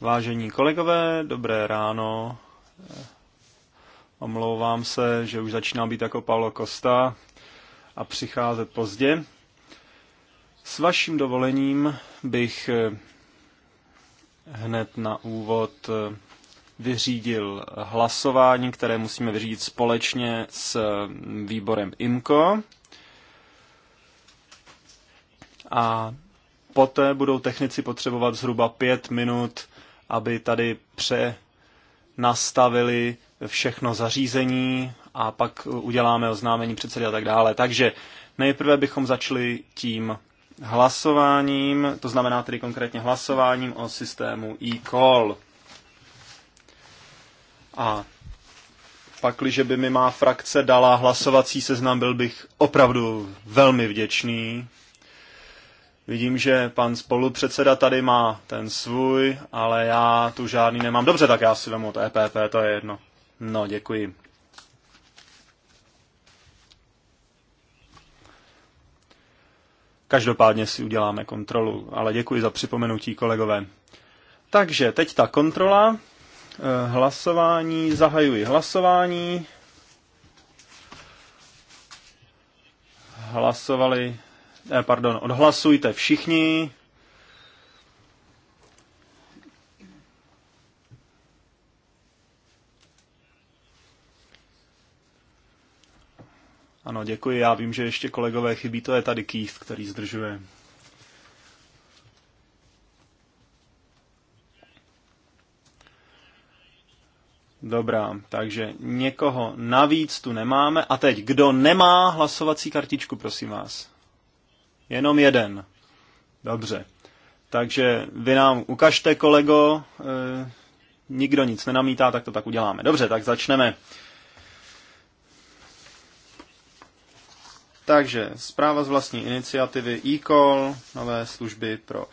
Vážení kolegové, dobré ráno. Omlouvám se, že už začíná být jako Paulo Costa a přicházet pozdě. S vaším dovolením bych eh, hned na úvod eh, vyřídil hlasování, které musíme vyřídit společně s mm, výborem IMCO. A Poté budou technici potřebovat zhruba pět minut, aby tady přenastavili všechno zařízení a pak uděláme oznámení předsedy a tak dále. Takže nejprve bychom začali tím hlasováním, to znamená tedy konkrétně hlasováním o systému e-call. A pakliže by mi má frakce dala hlasovací seznam, byl bych opravdu velmi vděčný, Vidím, že pan spolupředseda tady má ten svůj, ale já tu žádný nemám. Dobře, tak já si vemu od EPP, to je jedno. No, děkuji. Každopádně si uděláme kontrolu, ale děkuji za připomenutí, kolegové. Takže teď ta kontrola. Eh, hlasování, zahajuji hlasování. Hlasovali eh, pardon, odhlasujte všichni. Ano, děkuji. Já vím, že ještě kolegové chybí. To je tady Keith, který zdržuje. Dobrá, takže někoho navíc tu nemáme. A teď, kdo nemá hlasovací kartičku, prosím vás? Jenom jeden. Dobře. Takže vy nám ukažte, kolego, e, nikdo nic nenamítá, tak to tak uděláme. Dobře, tak začneme. Takže zpráva z vlastní iniciativy e-call, nové služby pro e,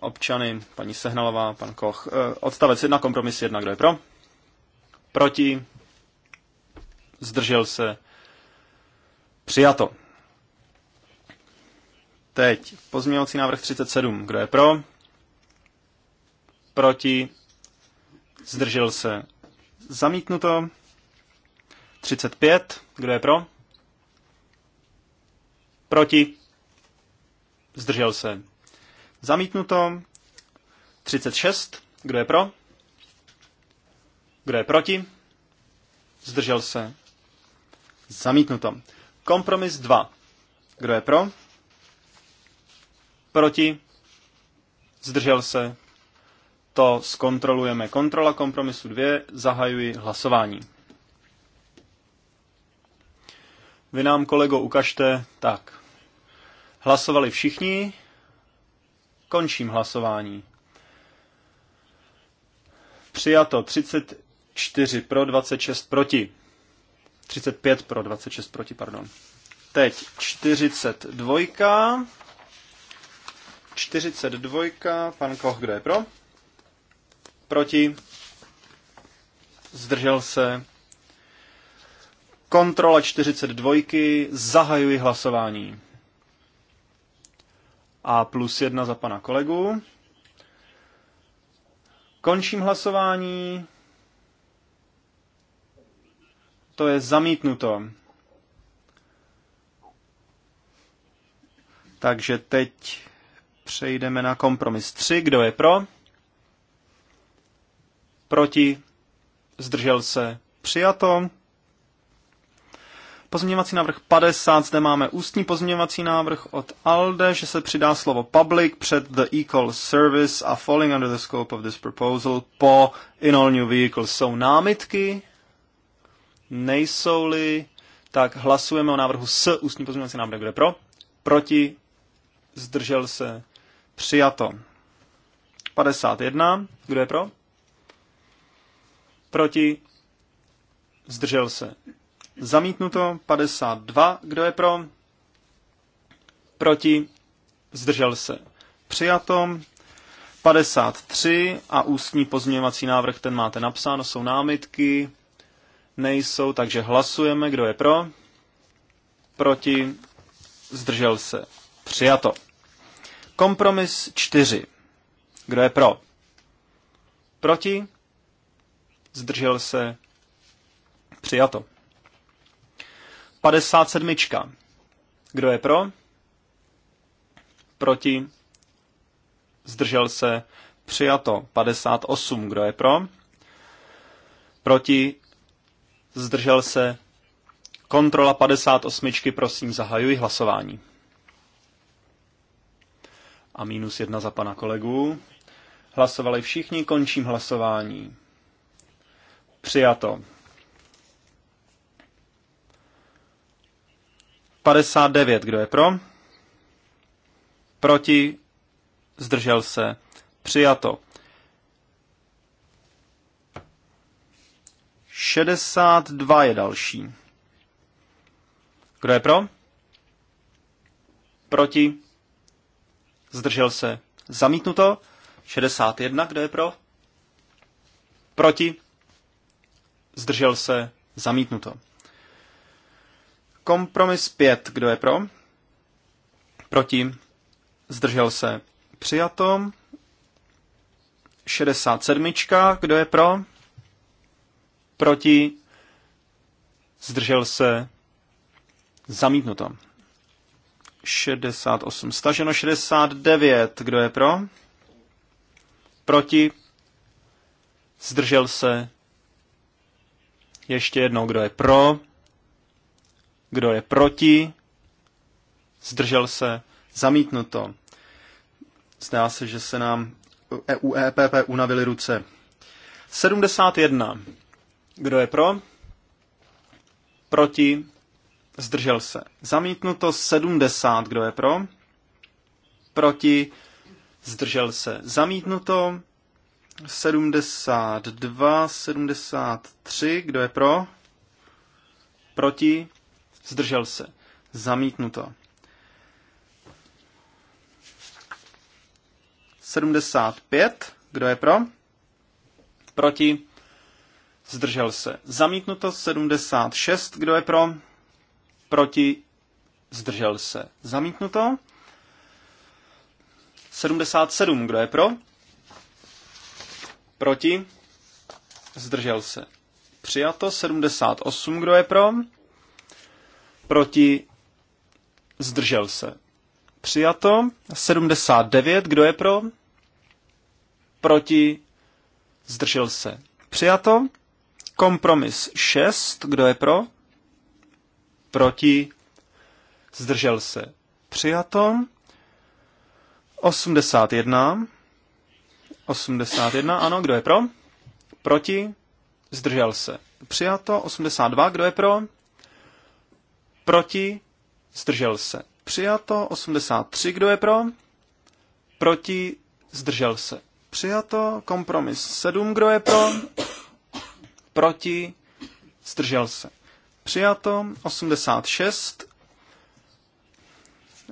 občany, paní Sehnalová, pan Koch. E, odstavec 1, kompromis 1, kdo je pro? Proti? Zdržel se? Přijato. Teď pozměňovací návrh 37. Kdo je pro? Proti? Zdržel se. Zamítnuto. 35. Kdo je pro? Proti? Zdržel se. Zamítnuto. 36. Kdo je pro? Kdo je proti? Zdržel se. Zamítnuto. Kompromis 2. Kdo je pro? Proti? Zdržel se? To zkontrolujeme. Kontrola kompromisu 2. Zahajuji hlasování. Vy nám, kolego, ukažte. Tak. Hlasovali všichni. Končím hlasování. Přijato 34 pro, 26 proti. 35 pro, 26 proti, pardon. Teď 42. 42. Pan Koch, kdo je pro? Proti? Zdržel se? Kontrola 42. Zahajuji hlasování. A plus jedna za pana kolegu. Končím hlasování. To je zamítnuto. Takže teď Přejdeme na kompromis 3. Kdo je pro? Proti? Zdržel se? Přijato. Pozměňovací návrh 50, zde máme ústní pozměňovací návrh od ALDE, že se přidá slovo public před the equal service a falling under the scope of this proposal po in all new vehicles. Jsou námitky? Nejsou-li? Tak hlasujeme o návrhu s ústní pozměňovací návrh. Kdo je pro? Proti? Zdržel se? Přijato. 51. Kdo je pro? Proti? Zdržel se. Zamítnuto. 52. Kdo je pro? Proti? Zdržel se. Přijato. 53 a ústní pozměňovací návrh, ten máte napsáno, jsou námitky, nejsou, takže hlasujeme, kdo je pro, proti, zdržel se, přijato. Kompromis 4. Kdo je pro? Proti? Zdržel se? Přijato. 57. Kdo je pro? Proti? Zdržel se? Přijato. 58. Kdo je pro? Proti? Zdržel se? Kontrola 58. Prosím, zahajuji hlasování a minus jedna za pana kolegu. Hlasovali všichni, končím hlasování. Přijato. 59, kdo je pro? Proti? Zdržel se? Přijato. 62 je další. Kdo je pro? Proti? zdržel se, zamítnuto. 61, kdo je pro? Proti, zdržel se, zamítnuto. Kompromis 5, kdo je pro? Proti, zdržel se, přijato. 67, kdo je pro? Proti, zdržel se, zamítnuto. 68. Staženo 69. Kdo je pro? Proti? Zdržel se? Ještě jednou, kdo je pro? Kdo je proti? Zdržel se? Zamítnuto. Zdá se, že se nám e u EPP unavily ruce. 71. Kdo je pro? Proti? zdržel se. Zamítnuto 70, kdo je pro, proti, zdržel se. Zamítnuto 72, 73, kdo je pro, proti, zdržel se. Zamítnuto. 75. Kdo je pro? Proti? Zdržel se. Zamítnuto 76. Kdo je pro? proti, zdržel se. Zamítnuto. 77, kdo je pro? Proti, zdržel se. Přijato 78, kdo je pro? Proti, zdržel se. Přijato 79, kdo je pro? Proti, zdržel se. Přijato. Kompromis 6, kdo je pro? proti, zdržel se. Přijato. 81. 81, ano, kdo je pro? Proti, zdržel se. Přijato. 82, kdo je pro? Proti, zdržel se. Přijato. 83, kdo je pro? Proti, zdržel se. Přijato. Kompromis 7, kdo je pro? Proti, zdržel se. Přijato 86.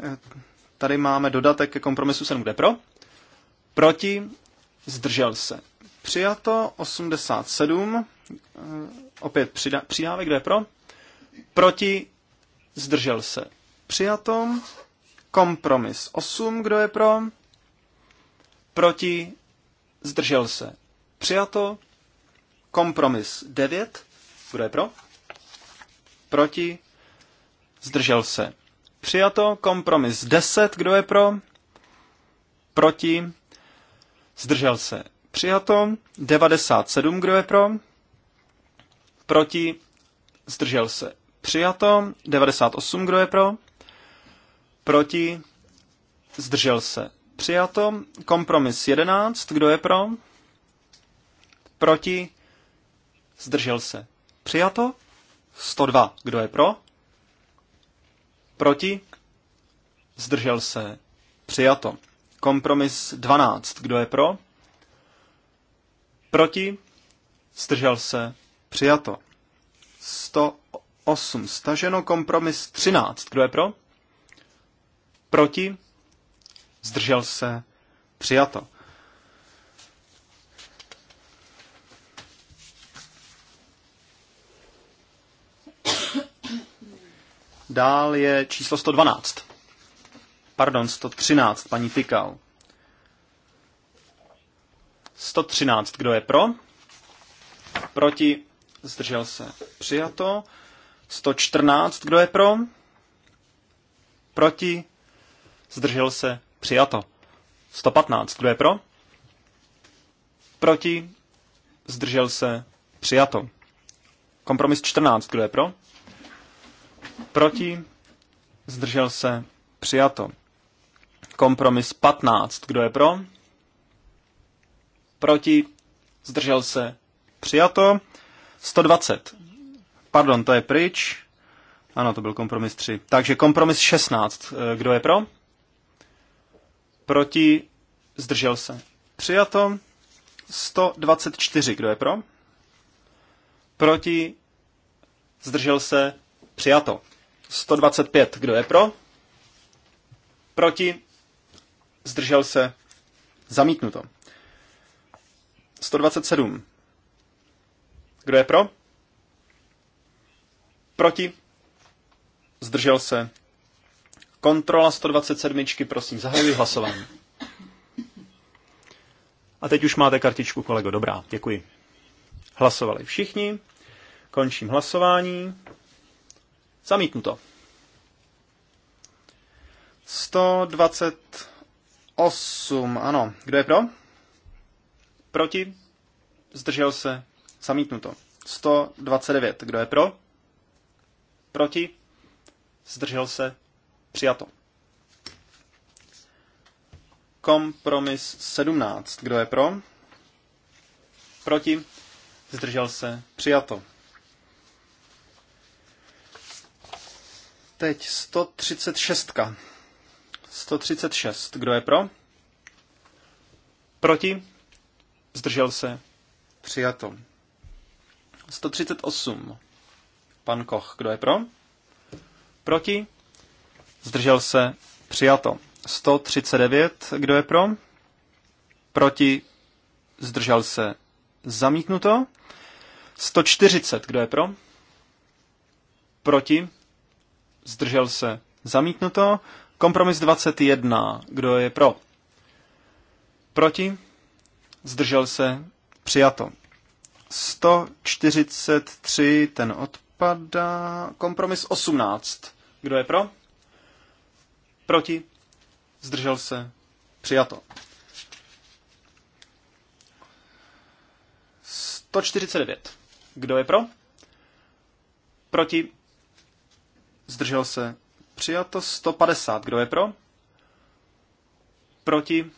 Eh, tady máme dodatek ke kompromisu 7, kde pro. Proti zdržel se. Přijato 87. Eh, opět přidá, přidávek, kde pro. Proti zdržel se. Přijato. Kompromis 8, kdo je pro. Proti zdržel se. Přijato. Kompromis 9, kdo je pro? Proti? Zdržel se. Přijato. Kompromis 10. Kdo je pro? Proti? Zdržel se. Přijato. 97. Kdo je pro? Proti? Zdržel se. Přijato. 98. Kdo je pro? Proti? Zdržel se. Přijato. Kompromis 11. Kdo je pro? Proti? Zdržel se. Přijato. 102. Kdo je pro? Proti? Zdržel se. Přijato. Kompromis 12. Kdo je pro? Proti? Zdržel se. Přijato. 108. Staženo. Kompromis 13. Kdo je pro? Proti? Zdržel se. Přijato. Dál je číslo 112. Pardon, 113, paní Tykal. 113, kdo je pro? Proti, zdržel se, přijato. 114, kdo je pro? Proti, zdržel se, přijato. 115, kdo je pro? Proti, zdržel se, přijato. Kompromis 14, kdo je pro? Proti? Zdržel se? Přijato. Kompromis 15. Kdo je pro? Proti? Zdržel se? Přijato. 120. Pardon, to je pryč. Ano, to byl kompromis 3. Takže kompromis 16. Eh, kdo je pro? Proti? Zdržel se? Přijato. 124. Kdo je pro? Proti? Zdržel se? Přijato. 125. Kdo je pro? Proti? Zdržel se? Zamítnuto. 127. Kdo je pro? Proti? Zdržel se? Kontrola 127. Prosím, zahajuji hlasování. A teď už máte kartičku, kolego. Dobrá, děkuji. Hlasovali všichni. Končím hlasování. Zamítnuto. 128, ano. Kdo je pro? Proti? Zdržel se? Zamítnuto. 129, kdo je pro? Proti? Zdržel se? Přijato. Kompromis 17, kdo je pro? Proti? Zdržel se? Přijato. teď 136. 136. Kdo je pro? Proti? Zdržel se? Přijato. 138. Pan Koch, kdo je pro? Proti? Zdržel se? Přijato. 139. Kdo je pro? Proti? Zdržel se? Zamítnuto. 140. Kdo je pro? Proti? zdržel se, zamítnuto. Kompromis 21, kdo je pro? Proti, zdržel se, přijato. 143, ten odpadá. Kompromis 18, kdo je pro? Proti, zdržel se, přijato. 149. Kdo je pro? Proti? Zdržel se. Přijato 150. Kdo je pro? Proti?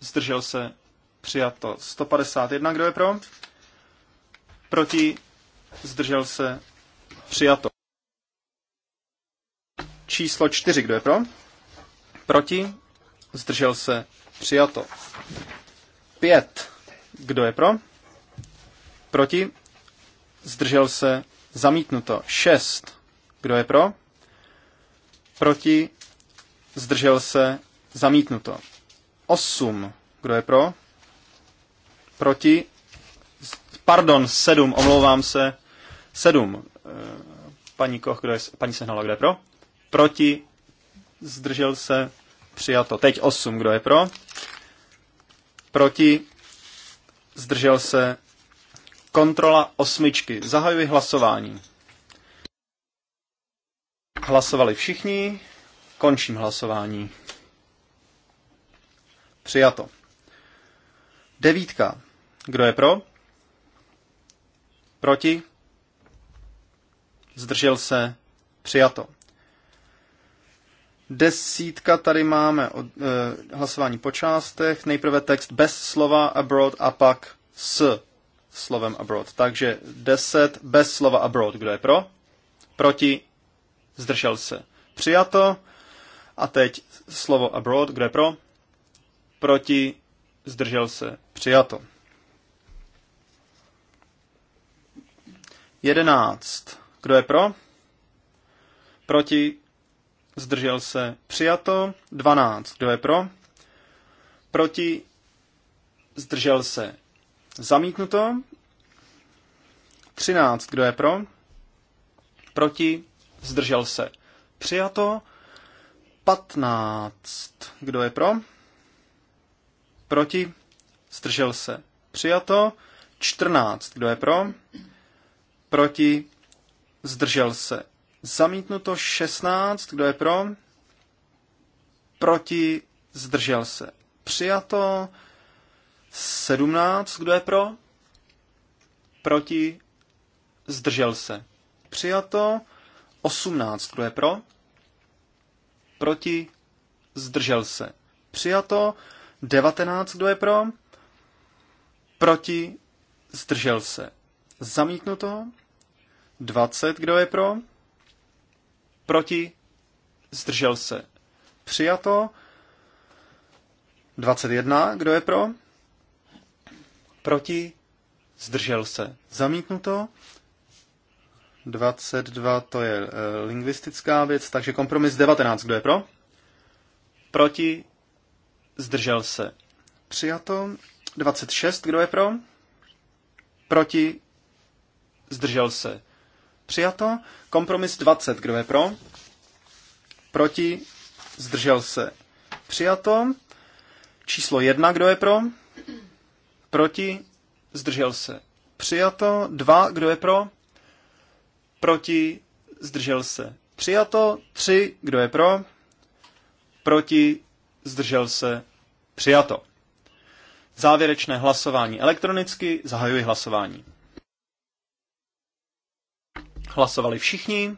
Zdržel se. Přijato 151. Kdo je pro? Proti? Zdržel se. Přijato. Číslo 4. Kdo je pro? Proti? Zdržel se. Přijato. 5. Kdo je pro? Proti? Zdržel se. Zamítnuto. 6. Kdo je pro? Proti? Zdržel se? Zamítnuto. 8. Kdo je pro? Proti? Pardon, 7. Omlouvám se. 7. Eh, paní Koch, kdo je, paní Sehnala, kdo je pro? Proti? Zdržel se? Přijato. Teď 8. Kdo je pro? Proti? Zdržel se? Kontrola osmičky. Zahajuji hlasování. Hlasovali všichni. Končím hlasování. Přijato. Devítka. Kdo je pro? Proti? Zdržel se? Přijato. Desítka tady máme od, e, hlasování po částech. Nejprve text bez slova abroad a pak s slovem abroad. Takže deset bez slova abroad. Kdo je pro? Proti? zdržel se, přijato. A teď slovo abroad, kdo je pro, proti, zdržel se, přijato. 11. Kdo je pro? Proti, zdržel se, přijato. 12. Kdo je pro? Proti, zdržel se, zamítnuto. 13. Kdo je pro? Proti, zdržel se. Přijato 15. Kdo je pro? Proti? Zdržel se. Přijato 14. Kdo je pro? Proti? Zdržel se. Zamítnuto 16. Kdo je pro? Proti? Zdržel se. Přijato 17. Kdo je pro? Proti? Zdržel se. Přijato 18. Kdo je pro? Proti? Zdržel se. Přijato. 19. Kdo je pro? Proti? Zdržel se. Zamítnuto. 20. Kdo je pro? Proti? Zdržel se. Přijato. 21. Kdo je pro? Proti? Zdržel se. Zamítnuto. 22 to je eh, lingvistická věc, takže kompromis 19. Kdo je pro? Proti? Zdržel se. Přijato. 26. Kdo je pro? Proti? Zdržel se. Přijato. Kompromis 20. Kdo je pro? Proti? Zdržel se. Přijato. Číslo 1. Kdo je pro? Proti? Zdržel se. Přijato. 2. Kdo je pro? proti, zdržel se. Přijato, tři, kdo je pro, proti, zdržel se, přijato. Závěrečné hlasování elektronicky, zahajuji hlasování. Hlasovali všichni.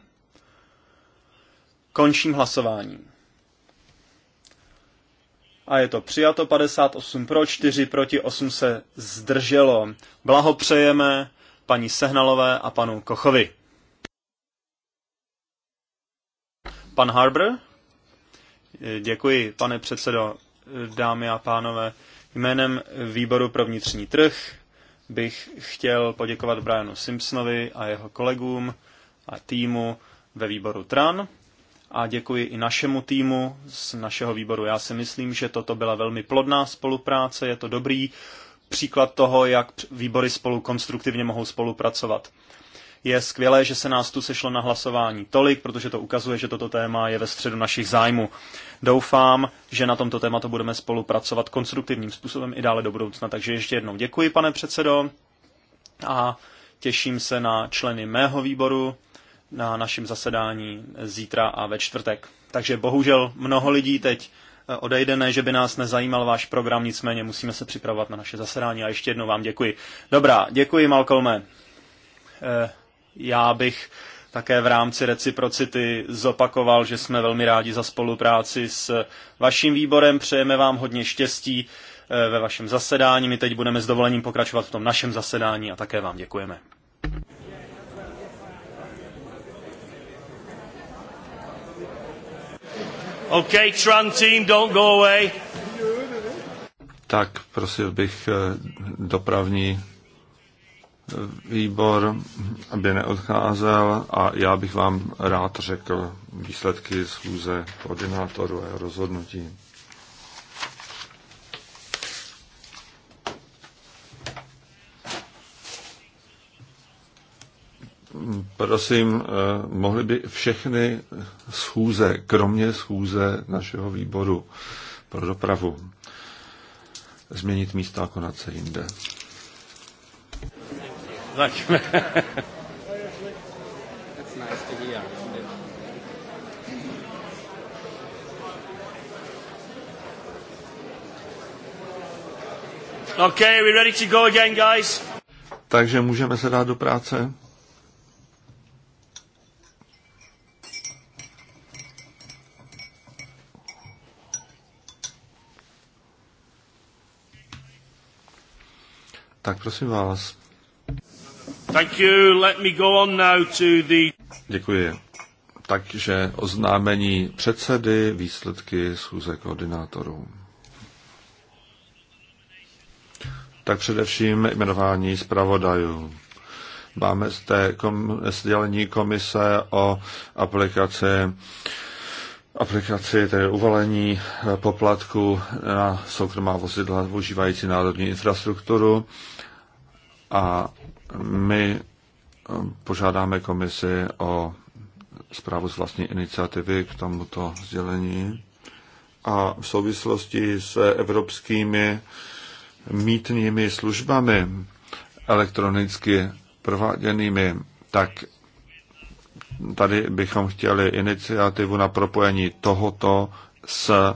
Končím hlasování. A je to přijato 58 pro, 4 proti, 8 se zdrželo. Blahopřejeme paní Sehnalové a panu Kochovi. Pan Harbour? Eh, děkuji, pane předsedo, eh, dámy a pánové. Jménem Výboru pro vnitřní trh bych chtěl poděkovat Brianu Simpsonovi a jeho kolegům a týmu ve výboru TRAN a děkuji i našemu týmu z našeho výboru. Já si myslím, že toto byla velmi plodná spolupráce, je to dobrý příklad toho, jak výbory spolu konstruktivně mohou spolupracovat. Je skvělé, že se nás tu sešlo na hlasování tolik, protože to ukazuje, že toto téma je ve středu našich zájmů. Doufám, že na tomto tématu budeme spolupracovat konstruktivním způsobem i dále do budoucna. Takže ještě jednou děkuji, pane předsedo, a těším se na členy mého výboru na našem zasedání zítra a ve čtvrtek. Takže bohužel mnoho lidí teď eh, odejde, ne, že by nás nezajímal váš program, nicméně musíme se připravovat na naše zasedání a ještě jednou vám děkuji. Dobrá, děkuji Malcolme. Eh, já bych také v rámci reciprocity zopakoval, že jsme velmi rádi za spolupráci s vaším výborem. Přejeme vám hodně štěstí eh, ve vašem zasedání. My teď budeme s dovolením pokračovat v tom našem zasedání a také vám děkujeme. Okay, Tran team, don't go away. Tak prosil bych eh, dopravní výbor, aby neodcházel a já bych vám rád řekl výsledky schůze koordinátoru a rozhodnutí. Prosím, eh, mohli by všechny schůze, kromě schůze našeho výboru pro dopravu, změnit místa a konat se jinde. That's nice to hear. Okay, we ready to go again, guys? Takže můžeme se dát do práce. Tak prosím vás, Děkuji. Takže oznámení předsedy, výsledky schůze koordinátorů. Tak především jmenování zpravodajů. Máme zde kom, sdělení komise o aplikaci aplikaci, tedy uvalení eh, poplatku na soukromá vozidla užívající národní infrastrukturu a my eh, požádáme komisi o zprávu z vlastní iniciativy k tomuto sdělení a v souvislosti s evropskými mítnými službami elektronicky prováděnými, tak tady bychom chtěli iniciativu na propojení tohoto s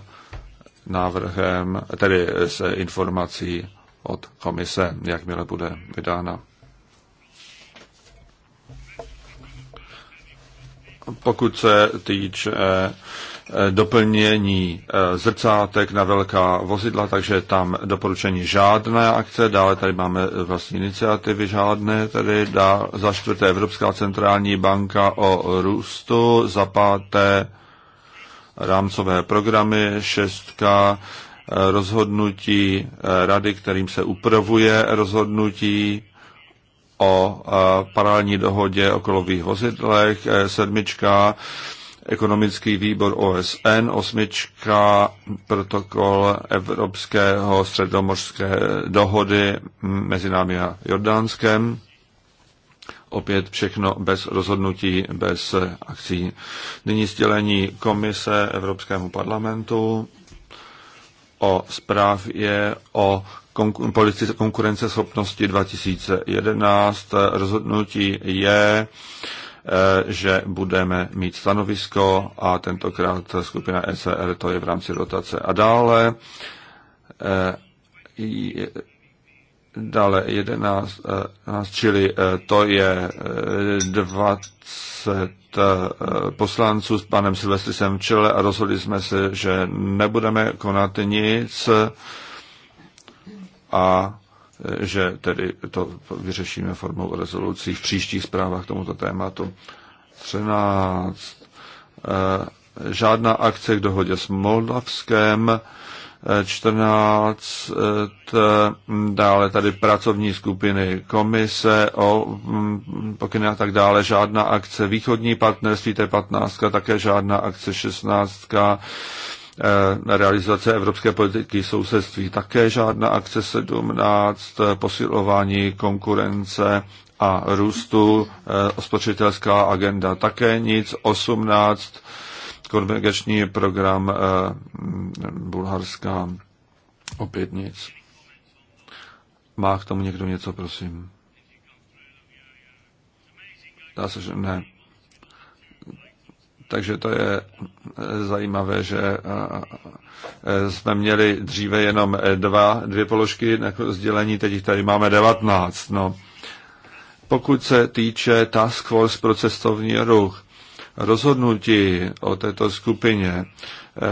návrhem, tedy s informací od komise, jakmile bude vydána. pokud se týče eh, eh, doplnění eh, zrcátek na velká vozidla, takže tam doporučení žádné akce, dále tady máme vlastní iniciativy žádné, tedy dá, za čtvrté Evropská centrální banka o růstu, za páté rámcové programy, šestka rozhodnutí rady, kterým se upravuje rozhodnutí o paralelní dohodě o kolových vozidlech, e, sedmička ekonomický výbor OSN, osmička protokol Evropského středomořské dohody mezi námi a Jordánskem. Opět všechno bez rozhodnutí, bez akcí. Nyní sdělení komise Evropskému parlamentu o zprávě o konkur- politice konkurenceschopnosti 2011. Eh, rozhodnutí je, eh, že budeme mít stanovisko a tentokrát skupina ECR to je v rámci rotace. A dále eh, dále 11, čili to je 20 poslanců s panem Silvestrisem v čele a rozhodli jsme se, že nebudeme konat nic a e, že tedy to vyřešíme formou rezolucí v příštích zprávách k tomuto tématu. 13. E, žádná akce k dohodě s Moldavskem. 14. E, dále tady pracovní skupiny komise o pokyny a tak dále. Žádná akce východní partnerství, to je 15. Také žádná akce 16 Eh, na realizace evropské politiky sousedství také žádná akce 17, eh, posilování konkurence a růstu, eh, ospočitelská agenda také nic, 18, konvergenční program Bulharska opět nic. Má k tomu někdo něco, prosím? Dá se, že ne. Takže to je eh, zajímavé, že eh, eh, jsme měli dříve jenom dva, dvě položky na sdělení, teď jich tady máme 19. No. Pokud se týče Task Force pro cestovní ruch, rozhodnutí o této skupině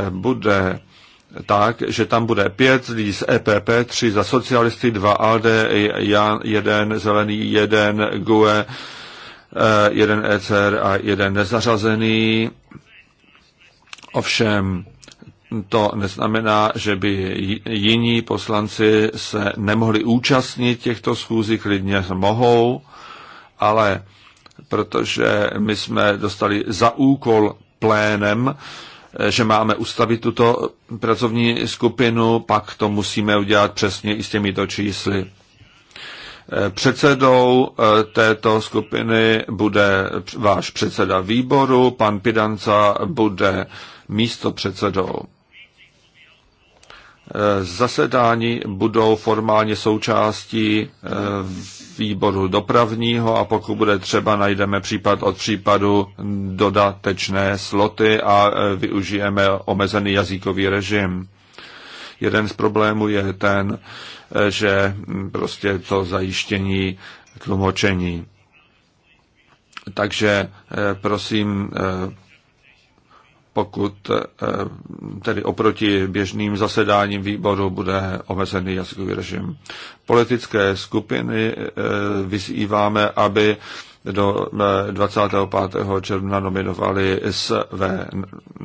bude tak, že tam bude pět lidí z EPP, tři za socialisty, dva ALDE, jeden zelený, jeden GUE, Eh, jeden ECR a jeden nezařazený. Ovšem to neznamená, že by jiní poslanci se nemohli účastnit těchto schůzí, klidně mohou, ale protože my jsme dostali za úkol plénem, eh, že máme ustavit tuto pracovní skupinu, pak to musíme udělat přesně i s těmito čísly. Eh, předsedou eh, této skupiny bude váš předseda výboru, pan Pidanca bude místo předsedou. Eh, zasedání budou formálně součástí výboru dopravního a pokud bude třeba, najdeme případ od případu dodatečné sloty a využijeme omezený jazykový režim. Jeden z problémů je ten, že prostě to zajištění tlumočení. Takže eh, prosím, eh, pokud eh, tedy oproti běžným zasedáním výboru bude omezený jazykový režim. Politické skupiny vyzýváme, aby do 25. června nominovali své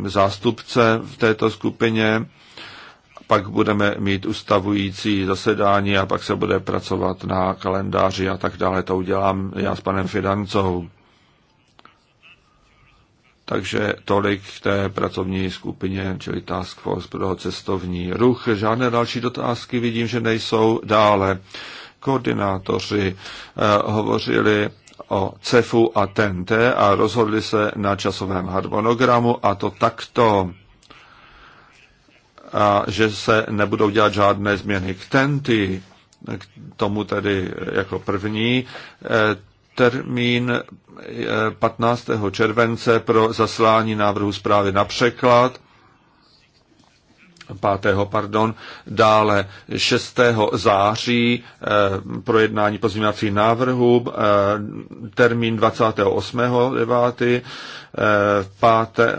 zástupce v této skupině pak budeme mít ustavující zasedání a pak se bude pracovat na kalendáři a tak dále. To udělám já s panem Fidancou. Takže tolik k té pracovní skupině, čili Task Force pro cestovní ruch. Žádné další dotázky vidím, že nejsou dále. Koordinátoři eh, hovořili o CEFu a TNT a rozhodli se na časovém harmonogramu a to takto a že se nebudou dělat žádné změny k tenty, k tomu tedy jako první, e, termín 15. E, července pro zaslání návrhu zprávy na překlad 5. pardon, dále 6. září eh, projednání pozměňovací návrhu, eh, termín 28. 9. 5.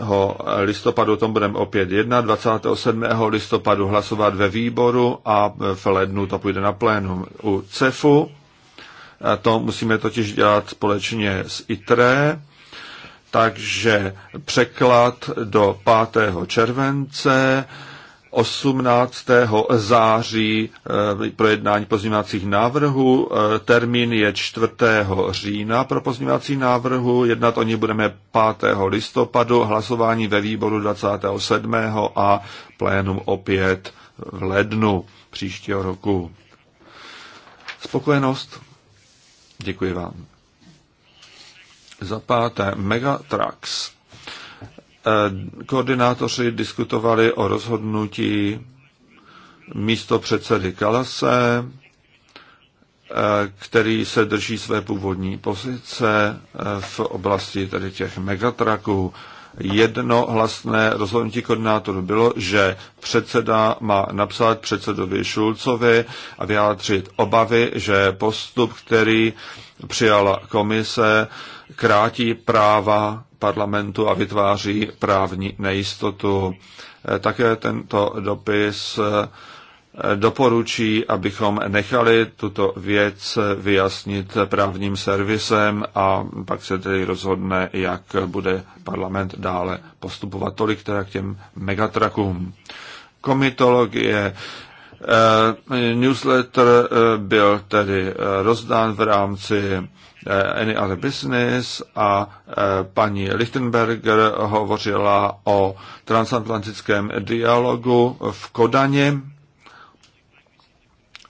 listopadu o tom budeme opět jednat, 27. listopadu hlasovat ve výboru a v lednu to půjde na plénum u CEFu. To musíme totiž dělat společně s ITRE takže překlad do 5. července, 18. září eh, projednání pozměňovacích návrhů. Eh, termín je 4. října pro pozměňovací návrhu. Jednat o ní budeme 5. listopadu. Hlasování ve výboru 27. a plénum opět v lednu příštího roku. Spokojenost. Děkuji vám. Za páté, Megatrax. Eh, koordinátoři diskutovali o rozhodnutí místo předsedy Kalase, eh, který se drží své původní pozice eh, v oblasti tedy těch megatraků. hlasné rozhodnutí koordinátoru bylo, že předseda má napsat předsedovi Šulcovi a vyjádřit obavy, že postup, který přijala komise, krátí práva parlamentu a vytváří právní nejistotu. Eh, také tento dopis eh, doporučí, abychom nechali tuto věc vyjasnit právním servisem a pak se tedy rozhodne, jak bude parlament dále postupovat. Tolik teda k těm megatrakům. Komitologie. Eh, newsletter byl tedy rozdán v rámci Eh, any Other Business a eh, paní Lichtenberger hovořila o transatlantickém dialogu v Kodaně.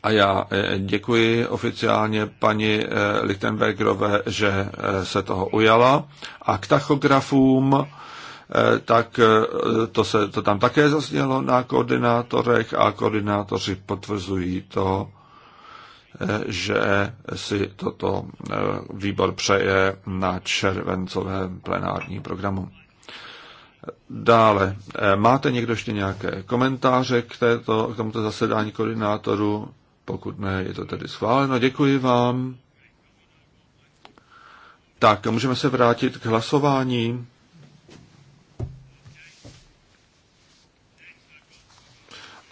A já eh, děkuji oficiálně paní Lichtenbergerové, že se toho ujala. A k tachografům, tak to, se, to tam také zaznělo na koordinátorech a koordinátoři potvrzují to, že si toto eh, výbor přeje na červencovém plenárním programu. Dále, eh, máte někdo ještě nějaké komentáře k, této, k tomuto zasedání koordinátoru? Pokud ne, je to tedy schváleno. Děkuji vám. Tak, můžeme se vrátit k hlasování.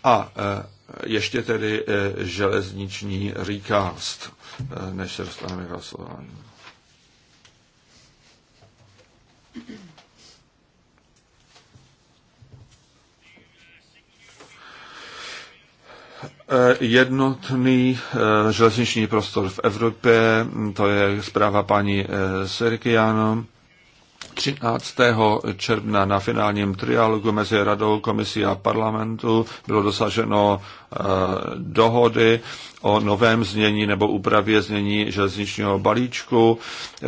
A eh, ještě tedy eh, železniční recast, eh, než se dostaneme k hlasování. Eh, jednotný železniční prostor v Evropě, to je zpráva paní Sirkiano. 13. června na finálním trialogu mezi Radou, Komisí a parlamentu bylo dosaženo eh, dohody o novém znění nebo úpravě znění železničního balíčku,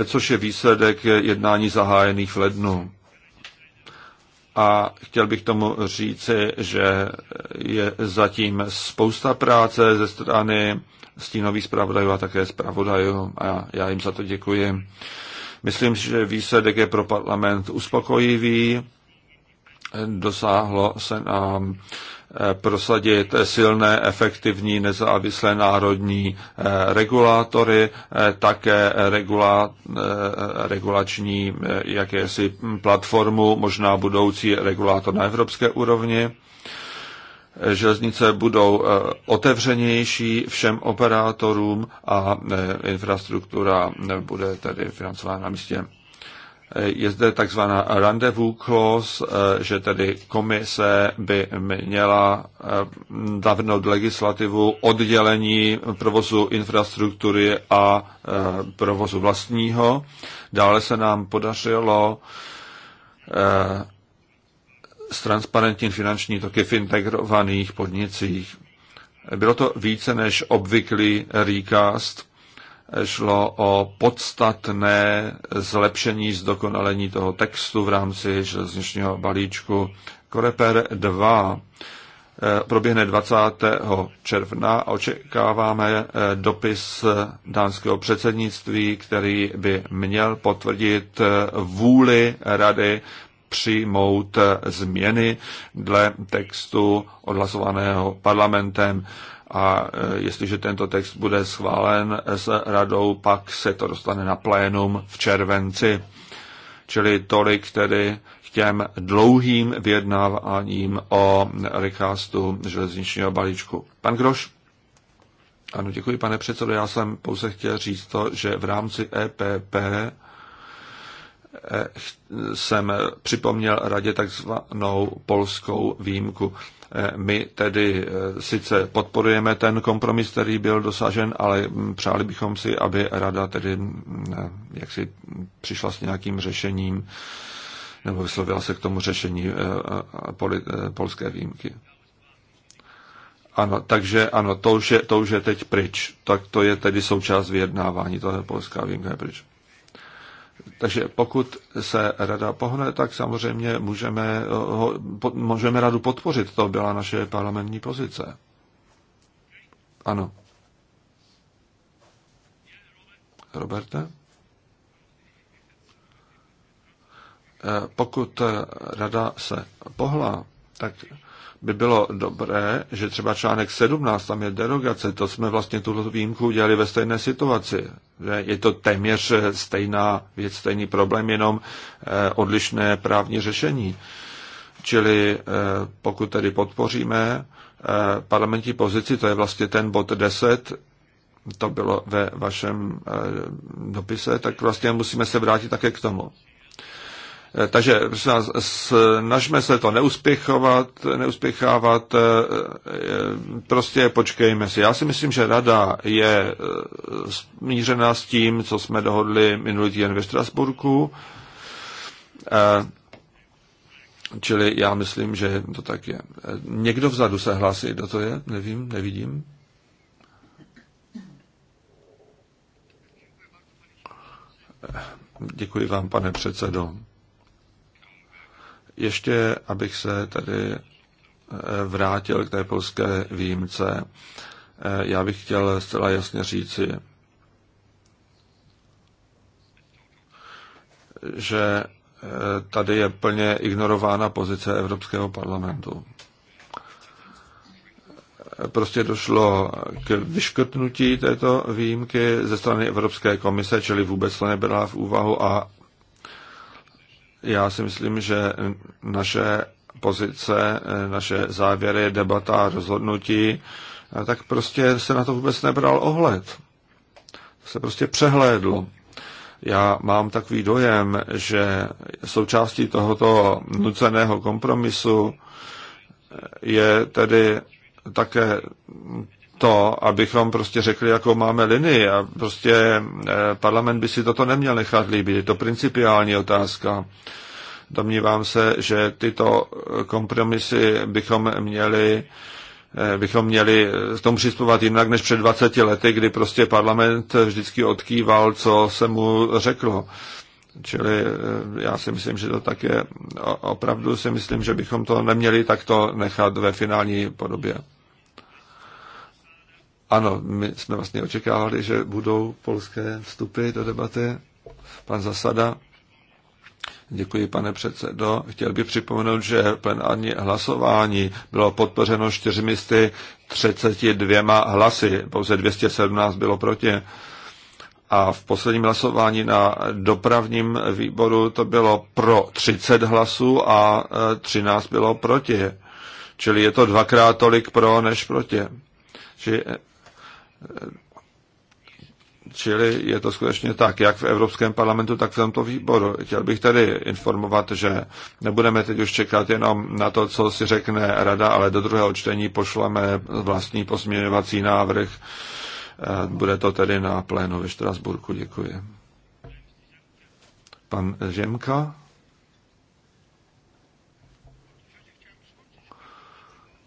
což je výsledek jednání zahájených v lednu. A chtěl bych tomu říci, že je zatím spousta práce ze strany stínových zpravodajů a také zpravodajů a já jim za to děkuji. Myslím, že výsledek je pro parlament uspokojivý. Dosáhlo se nám eh, prosadit silné, efektivní, nezávislé národní eh, regulátory, eh, také regula, regulační jakési platformu, možná budoucí regulátor na evropské úrovni železnice budou eh, otevřenější všem operátorům a eh, infrastruktura eh, bude tedy financována na místě. Je zde takzvaná rendezvous clause, že tedy komise by měla navrhnout legislativu oddělení provozu infrastruktury a provozu vlastního. Dále se nám podařilo transparentní finanční toky v integrovaných podnicích. Bylo to více než obvyklý recast. Šlo o podstatné zlepšení, zdokonalení toho textu v rámci železničního balíčku. Koreper 2 eh, proběhne 20. června a očekáváme eh, dopis eh, dánského předsednictví, který by měl potvrdit vůli rady přijmout změny dle textu odhlasovaného parlamentem a e, jestliže tento text bude schválen s radou, pak se to dostane na plénum v červenci. Čili tolik tedy k těm dlouhým vyjednáváním o rekástu železničního balíčku. Pan Groš? Ano, děkuji, pane předsedo. Já jsem pouze chtěl říct to, že v rámci EPP Eh, jsem připomněl radě takzvanou polskou výjimku. Eh, my tedy eh, sice podporujeme ten kompromis, který byl dosažen, ale mm, přáli bychom si, aby rada tedy mm, jaksi přišla s nějakým řešením nebo vyslovila se k tomu řešení polské výjimky. Ano, takže ano, to už je, to už je teď pryč. Tak to je tedy součást vyjednávání, to je polská výjimka je pryč. Takže pokud se rada pohne, tak samozřejmě můžeme, eh, ho, můžeme radu podpořit. To byla naše parlamentní pozice. Ano. Roberte? Eh, pokud rada se pohla, tak by bylo dobré, že třeba článek 17, tam je derogace, to jsme vlastně tuto výjimku udělali ve stejné situaci. Že je to téměř eh, stejná věc, stejný problém, jenom eh, odlišné právní řešení. Čili eh, pokud tedy podpoříme parlamentní pozici, to je vlastně ten bod 10, to bylo ve vašem dopise, tak vlastně musíme se vrátit také k tomu. Eh, takže snažme se to neuspěchovat, neuspěchávat, eh, eh, prostě počkejme si. Já si myslím, že rada je smířená s tím, co jsme dohodli minulý týden ve Strasburku. Čili já myslím, že to tak je. Někdo vzadu se hlásí, kdo to je? Nevím, nevidím. Děkuji vám, pane předsedo. Ještě, abych se tady eh, vrátil k té polské výjimce, eh, já bych chtěl zcela jasně říci, že eh, tady je plně ignorována pozice Evropského parlamentu. Prostě došlo k vyškrtnutí této výjimky ze strany Evropské komise, čili vůbec to nebyla v úvahu a já si myslím, že naše pozice, eh, naše závěry, debata rozhodnutí, eh, tak prostě se na to vůbec nebral ohled. Se prostě přehlédlo. Já mám takový dojem, že součástí tohoto nuceného kompromisu eh, je tedy také to, abychom prostě řekli, jakou máme linii a prostě eh, parlament by si toto neměl nechat líbit. Je to principiální otázka. Domnívám se, že tyto eh, kompromisy bychom měli eh, bychom měli k tomu přistupovat jinak než před 20 lety, kdy prostě parlament vždycky odkýval, co se mu řeklo. Čili já si myslím, že to tak je. Opravdu si myslím, že bychom to neměli takto nechat ve finální podobě. Ano, my jsme vlastně očekávali, že budou polské vstupy do debaty. Pan Zasada. Děkuji, pane předsedo. Chtěl bych připomenout, že plenární hlasování bylo podpořeno 432 hlasy, pouze 217 bylo proti. A v posledním hlasování na dopravním výboru to bylo pro 30 hlasů a 13 e, bylo proti. Čili je to dvakrát tolik pro než proti. Čili e, Čili je to skutečně tak, jak v Evropském parlamentu, tak v tomto výboru. Chtěl bych tady informovat, že nebudeme teď už čekat jenom na to, co si řekne rada, ale do druhého čtení pošleme vlastní posměňovací návrh. Eh, bude to tedy na plénu ve Štrasburku. Děkuji. Pan Žemka?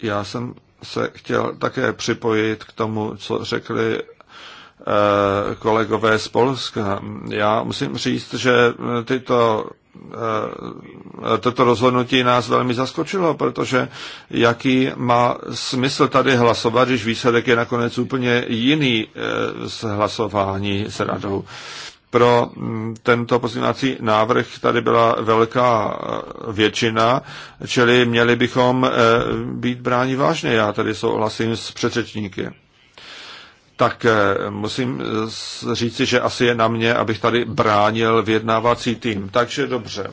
Já jsem se chtěl také připojit k tomu, co řekli eh, kolegové z Polska. Já musím říct, že tyto eh, toto rozhodnutí nás velmi zaskočilo, protože jaký má smysl tady hlasovat, když výsledek je nakonec úplně jiný eh, z hlasování s radou. Hmm pro mm, tento pozměňovací návrh tady byla velká eh, většina, čili měli bychom eh, být bráni vážně. Já tady souhlasím s předřečníky. Tak eh, musím říci, že asi je na mě, abych tady bránil vyjednávací tým. Takže dobře.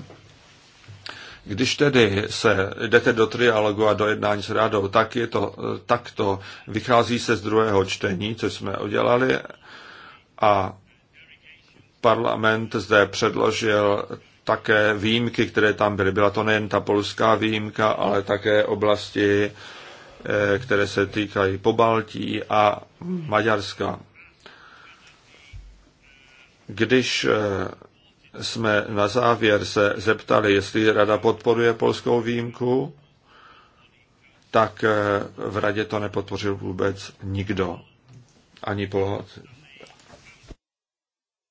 Když tedy se jdete do trialogu a do jednání s rádou, tak je to takto. Vychází se z druhého čtení, co jsme udělali, a Parlament zde předložil také výjimky, které tam byly. Byla to nejen ta polská výjimka, ale také oblasti, eh, které se týkají Pobaltí a Maďarska. Když eh, jsme na závěr se zeptali, jestli Rada podporuje polskou výjimku, tak eh, v Radě to nepodpořil vůbec nikdo. Ani Poláci.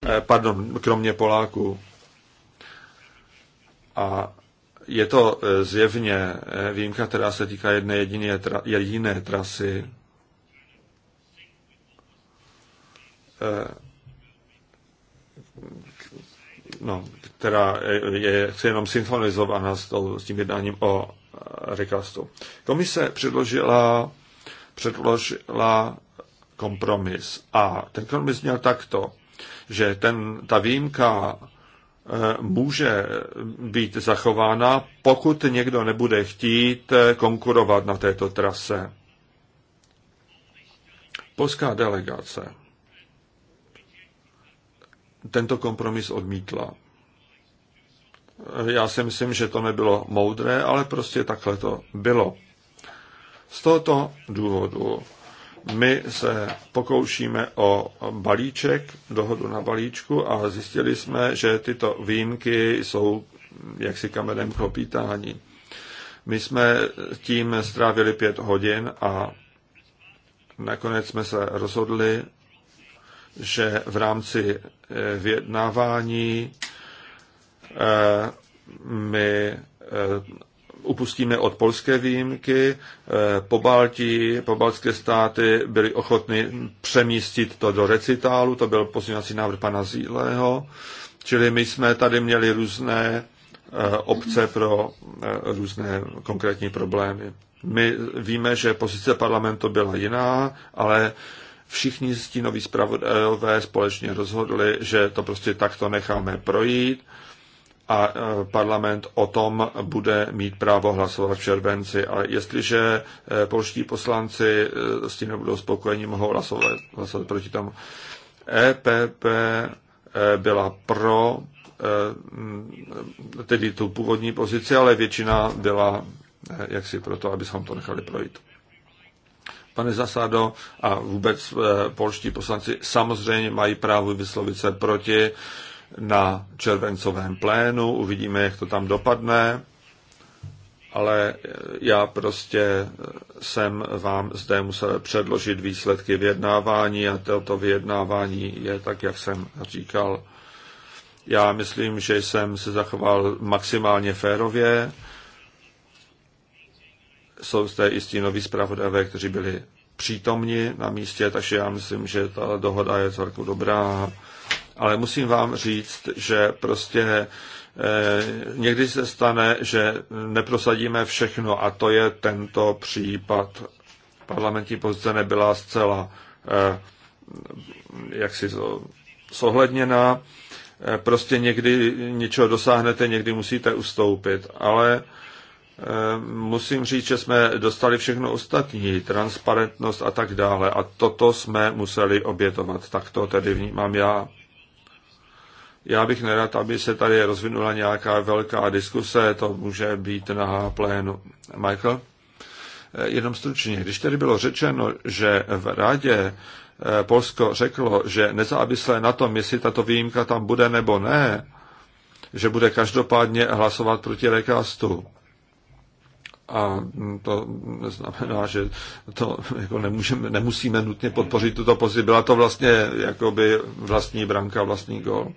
Eh, pardon, kromě Poláků. A je to eh, zjevně eh, výjimka, která se týká jedné jediné, jediné trasy. No, která je jenom synchronizována s, s tím jednáním o rekastu. Komise předložila, předložila kompromis a ten kompromis měl takto že ten, ta výjimka eh, může být zachována, pokud někdo nebude chtít eh, konkurovat na této trase. Polská delegace tento kompromis odmítla. Já si myslím, že to nebylo moudré, ale prostě takhle to bylo. Z tohoto důvodu my se pokoušíme o balíček, dohodu na balíčku a zjistili jsme, že tyto výjimky jsou jaksi kamenem chopítání. My jsme tím strávili pět hodin a nakonec jsme se rozhodli, že v rámci eh, vyjednávání eh, my eh, upustíme od polské výjimky, eh, po Baltí, po baltské státy byly ochotny přemístit to do recitálu, to byl pozměňovací návrh pana Zíleho, čili my jsme tady měli různé eh, obce pro eh, různé konkrétní problémy. My víme, že pozice parlamentu byla jiná, ale všichni stínoví zpravodajové společně rozhodli, že to prostě takto necháme projít a e, parlament o tom bude mít právo hlasovat v červenci. A jestliže e, polští poslanci e, s tím nebudou spokojeni, mohou hlasovat, hlasovat proti tomu. EPP byla pro tedy tu původní pozici, ale většina byla jaksi proto, abychom to nechali projít. Pane Zasado a vůbec polští poslanci samozřejmě mají právo vyslovit se proti na červencovém plénu, uvidíme, jak to tam dopadne, ale já prostě jsem vám zde musel předložit výsledky vyjednávání a toto vyjednávání je tak, jak jsem říkal. Já myslím, že jsem se zachoval maximálně férově. Jsou zde i stínoví zpravodajové, kteří byli přítomni na místě, takže já myslím, že ta dohoda je celku dobrá ale musím vám říct, že prostě eh, někdy se stane, že neprosadíme všechno a to je tento případ. Parlamentní pozice nebyla zcela eh, jaksi zohledněná. Eh, prostě někdy něčeho dosáhnete, někdy musíte ustoupit, ale musím říct, že jsme dostali všechno ostatní, transparentnost a tak dále a toto jsme museli obětovat. Tak to tedy vnímám já. Já bych nerad, aby se tady rozvinula nějaká velká diskuse, to může být na plénu. Michael? Eh, jenom stručně, když tedy bylo řečeno, že v radě eh, Polsko řeklo, že nezávisle na tom, jestli tato výjimka tam bude nebo ne, že bude každopádně hlasovat proti rekastu. A mm, to znamená, že to jako nemůžeme, nemusíme nutně podpořit tuto pozici. Byla to vlastně jakoby vlastní branka, vlastní gol.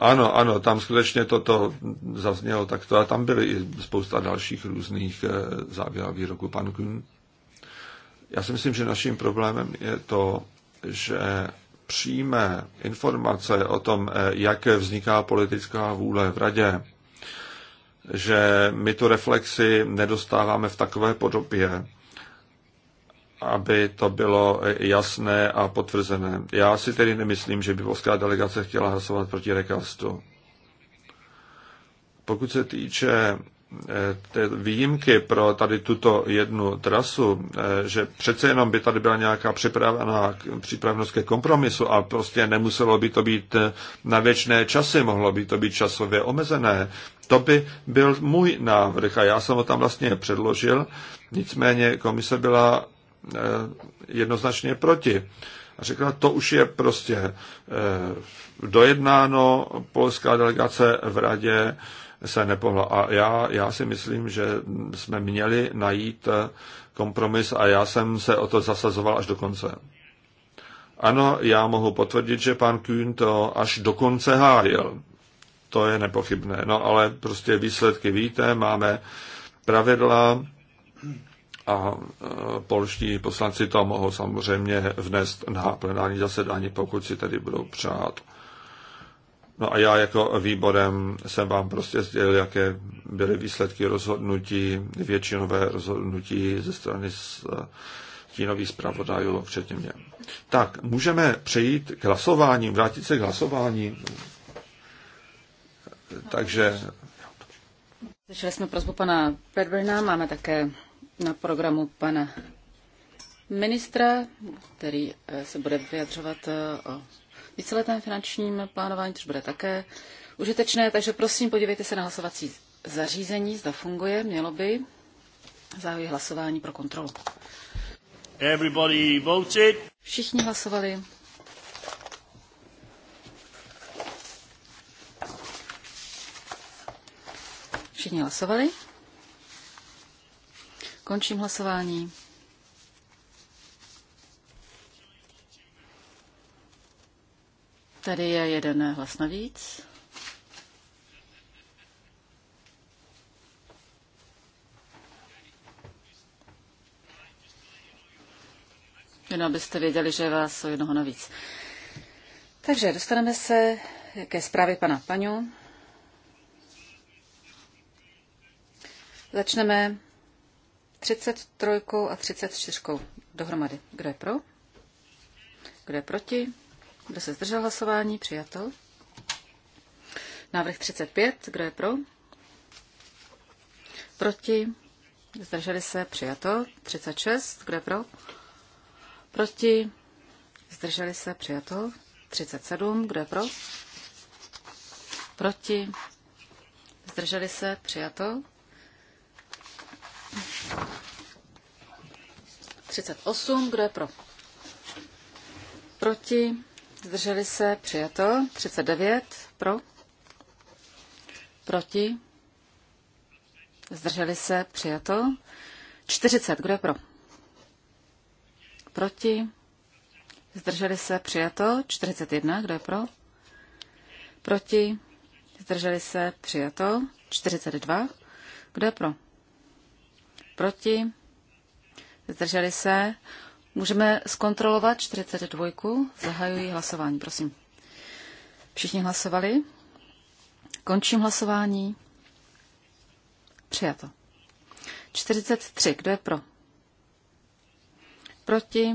Ano, ano, tam skutečně toto zaznělo takto a tam byly i spousta dalších různých eh, závěrů výroku pan Kuhn. Já si myslím, že naším problémem je to, že přijme informace o tom, eh, jak vzniká politická vůle v radě, že my tu reflexi nedostáváme v takové podobě, aby to bylo jasné a potvrzené. Já si tedy nemyslím, že by polská delegace chtěla hlasovat proti rekastu. Pokud se týče eh, té výjimky pro tady tuto jednu trasu, eh, že přece jenom by tady byla nějaká připravená, připravenost ke kompromisu a prostě nemuselo by to být eh, na věčné časy, mohlo by to být časově omezené. To by byl můj návrh a já jsem ho tam vlastně předložil, nicméně komise byla Eh, jednoznačně proti. A řekla, to už je prostě eh, dojednáno, polská delegace v radě se nepohla. A já, já si myslím, že jsme měli najít eh, kompromis a já jsem se o to zasazoval až do konce. Ano, já mohu potvrdit, že pan Kühn to až do konce hájil. To je nepochybné. No ale prostě výsledky víte, máme pravidla, a e, polští poslanci to mohou samozřejmě vnést na plenární zasedání, pokud si tedy budou přát. No a já jako výborem jsem vám prostě sdělil, jaké byly výsledky rozhodnutí, většinové rozhodnutí ze strany e, stínových zpravodajů, včetně mě. Tak, můžeme přejít k hlasování, vrátit se k hlasování. Takže... Slyšeli jsme prozbu pana Pedrina, máme také na programu pana ministra, který eh, se bude vyjadřovat eh, o víceletém finančním plánování, což bude také užitečné. Takže prosím, podívejte se na hlasovací zařízení, zda funguje, mělo by. Zahajuji hlasování pro kontrolu. Everybody voted. Všichni hlasovali. Všichni hlasovali. Končím hlasování. Tady je jeden hlas navíc. Jen abyste věděli, že vás o jednoho navíc. Takže dostaneme se ke zprávě pana Paňu. Začneme 33 a 34 dohromady. Kdo je pro? Kdo je proti? Kdo se zdržel hlasování? Přijato. Návrh 35. Kdo je pro? Proti? Zdrželi se? Přijato. 36. Kdo je pro? Proti? Zdrželi se? Přijato. 37. Kdo je pro? Proti? Zdrželi se? Přijato. 38, kdo je pro? Proti, zdrželi se, přijato. 39, pro? Proti, zdrželi se, přijato. 40, kdo je pro? Proti, zdrželi se, přijato. 41, kdo je pro? Proti, zdrželi se, přijato. 42, kdo je pro? Proti, Zdrželi se? Můžeme zkontrolovat 42. Zahajuji hlasování, prosím. Všichni hlasovali? Končím hlasování. Přijato. 43. Kdo je pro? Proti?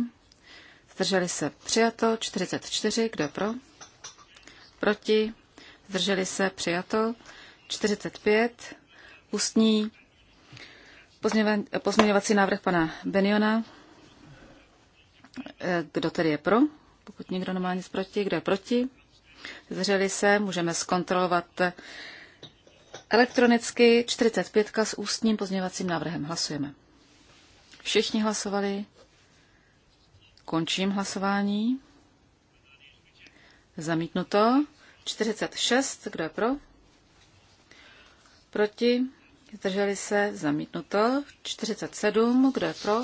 Zdrželi se přijato. 44. Kdo je pro? Proti? Zdrželi se přijato. 45. Ústní Pozměňovací návrh pana Beniona. Eh, kdo tedy je pro? Pokud někdo nemá nic proti, kdo je proti? Zřeli se, můžeme zkontrolovat elektronicky 45 s ústním pozměňovacím návrhem. Hlasujeme. Všichni hlasovali. Končím hlasování. Zamítnuto. 46. Kdo je pro? Proti? Zdrželi se zamítnuto. 47, kdo je pro?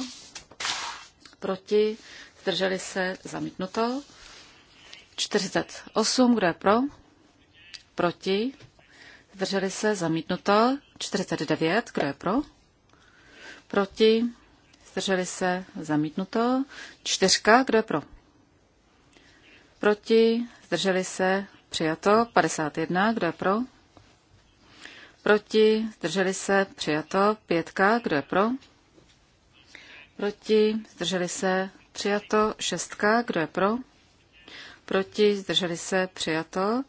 Proti. Zdrželi se zamítnuto. 48, kdo je pro? Proti. Zdrželi se zamítnuto. 49, kdo je pro? Proti. Zdrželi se zamítnuto. Čtyřka, kdo je pro? Proti. Zdrželi se přijato. 51, kdo je pro? Proti? Zdrželi se? Přijato. Pětka. Kdo je pro? Proti? Zdrželi se? Přijato. Šestka. Kdo je pro? Proti? Zdrželi se? Přijato.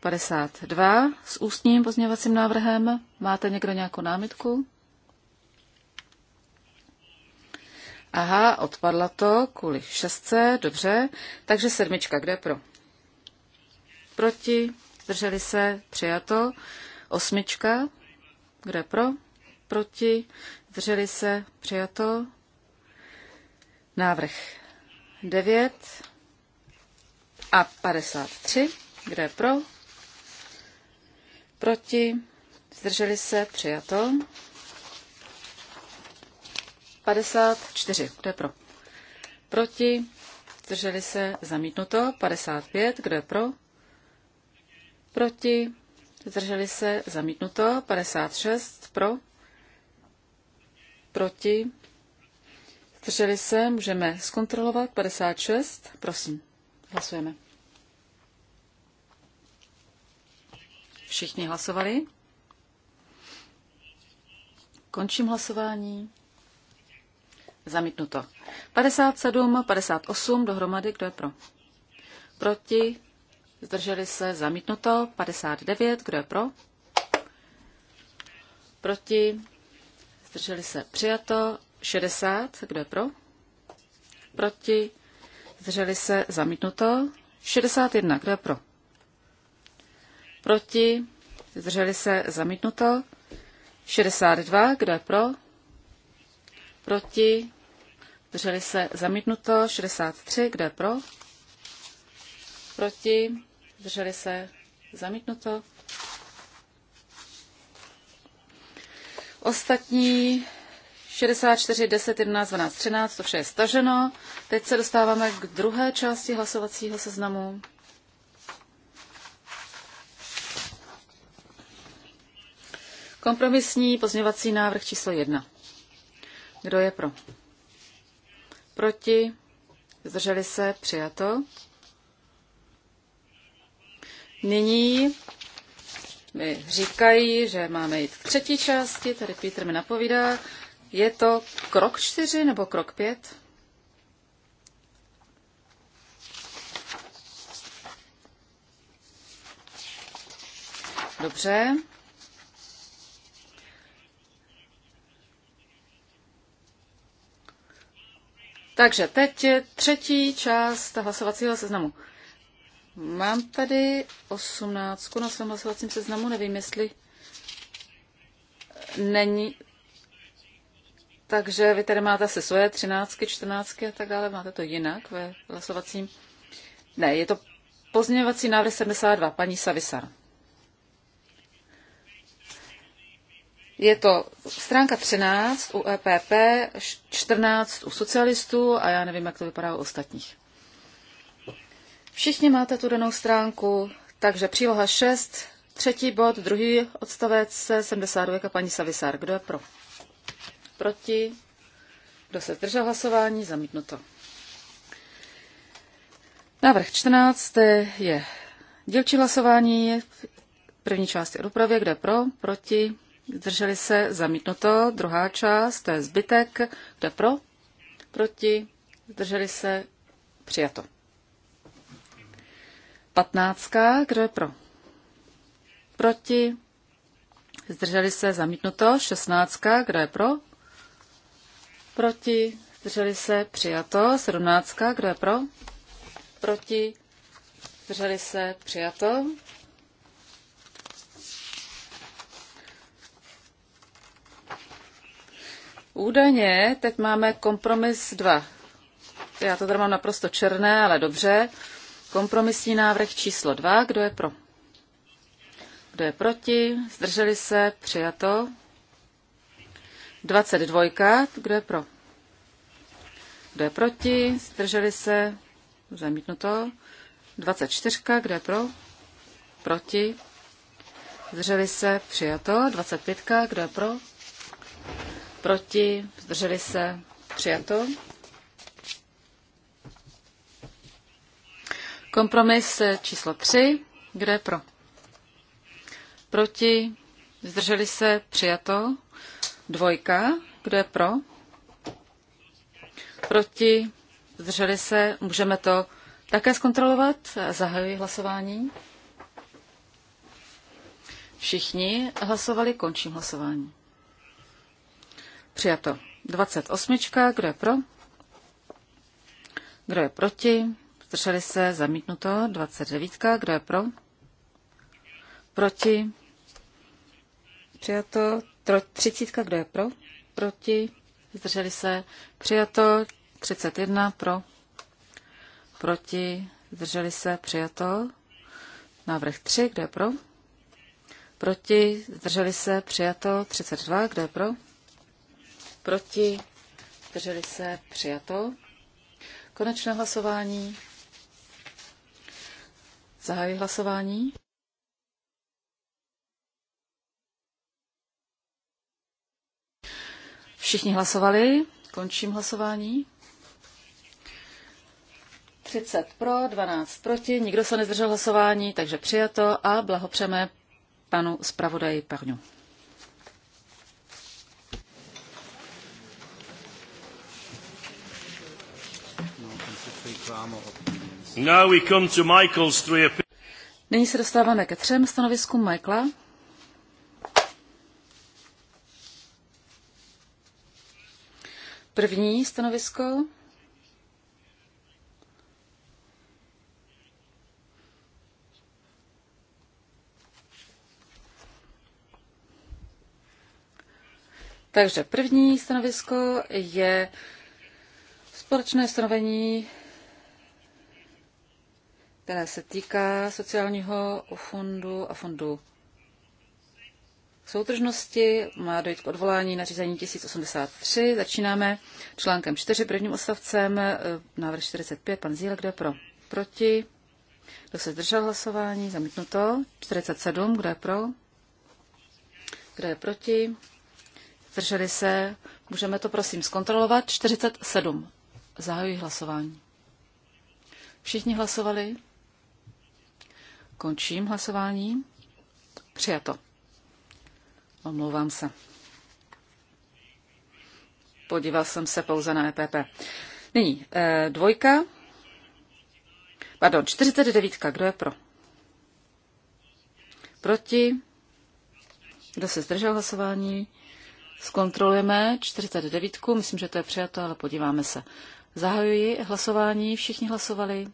52 s ústním pozměvacím návrhem. Máte někdo nějakou námitku? Aha, odpadla to kvůli šestce, dobře. Takže sedmička, kde pro? Proti, zdrželi se, přijato. Osmička, kde pro, proti, drželi se, přijato. Návrh 9 a 53, kde pro, proti, zdrželi se, přijato. 54, kde pro, proti, zdrželi se, zamítnuto. 55, kde pro, proti, zdrželi se, zamítnuto, 56 pro, proti, zdrželi se, můžeme zkontrolovat, 56, prosím, hlasujeme. Všichni hlasovali? Končím hlasování. Zamítnuto. 57, 58 dohromady, kdo je pro? Proti, Zdrželi se zamítnuto 59. Kdo je pro? Proti? Zdrželi se přijato 60. Kdo je pro? Proti? Zdrželi se zamítnuto 61. Kdo je pro? Proti? Zdrželi se zamítnuto 62. Kdo je pro? Proti? Zdrželi se zamítnuto 63. Kdo je pro? Proti? zdrželi se, zamítnuto. Ostatní 64, 10, 11, 12, 13, to vše je staženo. Teď se dostáváme k druhé části hlasovacího seznamu. Kompromisní pozměvací návrh číslo 1. Kdo je pro? Proti? Zdrželi se? Přijato. Nyní mi říkají, že máme jít k třetí části, tady Petr mi napovídá. Je to krok čtyři nebo krok pět? Dobře. Takže teď je třetí část hlasovacího seznamu. Mám tady osmnáctku. na svém hlasovacím seznamu, nevím, jestli není. Takže vy tady máte se svoje třináctky, čtrnáctky a tak dále, máte to jinak ve hlasovacím. Ne, je to pozměňovací návrh 72, paní Savisar. Je to stránka 13 u EPP, 14 u socialistů a já nevím, jak to vypadá u ostatních. Všichni máte tu danou stránku, takže příloha 6, třetí bod, druhý odstavec 72, paní Savisár. Kdo je pro? Proti? Kdo se zdržel hlasování? Zamítnuto. Návrh 14 je dílčí hlasování první části o dopravě, kde pro, proti, zdrželi se, zamítnuto. Druhá část, to je zbytek, kde pro, proti, zdrželi se, přijato. 15. Kdo je pro? Proti? Zdrželi se zamítnuto. 16. Kdo je pro? Proti? Zdrželi se přijato. 17. Kdo je pro? Proti? Zdrželi se přijato. Údajně teď máme kompromis 2. Já to tady mám naprosto černé, ale dobře. Kompromisní návrh číslo 2. Kdo je pro? Kdo je proti? Zdrželi se? Přijato. 22. Kdo je pro? Kdo je proti? Zdrželi se? Zamítnuto. 24. Kdo je pro? Proti? Zdrželi se? Přijato. 25. Kdo je pro? Proti? Zdrželi se? Přijato. Kompromis číslo 3. Kdo je pro? Proti? Zdrželi se? Přijato. Dvojka. Kdo je pro? Proti? Zdrželi se? Můžeme to také zkontrolovat. Zahajuji hlasování. Všichni hlasovali, končím hlasování. Přijato. 28. Kdo je pro? Kdo je proti? Zdrželi se zamítnuto 29. Kdo je pro? Proti? Přijato 30. Kdo je pro? Proti? Zdrželi se přijato 31. Pro? Proti? Zdrželi se přijato. Návrh 3. Kdo je pro? Proti? Zdrželi se přijato 32. Kdo je pro? Proti? Zdrželi se přijato. Konečné hlasování. Zahajuji hlasování. Všichni hlasovali. Končím hlasování. 30 pro, 12 proti, nikdo se nezdržel hlasování, takže přijato a blahopřeme panu zpravodaji Perňu. No, Now we come to Michael's three Nyní se dostáváme ke třem stanoviskům Michaela. První stanovisko. Takže první stanovisko je společné stanovení které se týká sociálního fondu a fondu soudržnosti. Má dojít k odvolání nařízení 1083. Začínáme článkem 4, prvním ostavcem, e, návrh 45. Pan Zílek, kdo je pro? Proti? Kdo se zdržel hlasování? Zamítnuto. 47. Kdo je pro? Kdo je proti? Zdrželi se? Můžeme to prosím zkontrolovat. 47. Zahajuji hlasování. Všichni hlasovali? Končím hlasování. Přijato. Omlouvám se. Podíval jsem se pouze na EPP. Nyní eh, dvojka. Pardon, 49. Kdo je pro? Proti? Kdo se zdržel hlasování? Zkontrolujeme 49. Myslím, že to je přijato, ale podíváme se. Zahajuji hlasování. Všichni hlasovali.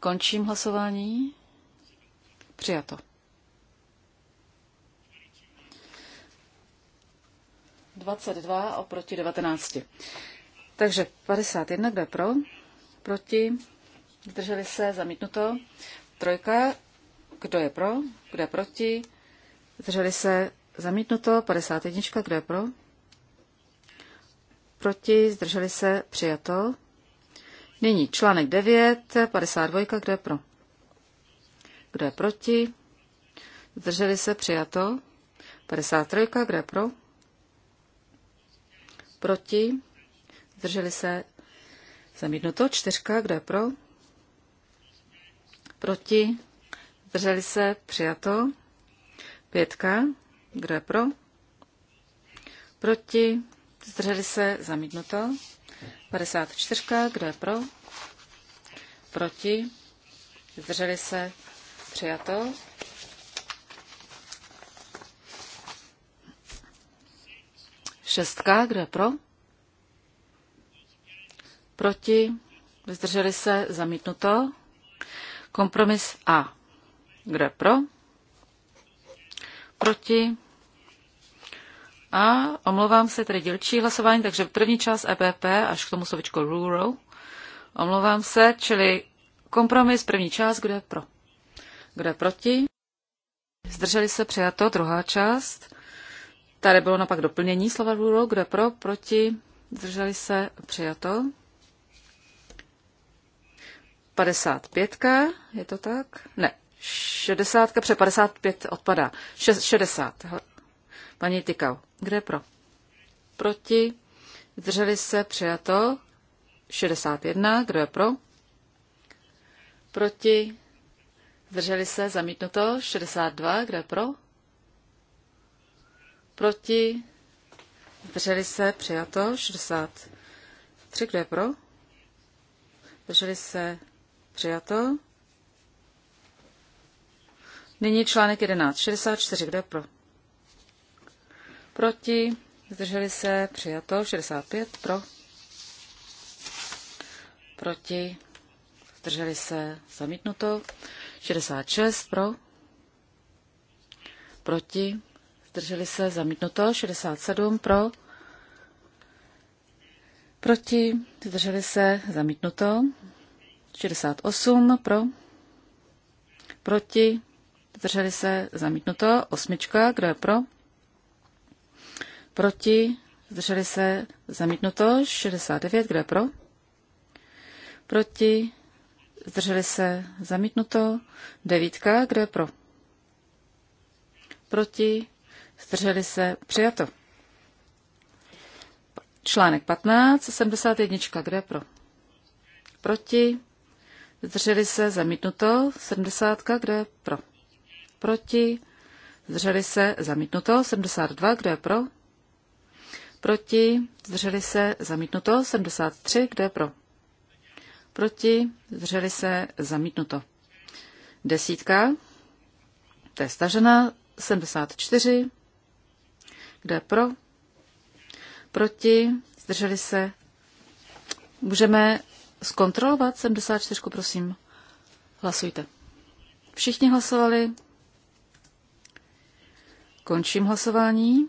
Končím hlasování. Přijato. Dvacet dva oproti devatenácti. Takže 51, kde pro, proti, zdrželi se, zamítnuto. Trojka, kdo je pro, kdo je proti, zdrželi se, zamítnuto. 51, kdo je pro, proti, zdrželi se, přijato. Nyní článek 9, 52, kdo je pro? Kdo je proti? Zdrželi se přijato. 53, kdo je pro? Proti? Zdrželi se zamítnuto. 4, kdo je pro? Proti? Zdrželi se přijato. 5, kdo je pro? Proti? Zdrželi se zamítnuto. 54. Kdo je pro? Proti? Zdrželi se? Přijato. Šestka, kdo je pro? Proti? Zdrželi se? Zamítnuto. Kompromis A. Kdo je pro? Proti? A omlouvám se, tedy dělčí hlasování, takže první část EPP až k tomu slovičko rural. Omlouvám se, čili kompromis první část, kdo je pro. Kdo je proti? Zdrželi se přijato druhá část. Tady bylo napak doplnění slova rural, kdo je pro, proti, zdrželi se přijato. 55, je to tak? Ne, 60, pře 55 odpadá. 60, Paní Tykal, kde pro? Proti. Zdrželi se přijato 61. Kdo je pro? Proti. Zdrželi se zamítnuto 62. Kdo je pro? Proti. Zdrželi se přijato 63. Kdo je pro? Zdrželi se přijato. Nyní článek 11. 64. Kdo je pro? proti, zdrželi se, přijato, 65 pro, proti, zdrželi se, zamítnuto, 66 pro, proti, zdrželi se, zamítnuto, 67 pro, proti, zdrželi se, zamítnuto, 68 pro, proti, zdrželi se, zamítnuto, osmička, kdo je pro, proti, zdrželi se, zamítnuto, 69, kdo je pro, proti, zdrželi se, zamítnuto, devítka, kdo je pro, proti, zdrželi se, přijato. Článek 15, 71, kdo je pro, proti, zdrželi se, zamítnuto, 70, kdo je pro, proti, zdrželi se, zamítnuto, 72, kdo je pro, Proti? Zdrželi se? Zamítnuto. 73. Kdo je pro? Proti? Zdrželi se? Zamítnuto. Desítka. To je stažena. 74. Kdo je pro? Proti? Zdrželi se? Můžeme zkontrolovat 74, prosím. Hlasujte. Všichni hlasovali. Končím hlasování.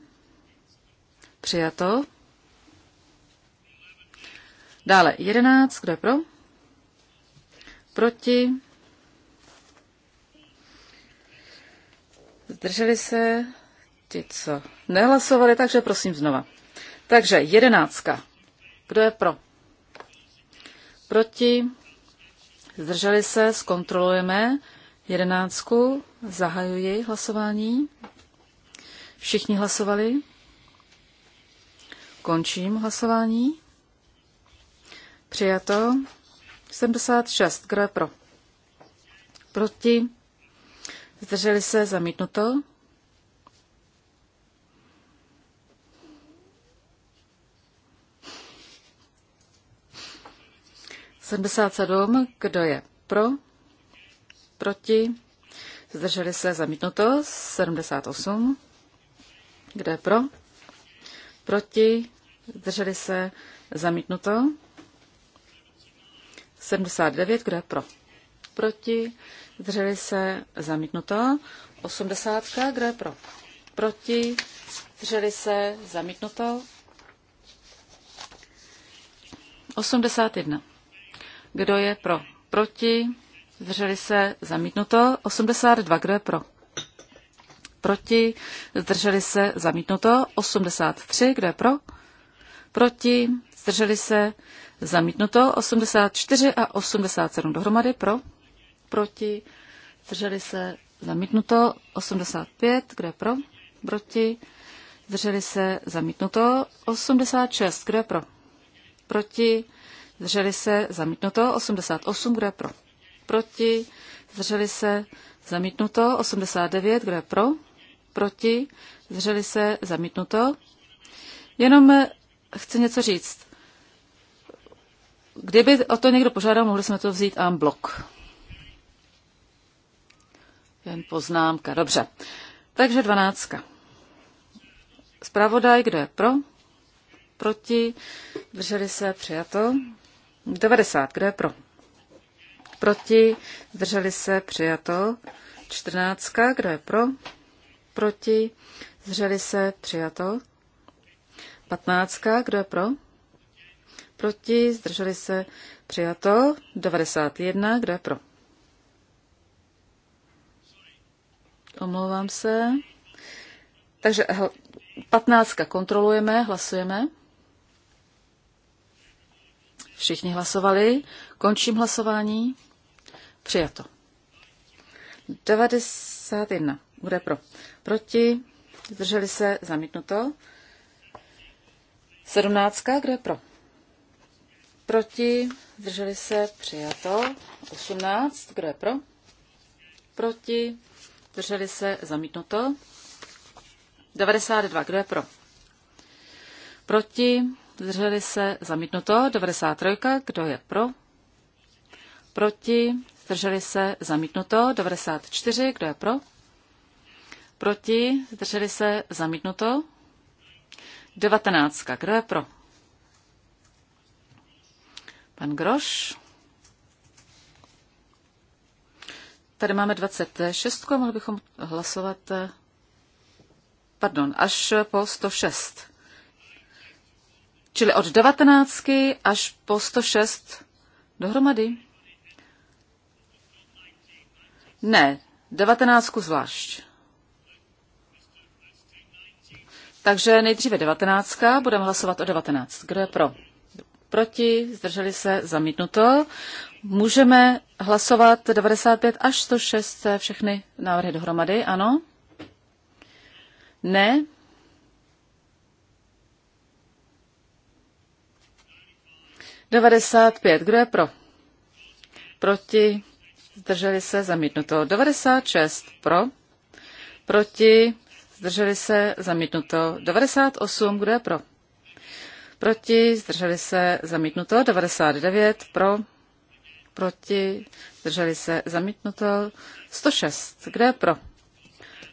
Přijato. Dále 11, kdo je pro? Proti. Zdrželi se ti, co nehlasovali, takže prosím znova. Takže jedenáctka. Kdo je pro? Proti. Zdrželi se, zkontrolujeme. Jedenáctku. Zahajuji hlasování. Všichni hlasovali. Končím hlasování. Přijato. 76. Kdo je pro? Proti? Zdrželi se? Zamítnuto. sedm. Kdo je pro? Proti? Zdrželi se? Zamítnuto. 78, Kdo je pro? proti, zdrželi se, zamítnuto. 79, kdo je pro? Proti, zdrželi se, zamítnuto. 80, kdo je pro? Proti, zdrželi se, zamítnuto. 81. Kdo je pro? Proti, zdrželi se, zamítnuto. 82, kdo je pro? proti, zdrželi se, zamítnuto. 83, kdo je pro, proti, zdrželi se, zamítnuto. 84 a 87 dohromady, pro, proti, zdrželi se, zamítnuto. 85, kdo je pro, proti, zdrželi se, zamítnuto. 86, kdo je pro, proti, zdrželi se, zamítnuto. 88, kdo je pro, proti, zdrželi se, Zamítnuto 89, kdo je pro? proti, zřeli se, zamítnuto. Jenom eh, chci něco říct. Kdyby o to někdo požádal, mohli jsme to vzít en blok. Jen poznámka, dobře. Takže dvanáctka. Zpravodaj, kdo je pro? Proti? Drželi se, přijato. 90, kdo je pro? Proti? Drželi se, přijato. 14, kdo je pro? proti, zdrželi se, přijato. Patnáctka, kdo je pro? Proti, zdrželi se, přijato. 91, kdo je pro? Omlouvám se. Takže patnáctka kontrolujeme, hlasujeme. Všichni hlasovali. Končím hlasování. Přijato. 91. Bude pro proti, zdrželi se, zamítnuto. Sedmnáctka, kdo je pro? Proti, zdrželi se, přijato. Osmnáct, kdo je pro? Proti, zdrželi se, zamítnuto. 92, kdo je pro? Proti, zdrželi se, zamítnuto. 93, kdo je pro? Proti, zdrželi se, zamítnuto. 94, kdo je pro? Proti? Zdrželi se? Zamítnuto. 19. Kdo je pro? Pan Groš. Tady máme 26, mohli bychom hlasovat, eh, pardon, až po 106. Čili od 19 až po 106 dohromady. Ne, 19 zvlášť. Takže nejdříve devatenáctka Budeme hlasovat o devatenáct. Kdo je pro? Proti? Zdrželi se? Zamítnuto. Můžeme hlasovat 95 až 106 eh, všechny návrhy dohromady, ano? Ne? Devadesát pět. Kdo je pro? Proti? Zdrželi se? Zamítnuto. Devadesát šest. Pro? Proti? zdrželi se, zamítnuto 98, kdo je pro? Proti, zdrželi se, zamítnuto 99, pro, proti, zdrželi se, zamítnuto 106, kdo je pro?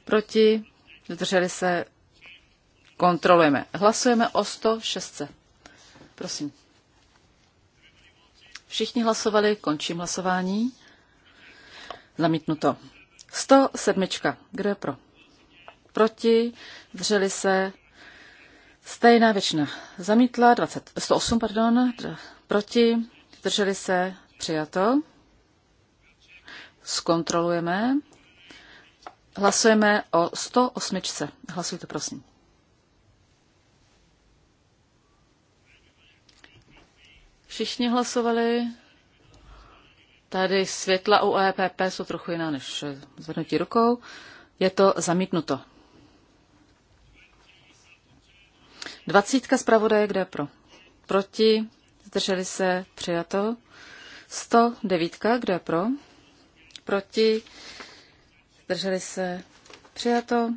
Proti, zdrželi se, kontrolujeme. Hlasujeme o 106. Prosím. Všichni hlasovali, končím hlasování. Zamítnuto. 107. Kdo je pro? proti, drželi se stejná většina zamítla, 20, 108 pardon, proti, drželi se přijato. Zkontrolujeme. Hlasujeme o 108. Hlasujte, prosím. Všichni hlasovali. Tady světla u EPP jsou trochu jiná než zvednutí rukou. Je to zamítnuto. Dvacítka zpravodaje, kde pro? Proti, zdrželi se, přijato. 109, kde pro? Proti, zdrželi se, přijato.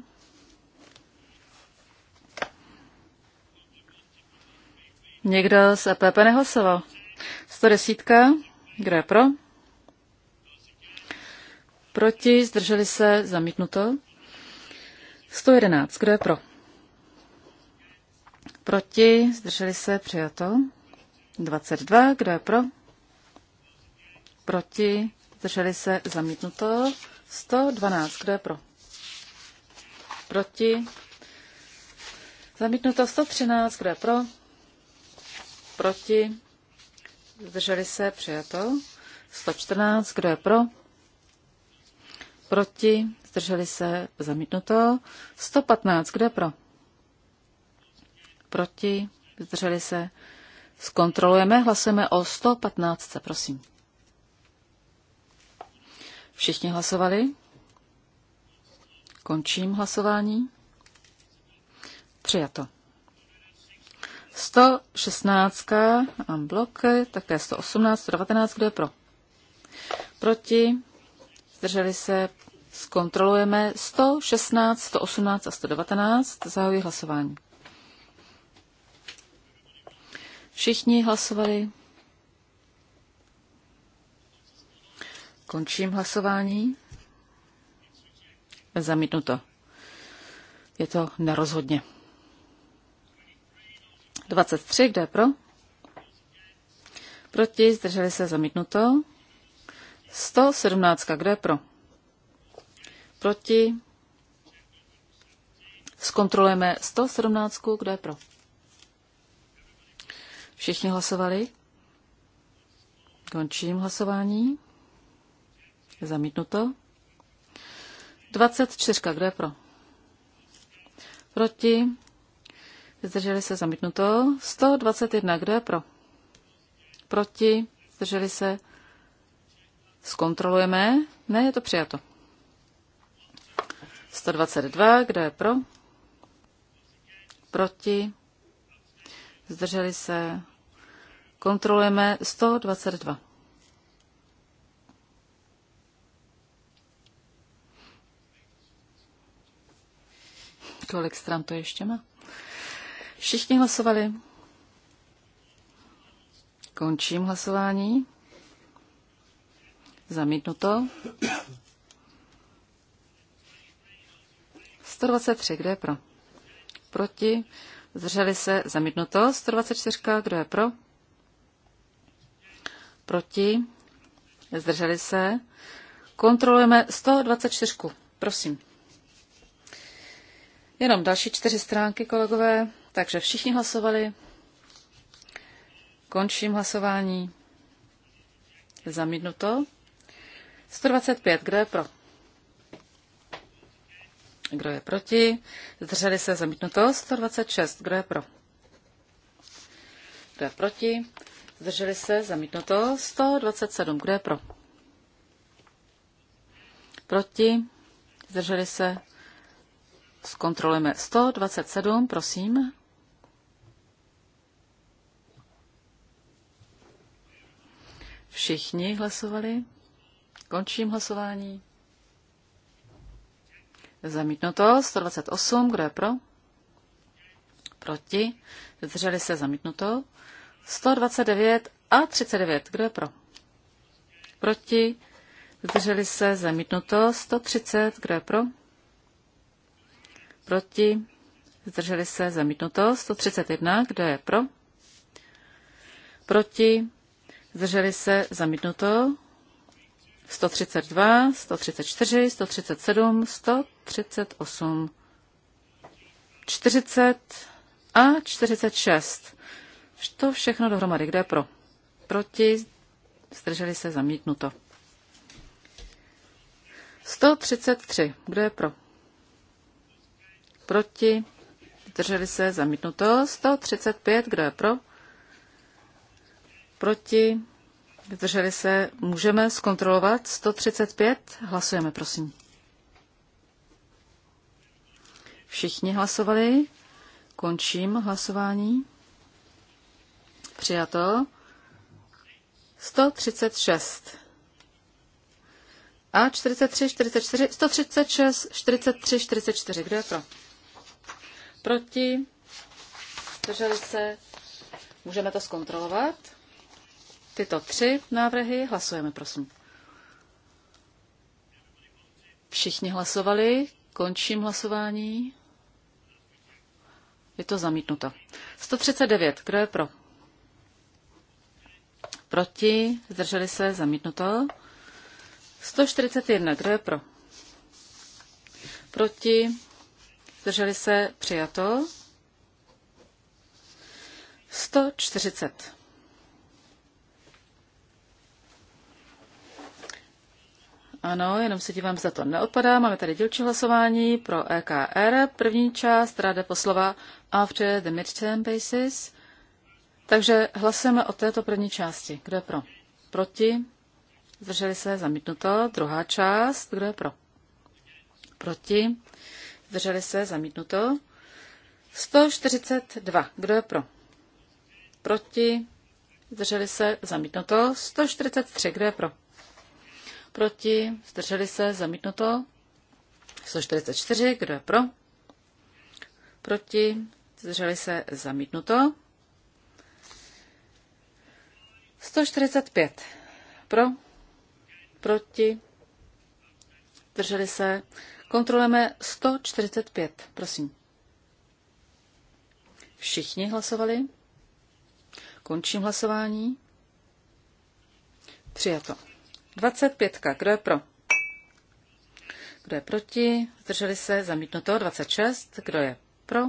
Někdo z EPP nehlasoval. 110, kde je pro? Proti, zdrželi se, zamítnuto. 111, kdo je pro? Proti? Zdrželi se? Přijato. 22. Kdo je pro? Proti? Zdrželi se? Zamítnuto. 112. Kdo je pro? Proti? Zamítnuto 113. Kdo je pro? Proti? Zdrželi se? Přijato. 114. Kdo je pro? Proti? Zdrželi se? Zamítnuto. 115. Kdo je pro? proti, zdrželi se. Zkontrolujeme, hlasujeme o 115, prosím. Všichni hlasovali? Končím hlasování. Přijato. 116 mám blok, také 118, 119, kdo je pro? Proti, zdrželi se, zkontrolujeme 116, 118 a 119, zahajuji hlasování. Všichni hlasovali. Končím hlasování. Zamítnuto. Je to nerozhodně. 23, kde je pro? Proti, zdrželi se zamítnuto. 117, kde je pro? Proti. Zkontrolujeme 117, kde je pro? Všichni hlasovali? Končím hlasování. Zamítnuto. 24. Kdo je pro? Proti? Zdrželi se zamítnuto. 121. Kdo je pro? Proti? Zdrželi se? Zkontrolujeme. Ne, je to přijato. 122. Kdo je pro? Proti? Zdrželi se? Kontrolujeme 122. Kolik stran to ještě má? Všichni hlasovali. Končím hlasování. Zamítnuto. 123, kdo je pro? Proti? Zdrželi se, zamítnuto. 124, kdo je pro? proti, zdrželi se. Kontrolujeme 124. Prosím. Jenom další čtyři stránky, kolegové. Takže všichni hlasovali. Končím hlasování. Zamítnuto. 125. Kdo je pro? Kdo je proti? Zdrželi se zamítnuto. 126. Kdo je pro? Kdo je proti? Zdrželi se, zamítnuto. 127, kdo je pro? Proti, zdrželi se. Zkontrolujeme 127, prosím. Všichni hlasovali. Končím hlasování. Zamítnuto 128, kdo je pro? Proti. Zdrželi se zamítnuto. 129 a 39. Kdo je pro? Proti? Zdrželi se zamítnuto 130. Kdo je pro? Proti? Zdrželi se zamítnuto 131. Kdo je pro? Proti? Zdrželi se zamítnuto 132, 134, 137, 138, 40 a 46. To všechno dohromady. Kde je pro? Proti? Zdrželi se zamítnuto. 133. Kdo je pro? Proti? Zdrželi se zamítnuto. 135. Kdo je pro? Proti? Zdrželi se. Můžeme zkontrolovat. 135. Hlasujeme, prosím. Všichni hlasovali. Končím hlasování. Přijato. 136. A 43, 44, 136, 43, 44. Kdo je pro? Proti? Zdrželi se? Můžeme to zkontrolovat. Tyto tři návrhy hlasujeme, prosím. Všichni hlasovali. Končím hlasování. Je to zamítnuto. 139. Kdo je pro? proti, zdrželi se, zamítnuto. 141, kdo je pro? Proti, zdrželi se, přijato. 140. Ano, jenom se dívám, za to neodpadá. Máme tady dílčí hlasování pro EKR. První část, ráda poslova After the Midterm Basis. Takže hlasujeme o této první části. Kdo je pro? Proti? Zdrželi se? Zamítnuto. Druhá část. Kdo je pro? Proti? Zdrželi se? Zamítnuto. 142. Kdo je pro? Proti? Zdrželi se? Zamítnuto. 143. Kdo je pro? Proti? Zdrželi se? Zamítnuto. 144. Kdo je pro? Proti? Zdrželi se? Zamítnuto. 145. Pro, proti, drželi se. Kontrolujeme 145, prosím. Všichni hlasovali? Končím hlasování. Přijato. 25. Kdo je pro? Kdo je proti? Zdrželi se? Zamítnuto. 26. Kdo je pro?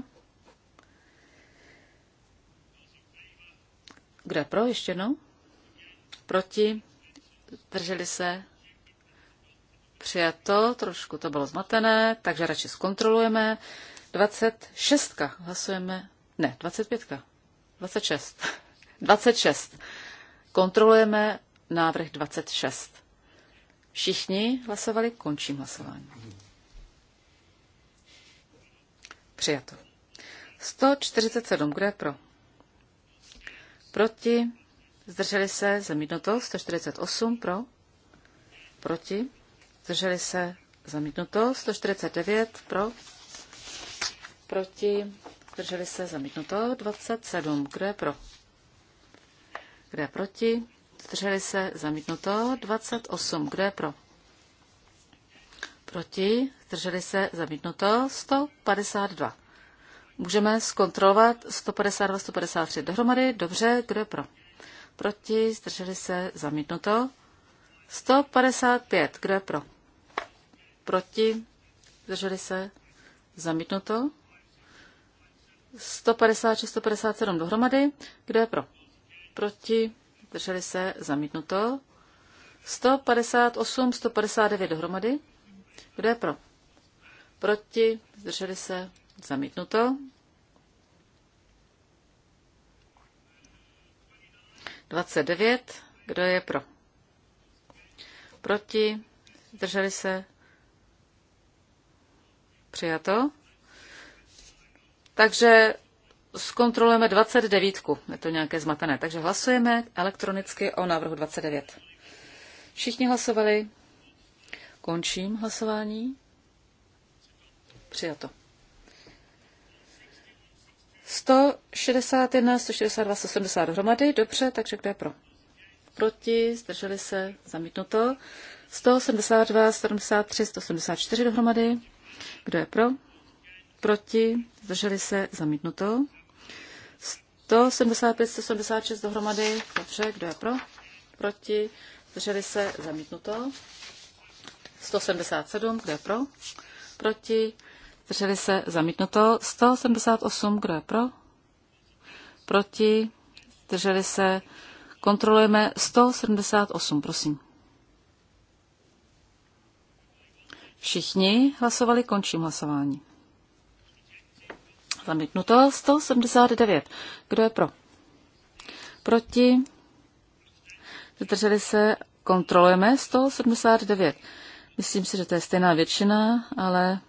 Kdo je pro? Ještě jednou proti, drželi se, přijato, trošku to bylo zmatené, takže radši zkontrolujeme. 26. Hlasujeme. Ne, 25. 26. 26. Kontrolujeme návrh 26. Všichni hlasovali, končím hlasování. Přijato. 147. Kdo je pro? Proti? Zdrželi se zamítnuto 148 pro, proti. Zdrželi se zamítnuto 149 pro, proti. Zdrželi se zamítnuto 27. Kdo je pro? Kdo je proti? Zdrželi se zamítnuto 28. Kdo je pro? Proti? Zdrželi se zamítnuto 152. Můžeme zkontrolovat 152, 153 dohromady. Dobře, kdo je pro? proti, zdrželi se, zamítnuto. 155, kdo je pro? Proti, zdrželi se, zamítnuto. 156, 157 dohromady, kdo je pro? Proti, zdrželi se, zamítnuto. 158, 159 dohromady, kdo je pro? Proti, zdrželi se, zamítnuto. 29. Kdo je pro? Proti? Zdrželi se? Přijato. Takže zkontrolujeme 29. Je to nějaké zmatené. Takže hlasujeme elektronicky o návrhu 29. Všichni hlasovali. Končím hlasování. Přijato. 161, 162, 170 dohromady, dobře, takže kdo je pro? Proti, zdrželi se, zamítnuto. 172, 173, 184 dohromady, kdo je pro? Proti, zdrželi se, zamítnuto. 175, 176 dohromady, dobře, kdo je pro? Proti, zdrželi se, zamítnuto. 177, kdo je pro? Proti, Zdrželi se zamítnuto 178, kdo je pro? Proti? Zdrželi se? Kontrolujeme 178, prosím. Všichni hlasovali, končím hlasování. Zamítnuto 179. Kdo je pro? Proti? Zdrželi se? Kontrolujeme 179. Myslím si, že to je stejná většina, ale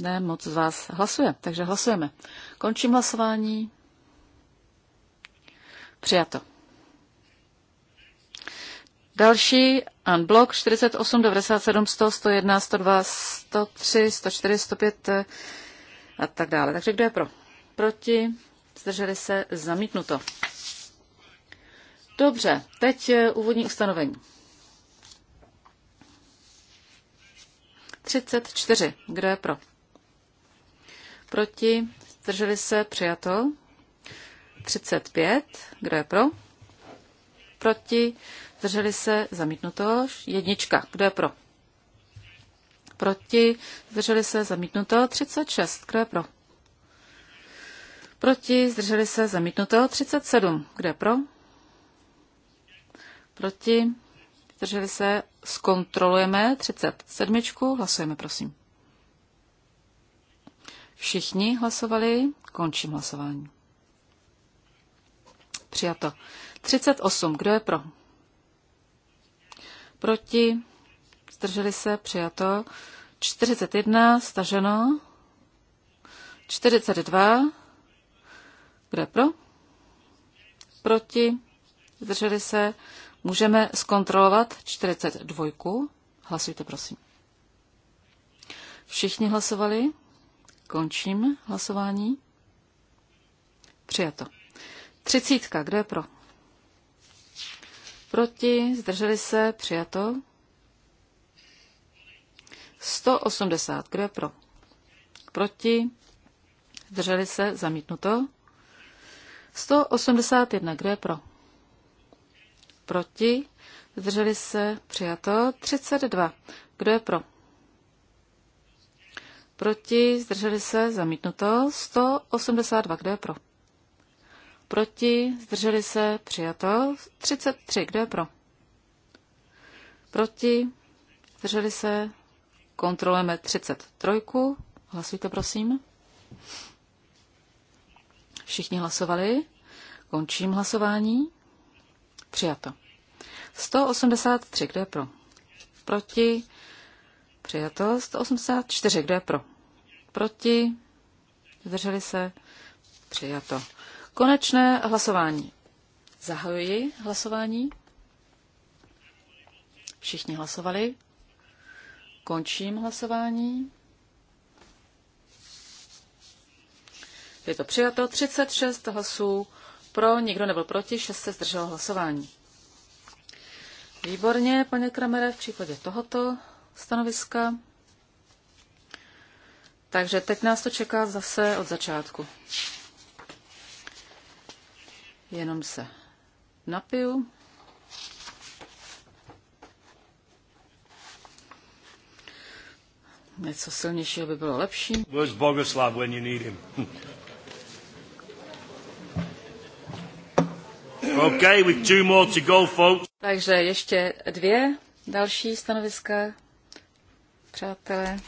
ne, moc z vás hlasuje, takže hlasujeme. Končím hlasování. Přijato. Další unblock 48, 97, 100, 101, 102, 103, 104, 105 a tak dále. Takže kdo je pro? Proti? Zdrželi se? Zamítnuto. Dobře, teď eh, úvodní ustanovení. 34. Kdo je pro? proti, zdrželi se, přijato. 35, kdo je pro, proti, zdrželi se, zamítnuto. Jednička, kdo je pro, proti, zdrželi se, zamítnuto. 36, kdo je pro, proti, zdrželi se, zamítnuto. 37, kdo je pro, proti, zdrželi se, zkontrolujeme 37, hlasujeme prosím. Všichni hlasovali, končím hlasování. Přijato. 38. Kdo je pro? Proti? Zdrželi se? Přijato. 41. Staženo. 42. Kdo je pro? Proti? Zdrželi se? Můžeme zkontrolovat 42. Hlasujte, prosím. Všichni hlasovali? Končím hlasování. Přijato. Třicítka, kdo je pro? Proti, zdrželi se, přijato. 180, kdo je pro? Proti, zdrželi se, zamítnuto. 181, kdo je pro? Proti, zdrželi se, přijato. 32, kdo je pro? Proti, zdrželi se, zamítnuto. 182, kde je pro? Proti, zdrželi se, přijato. 33, kde je pro? Proti, zdrželi se, kontrolujeme 33. Hlasujte, prosím. Všichni hlasovali. Končím hlasování. Přijato. 183, kde je pro? Proti. Přijato. 184, kde je pro? proti, zdrželi se, přijato. Konečné hlasování. Zahajuji hlasování. Všichni hlasovali. Končím hlasování. Je to přijato 36 hlasů pro, nikdo nebyl proti, 6 se zdrželo hlasování. Výborně, paní Kramere, v případě tohoto stanoviska. Takže teď nás to čeká zase od začátku. Jenom se napiju. Něco silnějšího by bylo lepší. Where's Bogoslav when you need him? okay, with two more to go, folks. Takže ještě dvě další stanoviska, přátelé.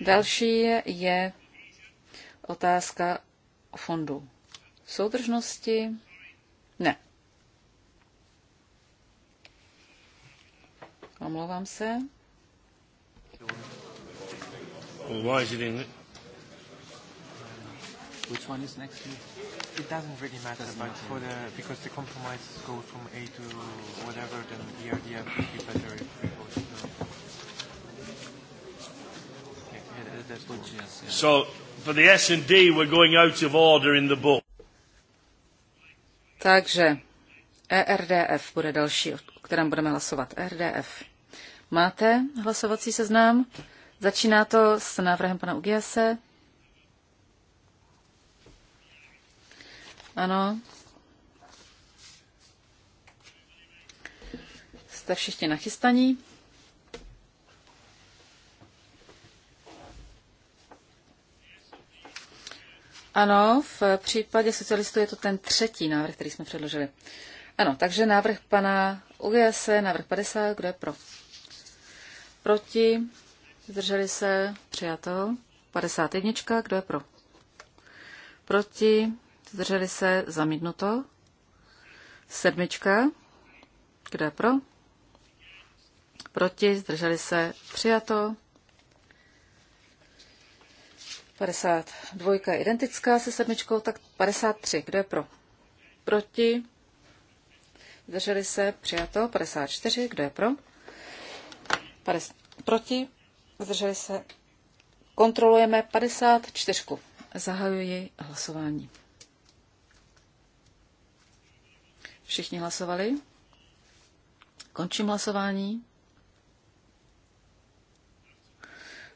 Další je otázka o fondu soudržnosti. Ne. Omlouvám se. Which one is next? It doesn't really matter, doesn't but matter. for the because the compromises go from A to whatever, then ERDF would be better if we So, for the S and D, we're going out of order in the book. Takže ERDF bude další, o kterém budeme hlasovat. ERDF. Máte hlasovací seznam? Začíná to s návrhem pana Ugiase. Ano. Jste všichni nachystaní? Ano, v případě socialistů je to ten třetí návrh, který jsme předložili. Ano, takže návrh pana UGS, návrh 50, kdo je pro? Proti, zdrželi se, přijato. 51, kdo je pro? Proti, zdrželi se, zamítnuto. Sedmička, kdo je pro? Proti, zdrželi se, přijato. 52 je identická se sedmičkou, tak 53. Kdo je pro? Proti? Zdrželi se? Přijato. 54. Kdo je pro? 50, proti? Zdrželi se? Kontrolujeme 54. Zahajuji hlasování. Všichni hlasovali? Končím hlasování.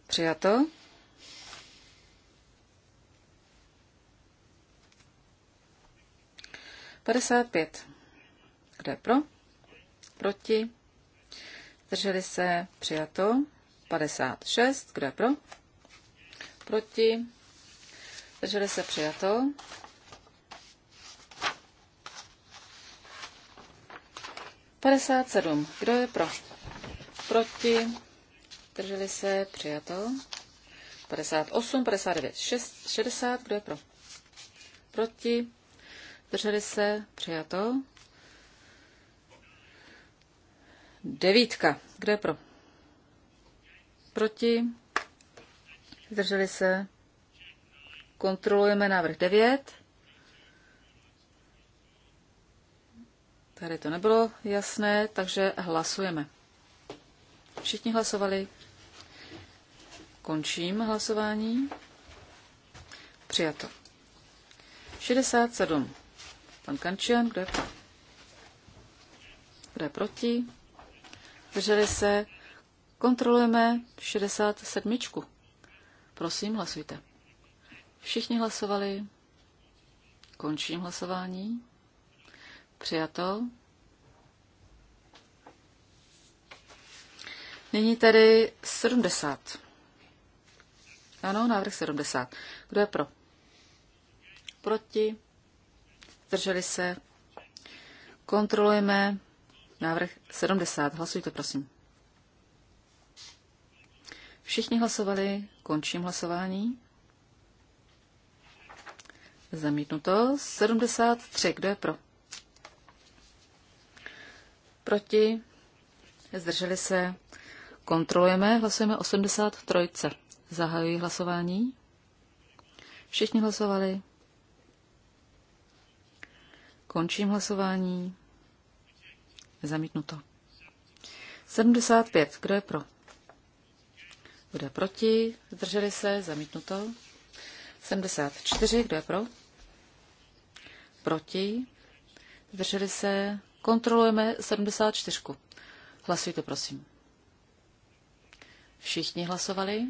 Přijato. 55. Kdo je pro? Proti? Zdrželi se? Přijato. 56. Kdo je pro? Proti? Zdrželi se? Přijato. Padesát sedm. Kdo je pro? Proti? Drželi se? Přijato. 58, 59, 6, 60. Kdo je pro? Proti? Drželi se? Přijato. Devítka. Kde je pro? Proti? drželi se? Kontrolujeme návrh 9. Tady to nebylo jasné, takže hlasujeme. Všichni hlasovali. Končím hlasování. Přijato. 67. Pan Kančen, kdo je pro? Kdo je proti? Drželi se. Kontrolujeme 67. Prosím, hlasujte. Všichni hlasovali. Končím hlasování. Přijato. Nyní tedy 70. Ano, návrh 70. Kdo je pro? Proti? Zdrželi se. Kontrolujeme návrh 70. Hlasujte, prosím. Všichni hlasovali. Končím hlasování. Zamítnuto. 73. Kdo je pro? Proti? Zdrželi se? Kontrolujeme. Hlasujeme 83. Zahajuji hlasování. Všichni hlasovali. Končím hlasování. Zamítnuto. 75. Kdo je pro? Kdo je proti? Zdrželi se? Zamítnuto. 74. Kdo je pro? Proti? Zdrželi se? Kontrolujeme 74. Hlasujte, prosím. Všichni hlasovali?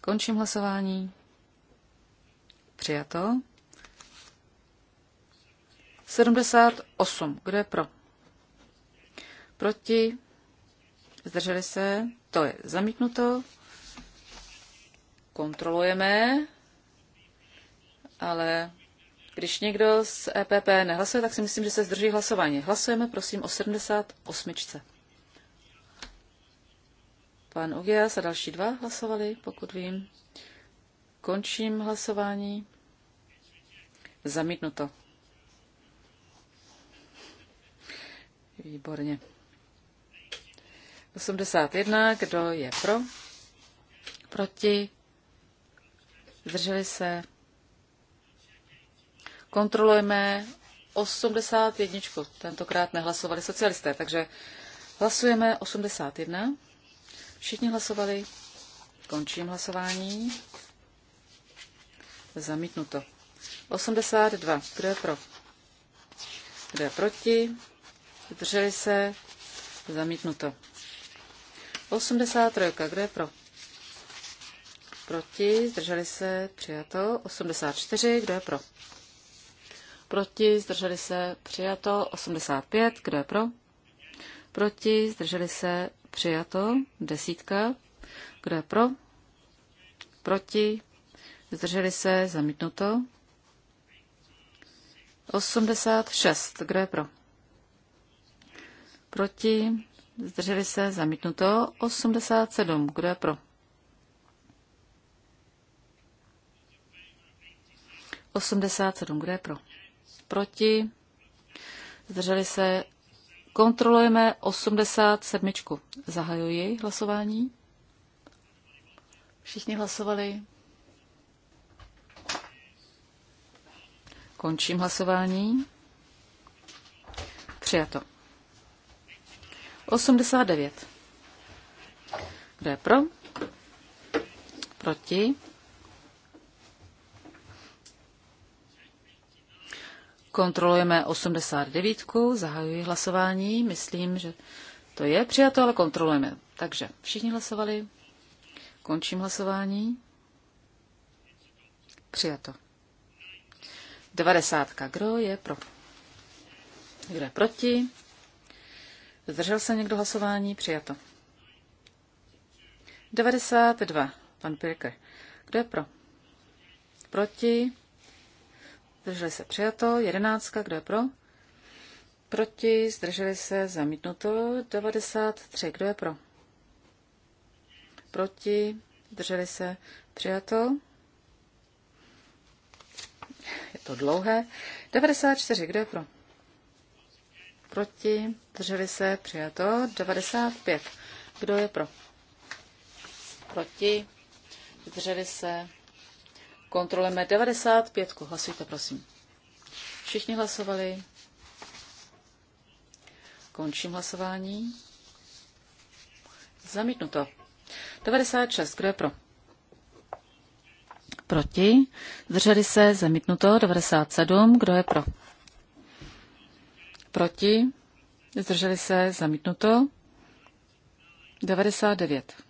Končím hlasování. Přijato. 78. Kdo je pro? Proti? Zdrželi se? To je zamítnuto. Kontrolujeme. Ale když někdo z EPP nehlasuje, tak si myslím, že se zdrží hlasování. Hlasujeme prosím o 78. Pan Ugias a další dva hlasovali, pokud vím. Končím hlasování. Zamítnuto. Výborně. 81. Kdo je pro? Proti? Zdrželi se? Kontrolujeme 81. Tentokrát nehlasovali socialisté, takže hlasujeme 81. Všichni hlasovali. Končím hlasování. Zamítnuto. 82. Kdo je pro? Kdo je proti? zdrželi se, zamítnuto. 83, kdo je pro? Proti, zdrželi se, přijato. 84, kdo je pro? Proti, zdrželi se, přijato. 85, kdo je pro? Proti, zdrželi se, přijato. Desítka, kdo je pro? Proti, zdrželi se, zamítnuto. 86, kdo je pro? Proti? Zdrželi se? Zamítnuto. 87. Kdo je pro? 87. Kdo je pro? Proti? Zdrželi se? Kontrolujeme 87. Zahajuji hlasování. Všichni hlasovali. Končím hlasování. Přijato. 89. Kdo je pro? Proti? Kontrolujeme 89. Zahajuji hlasování. Myslím, že to je přijato, ale kontrolujeme. Takže všichni hlasovali. Končím hlasování. Přijato. 90. Kdo je pro? Kdo je proti? Zdržel se někdo hlasování? Přijato. 92. Pan Pirke. Kdo je pro? Proti? Zdrželi se přijato. 11. Kdo je pro? Proti? Zdrželi se zamítnuto. 93. Kdo je pro? Proti? Zdrželi se přijato. Je to dlouhé. 94. Kdo je pro? Proti? Drželi se? Přijato. 95. Kdo je pro? Proti? Drželi se? Kontrolujeme 95. Hlasujte, prosím. Všichni hlasovali. Končím hlasování. Zamítnuto. 96. Kdo je pro? Proti. Zdrželi se. Zamítnuto. 97. Kdo je pro? Proti? Zdrželi se? Zamítnuto. 99.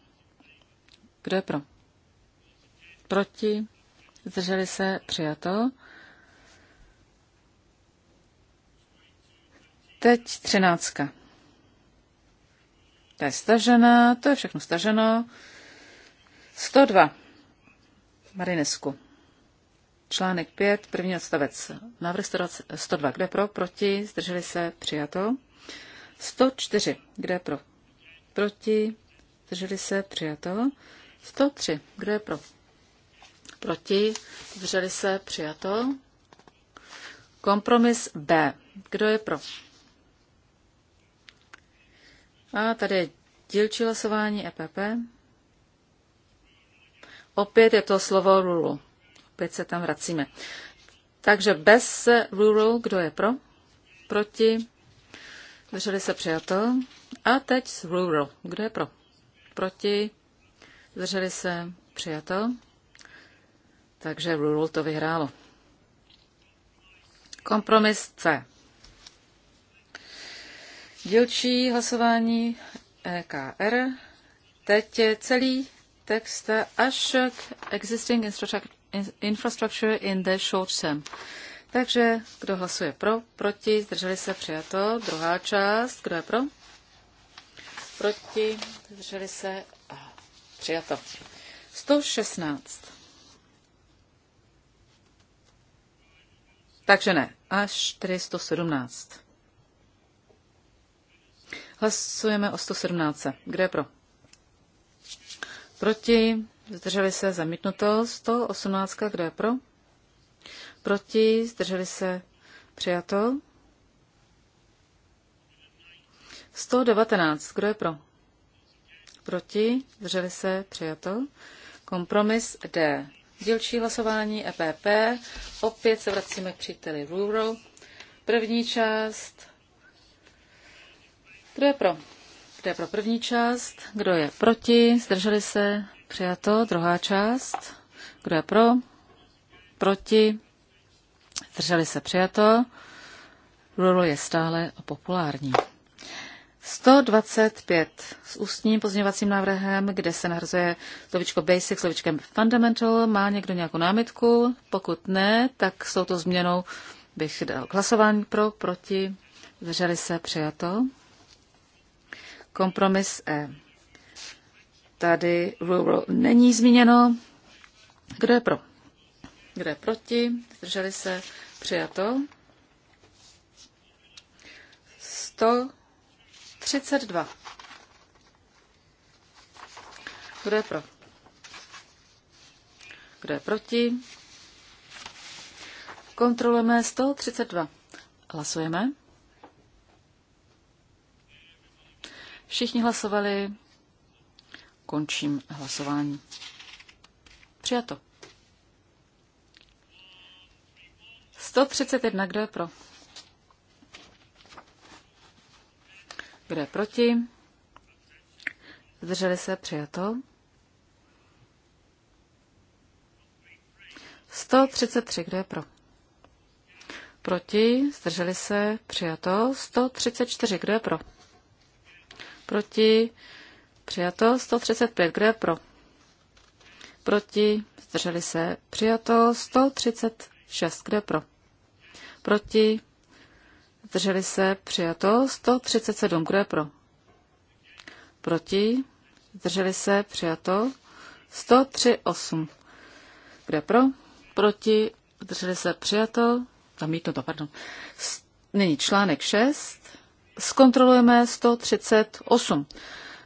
Kdo je pro? Proti? Zdrželi se? Přijato. Teď třináctka. To je stažená, to je všechno staženo. 102. Marinesku. Článek 5, první odstavec. Návrh 102, kde pro, proti, zdrželi se, přijato. 104, kde pro, proti, zdrželi se, přijato. 103, kde pro, proti, zdrželi se, přijato. Kompromis B, kdo je pro? A tady je dílčí hlasování EPP. Opět je to slovo rulu opět se tam vracíme. Takže bez rural, kdo je pro? Proti? Zdrželi se přijato. A teď s rural, kdo je pro? Proti? Zdrželi se přijato. Takže rural to vyhrálo. Kompromis C. Dílčí hlasování EKR. Teď je celý text až k existing infrastructure infrastructure in the short term. Takže kdo hlasuje pro, proti, zdrželi se přijato. Druhá část, kdo je pro? Proti, zdrželi se a přijato. 116. Takže ne, až 417. Hlasujeme o 117. Kdo je pro? Proti, zdrželi se zamítnuto 118, kdo je pro, proti, zdrželi se přijato 119, kdo je pro, proti, zdrželi se přijato, kompromis D. Dílčí hlasování EPP, opět se vracíme k příteli Rural. První část, kdo je pro? Kdo je pro první část? Kdo je proti? Zdrželi se? Přijato. Druhá část. Kdo je pro? Proti? Zdrželi se. Přijato. Rulo je stále populární. 125 s ústním pozměňovacím návrhem, kde se nahrazuje slovičko basic slovičkem fundamental. Má někdo nějakou námitku? Pokud ne, tak s touto změnou bych dal hlasování pro, proti, zdrželi se, přijato. Kompromis E. Tady rural není zmíněno. Kdo je pro? Kdo je proti? Zdrželi se? Přijato. 132. Kdo je pro? Kdo je proti? Kontrolujeme 132. Hlasujeme. Všichni hlasovali. Končím hlasování. Přijato. 131, kdo je pro? Kdo je proti? Zdrželi se, přijato. 133, kdo je pro? Proti, zdrželi se, přijato. 134, kdo je pro? Proti, Přijato 135. Kdo je pro? Proti? Zdrželi se. Přijato 136. Kdo je pro? Proti? Zdrželi se. Přijato 137. Kdo je pro? Proti? Zdrželi se. Přijato 138. Kdo je pro? Proti? Zdrželi se. Přijato. Zamítnuto, pardon. Nyní článek 6. Zkontrolujeme 138.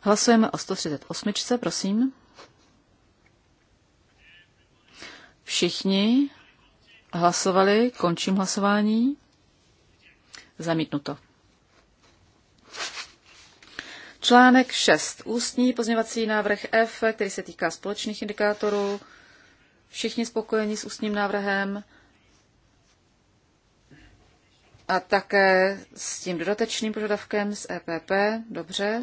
Hlasujeme o 138, prosím. Všichni hlasovali, končím hlasování. Zamítnuto. Článek 6. Ústní pozměvací návrh F, který se týká společných indikátorů. Všichni spokojení s ústním návrhem a také s tím dodatečným požadavkem z EPP. Dobře.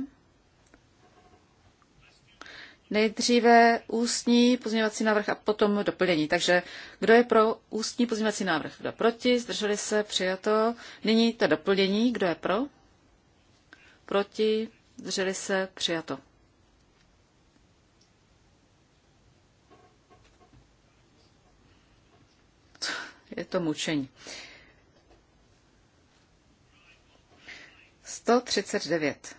Nejdříve ústní pozměňovací návrh a potom doplnění. Takže kdo je pro ústní pozměňovací návrh? Kdo proti? Zdrželi se? Přijato. Nyní to doplnění. Kdo je pro? Proti? Zdrželi se? Přijato. Je to mučení. 139.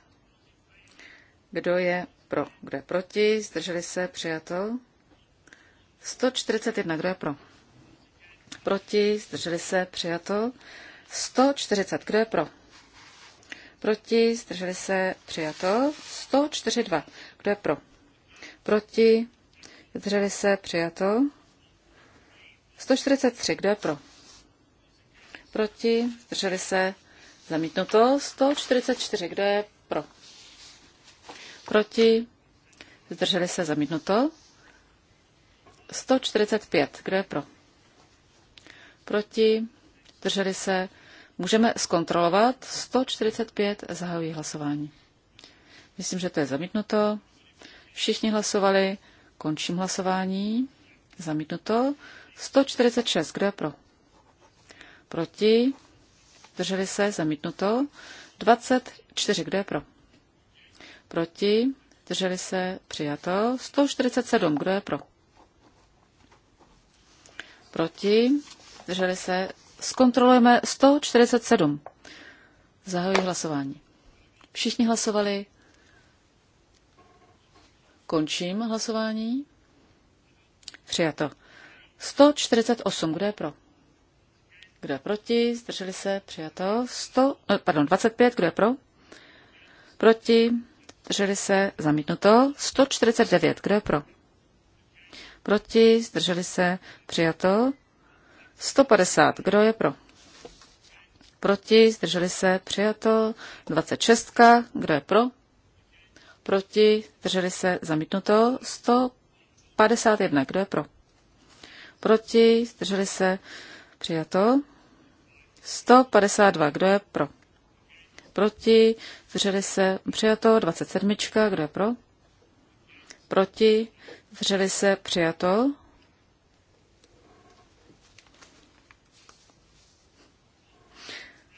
Kdo je pro, kdo je proti, zdrželi se, přijato. 141, kdo je pro? Proti, zdrželi se, přijato. 140, kdo je pro? Proti, zdrželi se, přijato. 142, kdo je pro? Proti, zdrželi se, přijato. 143, kdo je pro? Proti, zdrželi se, zamítnuto. 144, kdo je pro? proti, zdrželi se zamítnuto. 145, kdo je pro? Proti, zdrželi se, můžeme zkontrolovat. 145, zahajují hlasování. Myslím, že to je zamítnuto. Všichni hlasovali, končím hlasování. Zamítnuto. 146, kdo je pro? Proti, zdrželi se, zamítnuto. 24, kdo je pro? proti, drželi se, přijato. 147, kdo je pro? Proti, drželi se, zkontrolujeme 147. Zahajuji hlasování. Všichni hlasovali. Končím hlasování. Přijato. 148, kdo je pro? Kdo je proti? Zdrželi se, přijato. 100, eh, pardon, 25, kdo je pro? Proti, Zdrželi se, zamítnuto. 149, kdo je pro? Proti, zdrželi se, přijato. 150, kdo je pro? Proti, zdrželi se, přijato. 26, kdo je pro? Proti, zdrželi se, zamítnuto. 151, kdo je pro? Proti, zdrželi se, přijato. 152, kdo je pro? proti, zřeli se přijato, 27, kdo je pro, proti, zřeli se přijato,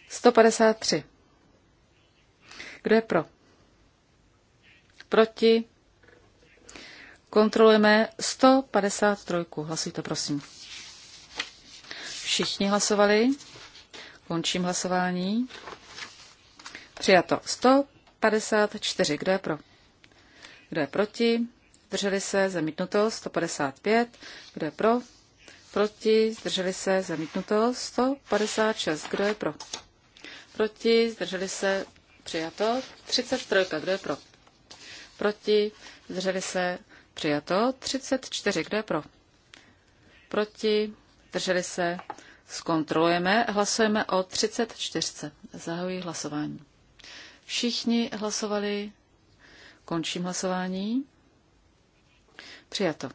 Sto padesát tři. Kdo je pro? Proti? Kontrolujeme 153. Hlasujte, prosím. Všichni hlasovali. Končím hlasování. Přijato 154. Kdo je pro? Kdo je proti? Zdrželi se, zamítnuto 155. Kdo je pro? Proti, zdrželi se, zamítnuto 156. Kdo je pro? Proti, zdrželi se, přijato 33. Kdo je pro? Proti, zdrželi se, přijato 34. Kdo je pro? Proti, zdrželi se, zkontrolujeme, hlasujeme o 34. Zahajuji hlasování. Všichni hlasovali. Končím hlasování. Přijato.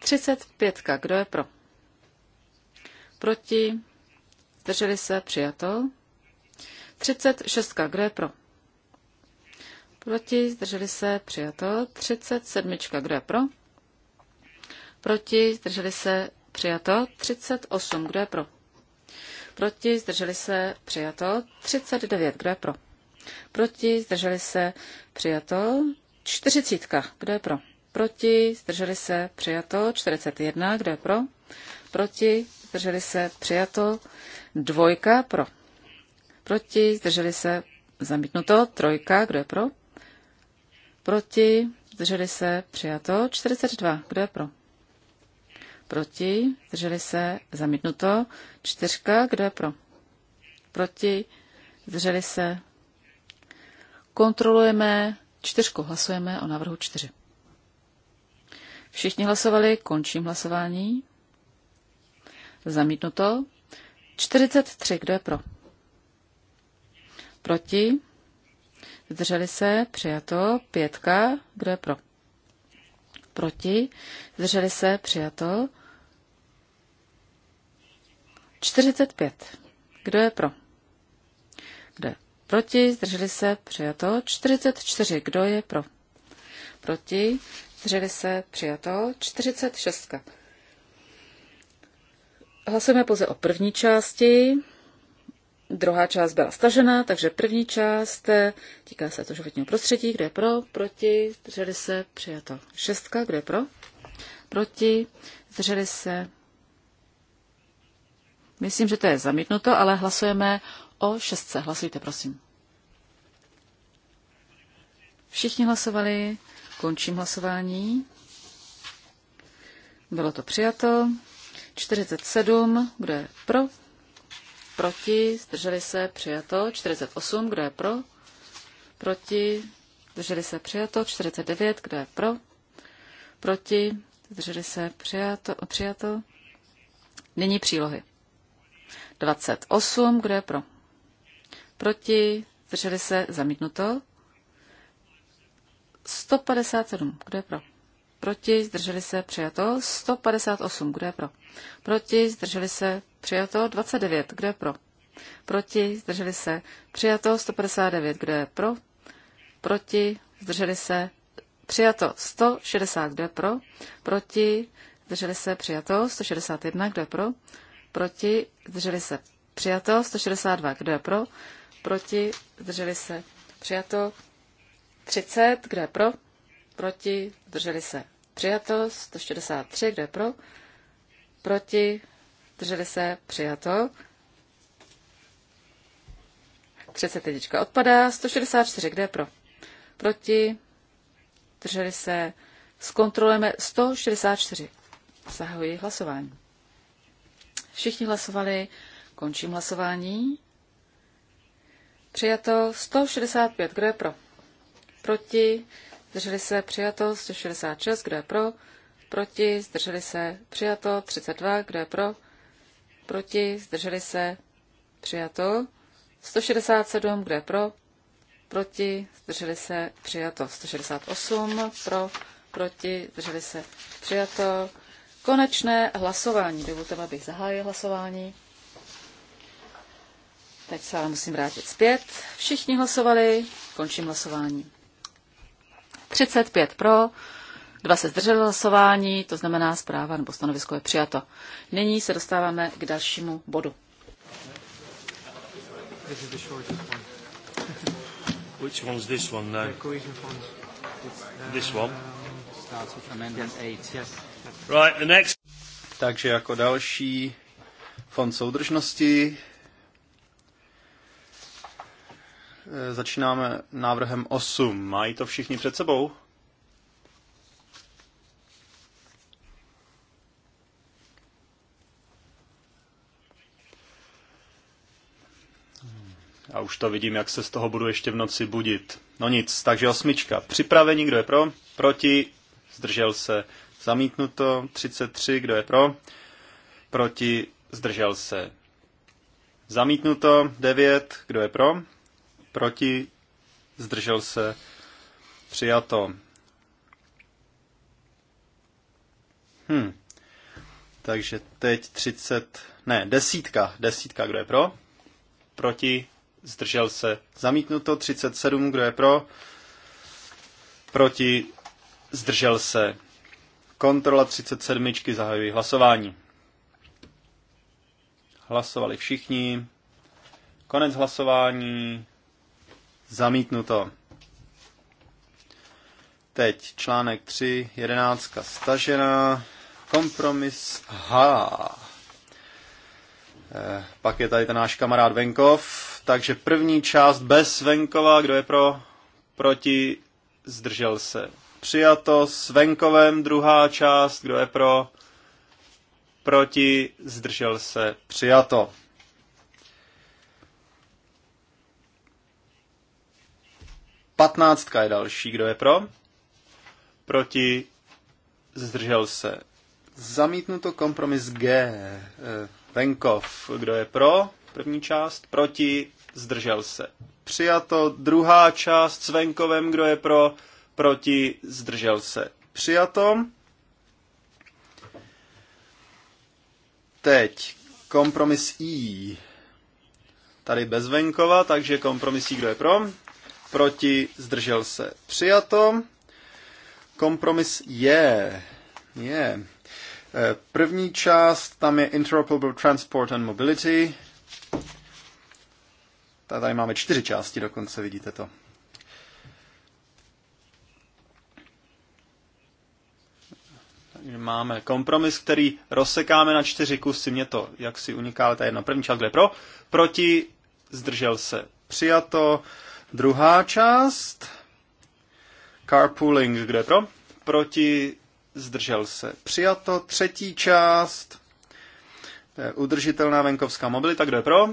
35. Kdo je pro? Proti? Zdrželi se? Přijato. 36. Kdo je pro? Proti? Zdrželi se? Přijato. 37. Kdo je pro? Proti? Zdrželi se? Přijato. 38. Kdo je pro? Proti? Zdrželi se? Přijato. 39. Kdo je pro? Proti, zdrželi se, přijato. Čtyřicítka, kdo je pro? Proti, zdrželi se, přijato. 41, kdo je pro? Proti, zdrželi se, přijato. Dvojka, pro. Proti, zdrželi se, zamítnuto. Trojka, kdo je pro? Proti, zdrželi se, přijato. 42, kdo je pro? Proti, zdrželi se, zamítnuto. Čtyřka, kdo je pro? Proti, zdrželi se, Kontrolujeme čtyřku, hlasujeme o návrhu čtyři. Všichni hlasovali, končím hlasování. Zamítnuto. 43, kdo je pro? Proti? Zdrželi se, přijato. Pětka, kdo je pro? Proti? Zdrželi se, přijato. 45, kdo je pro? Proti? Zdrželi se? Přijato. 44. Kdo je pro? Proti? Zdrželi se? Přijato. 46. Hlasujeme pouze o první části. Druhá část byla stažena, takže první část eh, týká se to životního prostředí, Kdo je pro, proti, zdrželi se, přijato. Šestka, Kdo je pro, proti, zdrželi se. Myslím, že to je zamítnuto, ale hlasujeme o šestce. Hlasujte, prosím. Všichni hlasovali, končím hlasování. Bylo to přijato. 47, kdo je pro? Proti, zdrželi se, přijato. 48, kdo je pro? Proti, zdrželi se, přijato. 49, kdo je pro? Proti, zdrželi se, přijato. přijato. Nyní přílohy. 28, kdo je pro? proti, zdrželi se, zamítnuto. 157, kdo je pro? Proti, zdrželi se, přijato. 158, kdo je pro? Proti, zdrželi se, přijato. 29, kdo je pro? Proti, zdrželi se, přijato. 159, kdo je pro? Proti, zdrželi se, přijato. 160, kdo je pro? Proti, zdrželi se, přijato. 161, kdo je pro? Proti, zdrželi se, přijato. 162, kdo je pro? proti, zdrželi se, přijato. 30, kdo je pro, proti, zdrželi se, přijato. 163, kdo je pro, proti, zdrželi se, přijato. 30. jedička odpadá, 164, kde je pro? Proti, drželi se, zkontrolujeme 164. Zahajuji hlasování. Všichni hlasovali, končím hlasování. Přijato 165, kdo je pro? Proti, zdrželi se, přijato 166, kdo je pro? Proti, zdrželi se, přijato 32, kdo je pro? Proti, zdrželi se, přijato 167, kdo je pro? Proti, zdrželi se, přijato 168, pro, proti, zdrželi se, přijato. Konečné hlasování. Dovolte, abych zahájil hlasování. Teď se ale musím vrátit zpět. Všichni hlasovali, končím hlasování. 35 pro, dva se zdrželi hlasování, to znamená zpráva nebo stanovisko je přijato. Nyní se dostáváme k dalšímu bodu. Which one's this one now? Uh, this one. Right, the next. Takže jako další fond soudržnosti, Eh, začínáme návrhem 8. Mají to všichni před sebou? A už to vidím, jak se z toho budu ještě v noci budit. No nic, takže osmička. Připravení, kdo je pro? Proti? Zdržel se. Zamítnuto. 33, kdo je pro? Proti? Zdržel se. Zamítnuto. 9, kdo je pro? proti, zdržel se, přijato. Hm. Takže teď 30, ne, desítka, desítka, kdo je pro, proti, zdržel se, zamítnuto, 37, kdo je pro, proti, zdržel se. Kontrola 37, zahajuji hlasování. Hlasovali všichni. Konec hlasování. Zamítnuto. Teď článek 3, jedenáctka stažená, kompromis H. Eh, pak je tady ten náš kamarád Venkov, takže první část bez Venkova, kdo je pro, proti, zdržel se. Přijato s Venkovem, druhá část, kdo je pro, proti, zdržel se. Přijato. Patnáctka je další, kdo je pro? Proti zdržel se. Zamítnuto kompromis G. Eh, Venkov, kdo je pro? První část. Proti zdržel se. Přijato druhá část s venkovem, kdo je pro? Proti zdržel se. Přijato. Teď kompromis I. Tady bez venkova, takže kompromis I, kdo je pro? proti, zdržel se, přijato. Kompromis je, je. Eh, první část, tam je Interoperable Transport and Mobility. Tady máme čtyři části dokonce, vidíte to. máme kompromis, který rozsekáme na čtyři kusy. Mě to jaksi uniká, ale ta jedna první část, kde je pro. Proti, zdržel se, přijato. Druhá část. Carpooling, kde pro? Proti, zdržel se. Přijato. Třetí část. Udržitelná venkovská mobilita, kde pro?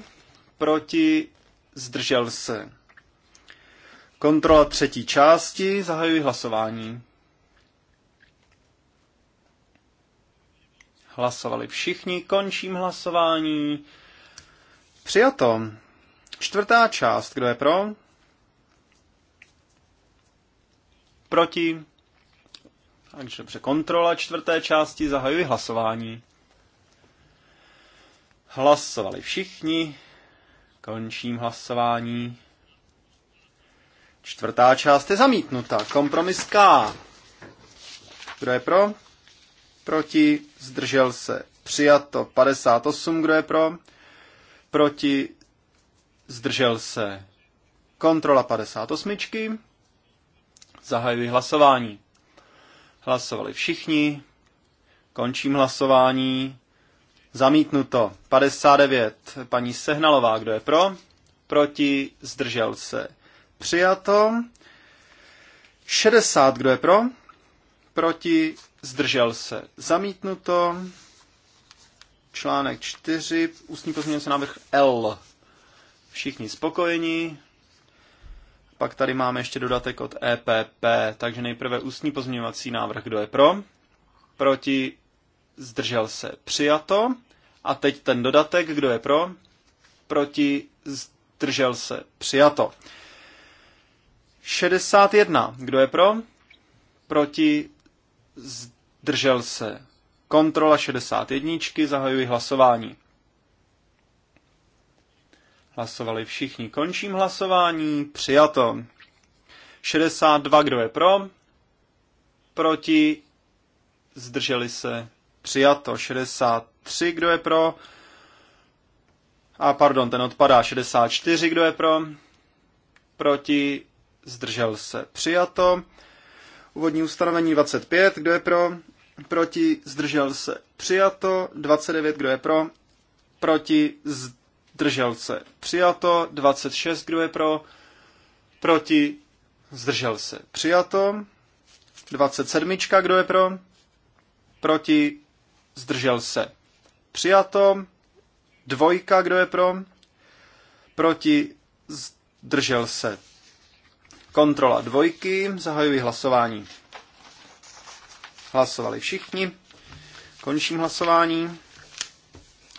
Proti, zdržel se. Kontrola třetí části, zahajuji hlasování. Hlasovali všichni, končím hlasování. Přijato. Čtvrtá část, kdo je pro? Proti? Takže dobře, kontrola čtvrté části, zahajuji hlasování. Hlasovali všichni, končím hlasování. Čtvrtá část je zamítnuta. Kompromis K. Kdo je pro? Proti, zdržel se. Přijato 58, kdo je pro? Proti, zdržel se. Kontrola 58. Zahajuji hlasování. Hlasovali všichni. Končím hlasování. Zamítnuto. 59. Paní Sehnalová, kdo je pro? Proti. Zdržel se. Přijato. 60. Kdo je pro? Proti. Zdržel se. Zamítnuto. Článek 4. Ústní pozměňovací návrh L. Všichni spokojení. Pak tady máme ještě dodatek od EPP, takže nejprve ústní pozměňovací návrh, kdo je pro, proti, zdržel se, přijato. A teď ten dodatek, kdo je pro, proti, zdržel se, přijato. 61, kdo je pro, proti, zdržel se. Kontrola 61, zahajuji hlasování. Hlasovali všichni. Končím hlasování. Přijato. 62, kdo je pro? Proti? Zdrželi se. Přijato. 63, kdo je pro? A pardon, ten odpadá. 64, kdo je pro? Proti? Zdržel se. Přijato. Úvodní ustanovení 25, kdo je pro? Proti? Zdržel se. Přijato. 29, kdo je pro? Proti? Zdržel zdržel se. Přijato 26, kdo je pro, proti, zdržel se. Přijato 27, kdo je pro, proti, zdržel se. Přijato dvojka, kdo je pro, proti, zdržel se. Kontrola dvojky, zahajuji hlasování. Hlasovali všichni. Končím hlasování.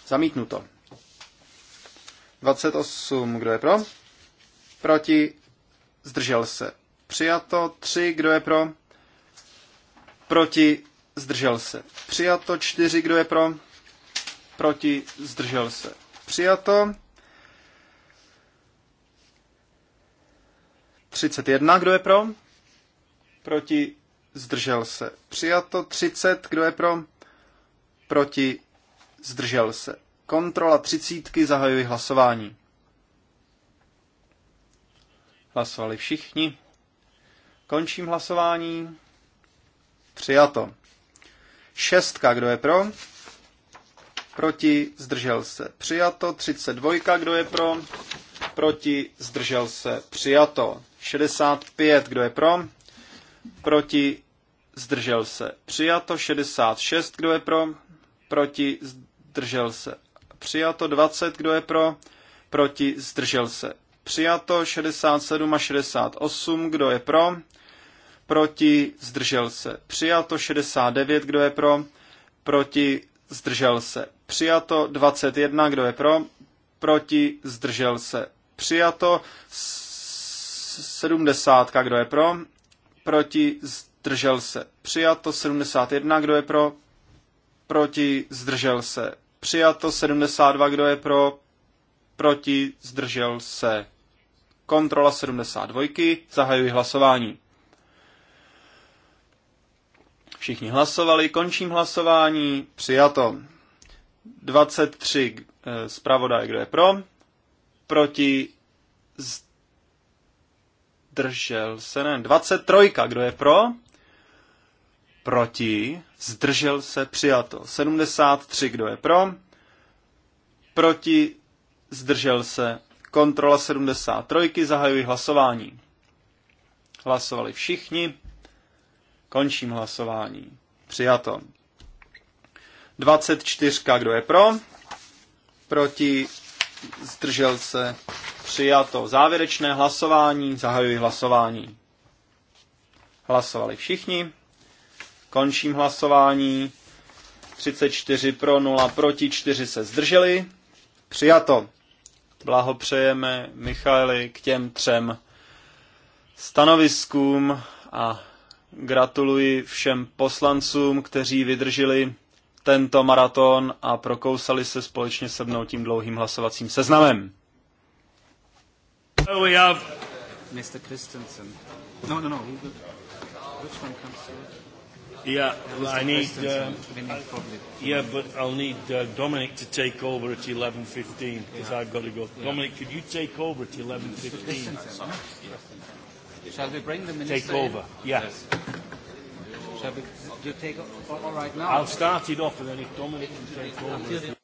Zamítnuto. 28, kdo je pro? Proti? Zdržel se. Přijato. 3, kdo je pro? Proti? Zdržel se. Přijato. 4, kdo je pro? Proti? Zdržel se. Přijato. 31, kdo je pro? Proti? Zdržel se. Přijato. 30, kdo je pro? Proti? Zdržel se Kontrola třicítky, zahajuji hlasování. Hlasovali všichni. Končím hlasování. Přijato. Šestka, kdo je pro? Proti, zdržel se. Přijato. 32, kdo je pro? Proti, zdržel se. Přijato. 65, kdo je pro? Proti, zdržel se. Přijato. 66, kdo je pro? Proti, zdržel se přijato 20, kdo je pro, proti, zdržel se. Přijato 67 a 68, kdo je pro, proti, zdržel se. Přijato 69, kdo je pro, proti, zdržel se. Přijato 21, kdo je pro, proti, zdržel se. Přijato 70, kdo je pro, proti, zdržel se. Přijato 71, kdo je pro, proti, zdržel se. Přijato 72, kdo je pro, proti, zdržel se. Kontrola 72, zahajuji hlasování. Všichni hlasovali, končím hlasování, přijato. 23 eh, zpravodaj, kdo je pro, proti, zdržel se, ne, 23, kdo je pro, proti, zdržel se, přijato. 73, kdo je pro, proti, zdržel se, kontrola 73, zahajuji hlasování. Hlasovali všichni, končím hlasování, přijato. 24, kdo je pro, proti, zdržel se, přijato. Závěrečné hlasování, zahajuji hlasování. Hlasovali všichni. Končím hlasování. 34 pro, 0 proti, 4 se zdrželi. Přijato. Blahopřejeme Michaeli k těm třem stanoviskům a gratuluji všem poslancům, kteří vydrželi tento maraton a prokousali se společně se mnou tím dlouhým hlasovacím seznamem. Oh, we have Mr. Christensen. No, no, no. Which one comes to it? Yeah, I need. Uh, uh, yeah, but I'll need uh, Dominic to take over at 11:15 because yeah. I've got to go. Yeah. Dominic, could you take over at 11:15? Shall we bring the minister? Take over. In? Yeah. Yes. Shall we? Do you take? All right now. I'll start it off, and then if Dominic can take over.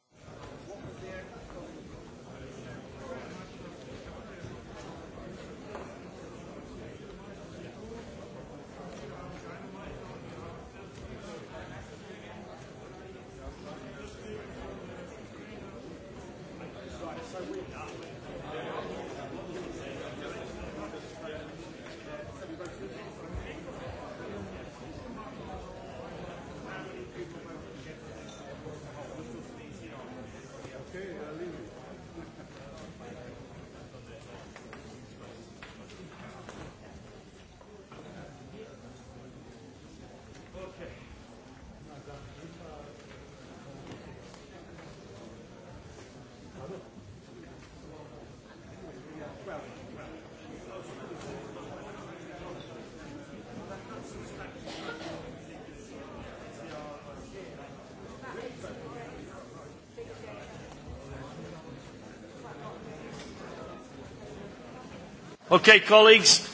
Okay, colleagues.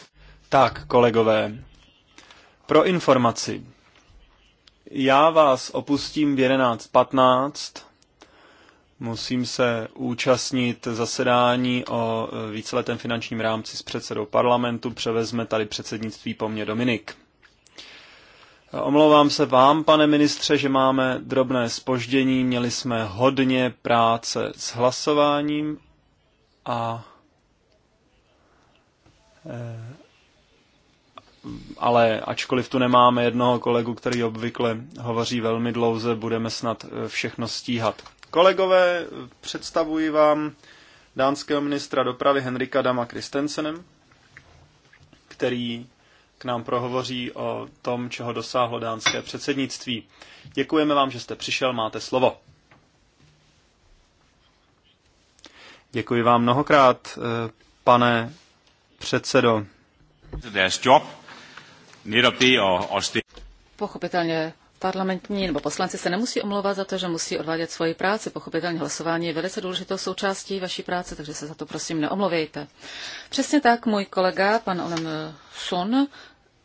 Tak, kolegové, pro informaci. Já vás opustím v 11.15. Musím se účastnit zasedání o e, víceletém finančním rámci s předsedou parlamentu. Převezme tady předsednictví po mně Dominik. E, omlouvám se vám, pane ministře, že máme drobné spoždění. Měli jsme hodně práce s hlasováním a ale ačkoliv tu nemáme jednoho kolegu, který obvykle hovoří velmi dlouze, budeme snad eh, všechno stíhat. Kolegové, představuji vám dánského ministra dopravy Henrika Dama Kristensenem, který k nám prohovoří o tom, čeho dosáhlo dánské předsednictví. Děkujeme vám, že jste přišel, máte slovo. Děkuji vám mnohokrát, eh, pane předsedo. Pochopitelně parlamentní nebo poslanci se nemusí omlouvat za to, že musí odvádět svoji práci. Pochopitelně hlasování je velice důležitou součástí vaší práce, takže se za to prosím neomlouvejte. Přesně tak můj kolega, pan Olem Sun,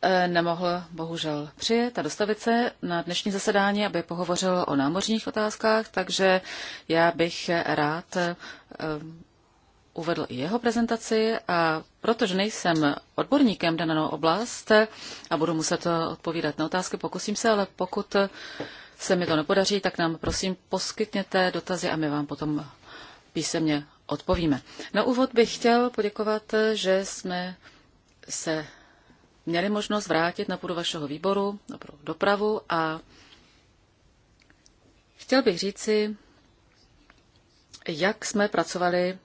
eh, nemohl bohužel přijet a dostavit se na dnešní zasedání, aby pohovořil o námořních otázkách, takže já bych rád eh, uvedl i jeho prezentaci a protože nejsem odborníkem danou oblast a budu muset odpovídat na otázky, pokusím se, ale pokud se mi to nepodaří, tak nám prosím poskytněte dotazy a my vám potom písemně odpovíme. Na úvod bych chtěl poděkovat, že jsme se měli možnost vrátit na půdu vašeho výboru pro dopravu a chtěl bych říci, jak jsme pracovali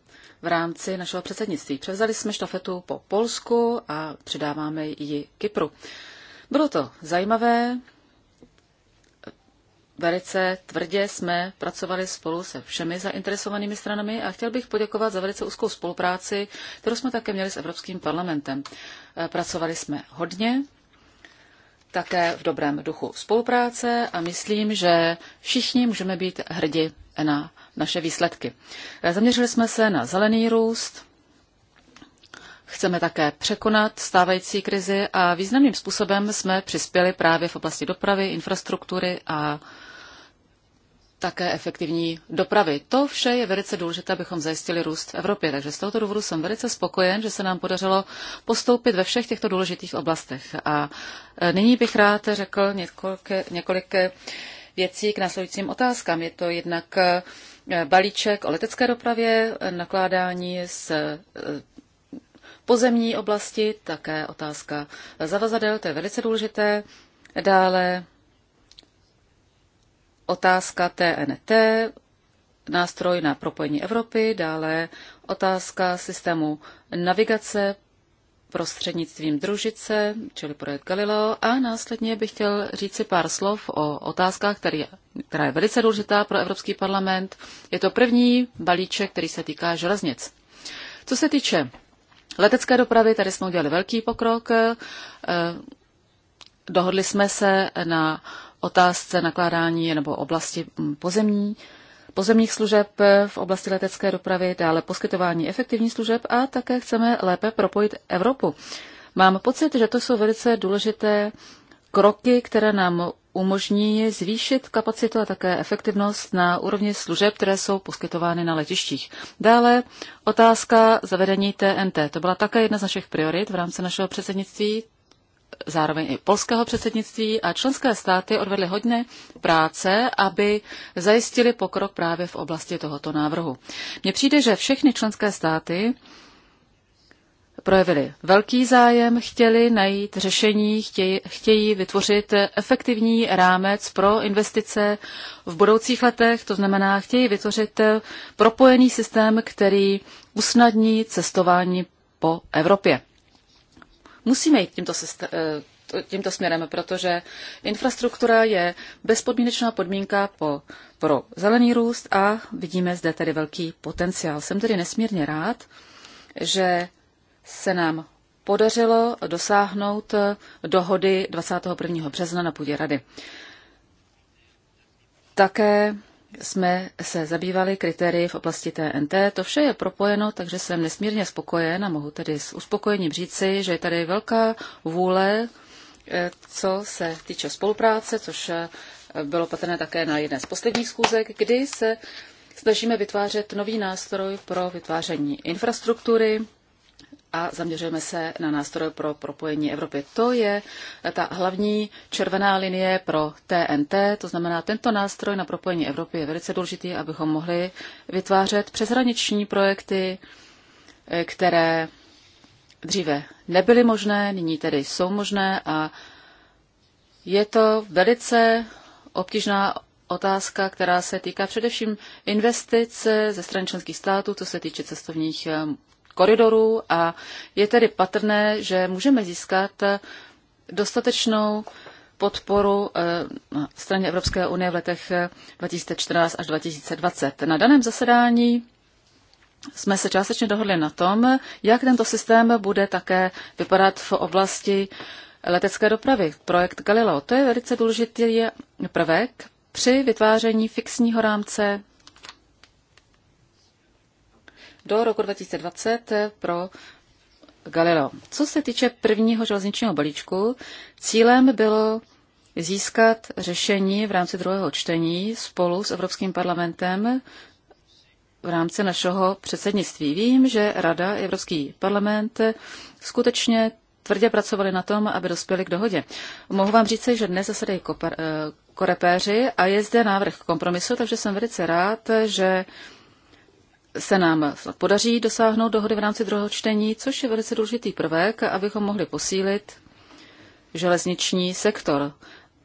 v rámci našeho předsednictví. Převzali jsme štafetu po Polsku a předáváme ji Kypru. Bylo to zajímavé, velice tvrdě jsme pracovali spolu se všemi zainteresovanými stranami a chtěl bych poděkovat za velice úzkou spolupráci, kterou jsme také měli s Evropským parlamentem. Eh, pracovali jsme hodně, také v dobrém duchu spolupráce a myslím, že všichni můžeme být hrdi na naše výsledky. Zaměřili jsme se na zelený růst, Chceme také překonat stávající krizi a významným způsobem jsme přispěli právě v oblasti dopravy, infrastruktury a také efektivní dopravy. To vše je velice důležité, abychom zajistili růst v Evropě. Takže z tohoto důvodu jsem velice spokojen, že se nám podařilo postoupit ve všech těchto důležitých oblastech. A e, nyní bych rád řekl několik, několik věcí k následujícím otázkám. Je to jednak e, balíček o letecké dopravě, nakládání s eh, pozemní oblasti, také otázka zavazadel, to je velice důležité. Dále otázka TNT, nástroj na propojení Evropy, dále otázka systému navigace prostřednictvím družice, čili projekt Galileo, a následně bych chtěl říci pár slov o otázkách, který, která je velice důležitá pro Evropský parlament. Je to první balíček, který se týká železnic. Co se týče letecké dopravy, tady jsme udělali velký pokrok. Eh, dohodli jsme se na otázce nakládání nebo oblasti hm, pozemní pozemních služeb v oblasti letecké dopravy, dále poskytování efektivních služeb a také chceme lépe propojit Evropu. Mám pocit, že to jsou velice důležité kroky, které nám umožní zvýšit kapacitu a také efektivnost na úrovni služeb, které jsou poskytovány na letištích. Dále otázka zavedení TNT. To byla také jedna z našich priorit v rámci našeho předsednictví zároveň i polského předsednictví a členské státy odvedly hodně práce, aby zajistili pokrok právě v oblasti tohoto návrhu. Mně přijde, že všechny členské státy projevili velký zájem, chtěli najít řešení, chtějí, chtějí vytvořit efektivní rámec pro investice v budoucích letech, to znamená, chtějí vytvořit propojený systém, který usnadní cestování po Evropě. Musíme jít tímto, eh, tímto směrem, protože infrastruktura je bezpodmínečná podmínka po, pro zelený růst a vidíme zde tedy velký potenciál. Jsem tedy nesmírně rád, že se nám podařilo dosáhnout dohody 21. března na půdě rady. Také jsme se zabývali kritérii v oblasti TNT. To vše je propojeno, takže jsem nesmírně spokojen a mohu tedy s uspokojením říci, že je tady velká vůle, eh, co se týče spolupráce, což eh, bylo patrné také na jedné z posledních schůzek, kdy se snažíme vytvářet nový nástroj pro vytváření infrastruktury, a zaměřujeme se na nástroje pro propojení Evropy. To je ta hlavní červená linie pro TNT, to znamená, tento nástroj na propojení Evropy je velice důležitý, abychom mohli vytvářet přeshraniční projekty, eh, které dříve nebyly možné, nyní tedy jsou možné a je to velice obtížná otázka, která se týká především investice ze strany členských států, co se týče cestovních eh, koridorů a je tedy patrné, že můžeme získat dostatečnou podporu eh, na straně Evropské unie v letech 2014 eh, až 2020. Na daném zasedání jsme se částečně dohodli na tom, jak tento systém bude také vypadat v oblasti letecké dopravy. Projekt Galileo, to je velice důležitý prvek při vytváření fixního rámce do roku 2020 pro Galileo. Co se týče prvního železničního balíčku, cílem bylo získat řešení v rámci druhého čtení spolu s Evropským parlamentem v rámci našeho předsednictví. Vím, že Rada i Evropský parlament skutečně tvrdě pracovali na tom, aby dospěli k dohodě. Mohu vám říct, že dnes zasedají eh, korepéři a je zde návrh kompromisu, takže jsem velice rád, že se nám podaří dosáhnout dohody v rámci druhého čtení, což je velice důležitý prvek, abychom mohli posílit železniční sektor.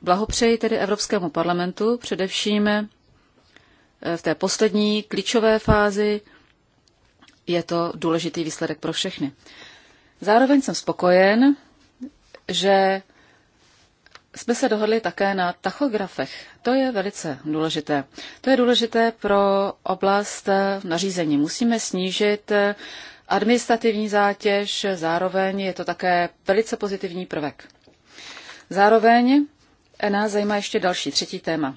Blahopřeji tedy Evropskému parlamentu, především eh, v té poslední klíčové fázi je to důležitý výsledek pro všechny. Zároveň jsem spokojen, že jsme se dohodli také na tachografech. To je velice důležité. To je důležité pro oblast eh, nařízení. Musíme snížit eh, administrativní zátěž, zároveň je to také velice pozitivní prvek. Zároveň eh, nás zajímá ještě další, třetí téma.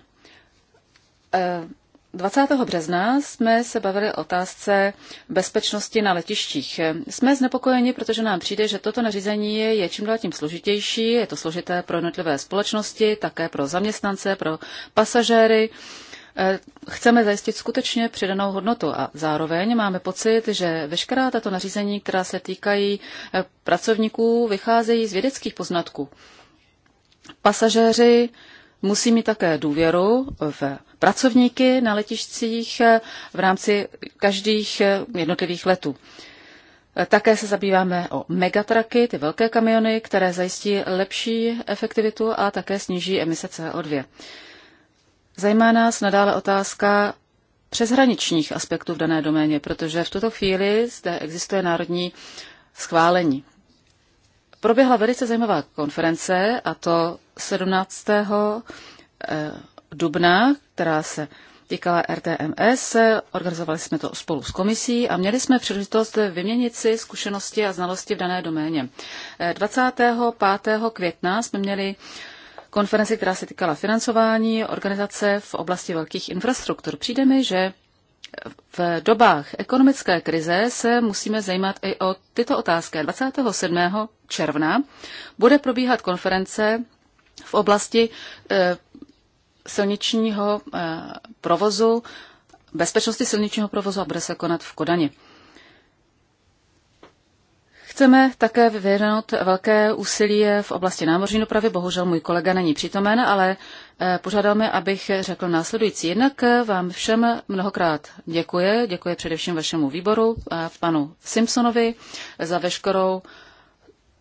20. března jsme se bavili o otázce bezpečnosti na letištích. Jsme znepokojeni, protože nám přijde, že toto nařízení je čím dál tím složitější. Je to složité pro jednotlivé společnosti, také pro zaměstnance, pro pasažéry. Eh, chceme zajistit skutečně přidanou hodnotu a zároveň máme pocit, že veškerá tato nařízení, která se týkají eh, pracovníků, vycházejí z vědeckých poznatků. Pasažéři musí mít také důvěru v pracovníky na letišcích eh, v rámci každých eh, jednotlivých letů. Eh, také se zabýváme o megatraky, ty velké kamiony, které zajistí lepší efektivitu a také sníží emise CO2. Zajímá nás nadále otázka přeshraničních aspektů v dané doméně, protože v tuto chvíli zde existuje národní schválení proběhla velice zajímavá konference, a to 17. Eh, dubna, která se týkala RTMS. Organizovali jsme to spolu s komisí a měli jsme příležitost vyměnit si zkušenosti a znalosti v dané doméně. 25. Eh, května jsme měli konferenci, která se týkala financování organizace v oblasti velkých infrastruktur. Přijde mi, že v dobách ekonomické krize se musíme zajímat i o tyto otázky. 27. června bude probíhat konference v oblasti eh, silničního eh, provozu, bezpečnosti silničního provozu a bude se konat v Kodani. Chceme také vyvinout velké úsilí v oblasti námořní dopravy. Bohužel můj kolega není přítomen, ale eh, požádal mi, abych řekl následující. Jednak eh, vám všem mnohokrát děkuji. Děkuji především vašemu výboru, panu Simpsonovi, za veškerou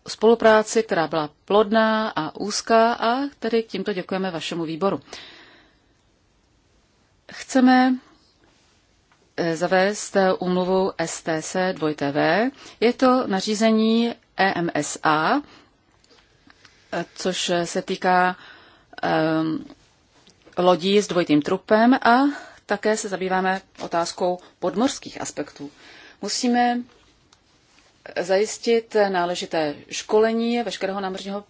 spolupráci, která byla plodná a úzká a tedy tímto děkujeme vašemu výboru. Chceme Eh, zavést eh, úmluvu STC 2TV. Je to nařízení EMSA, eh, což se týká um, lodí s dvojitým trupem a také se zabýváme otázkou podmorských aspektů. Musíme zajistit náležité školení veškerého námořního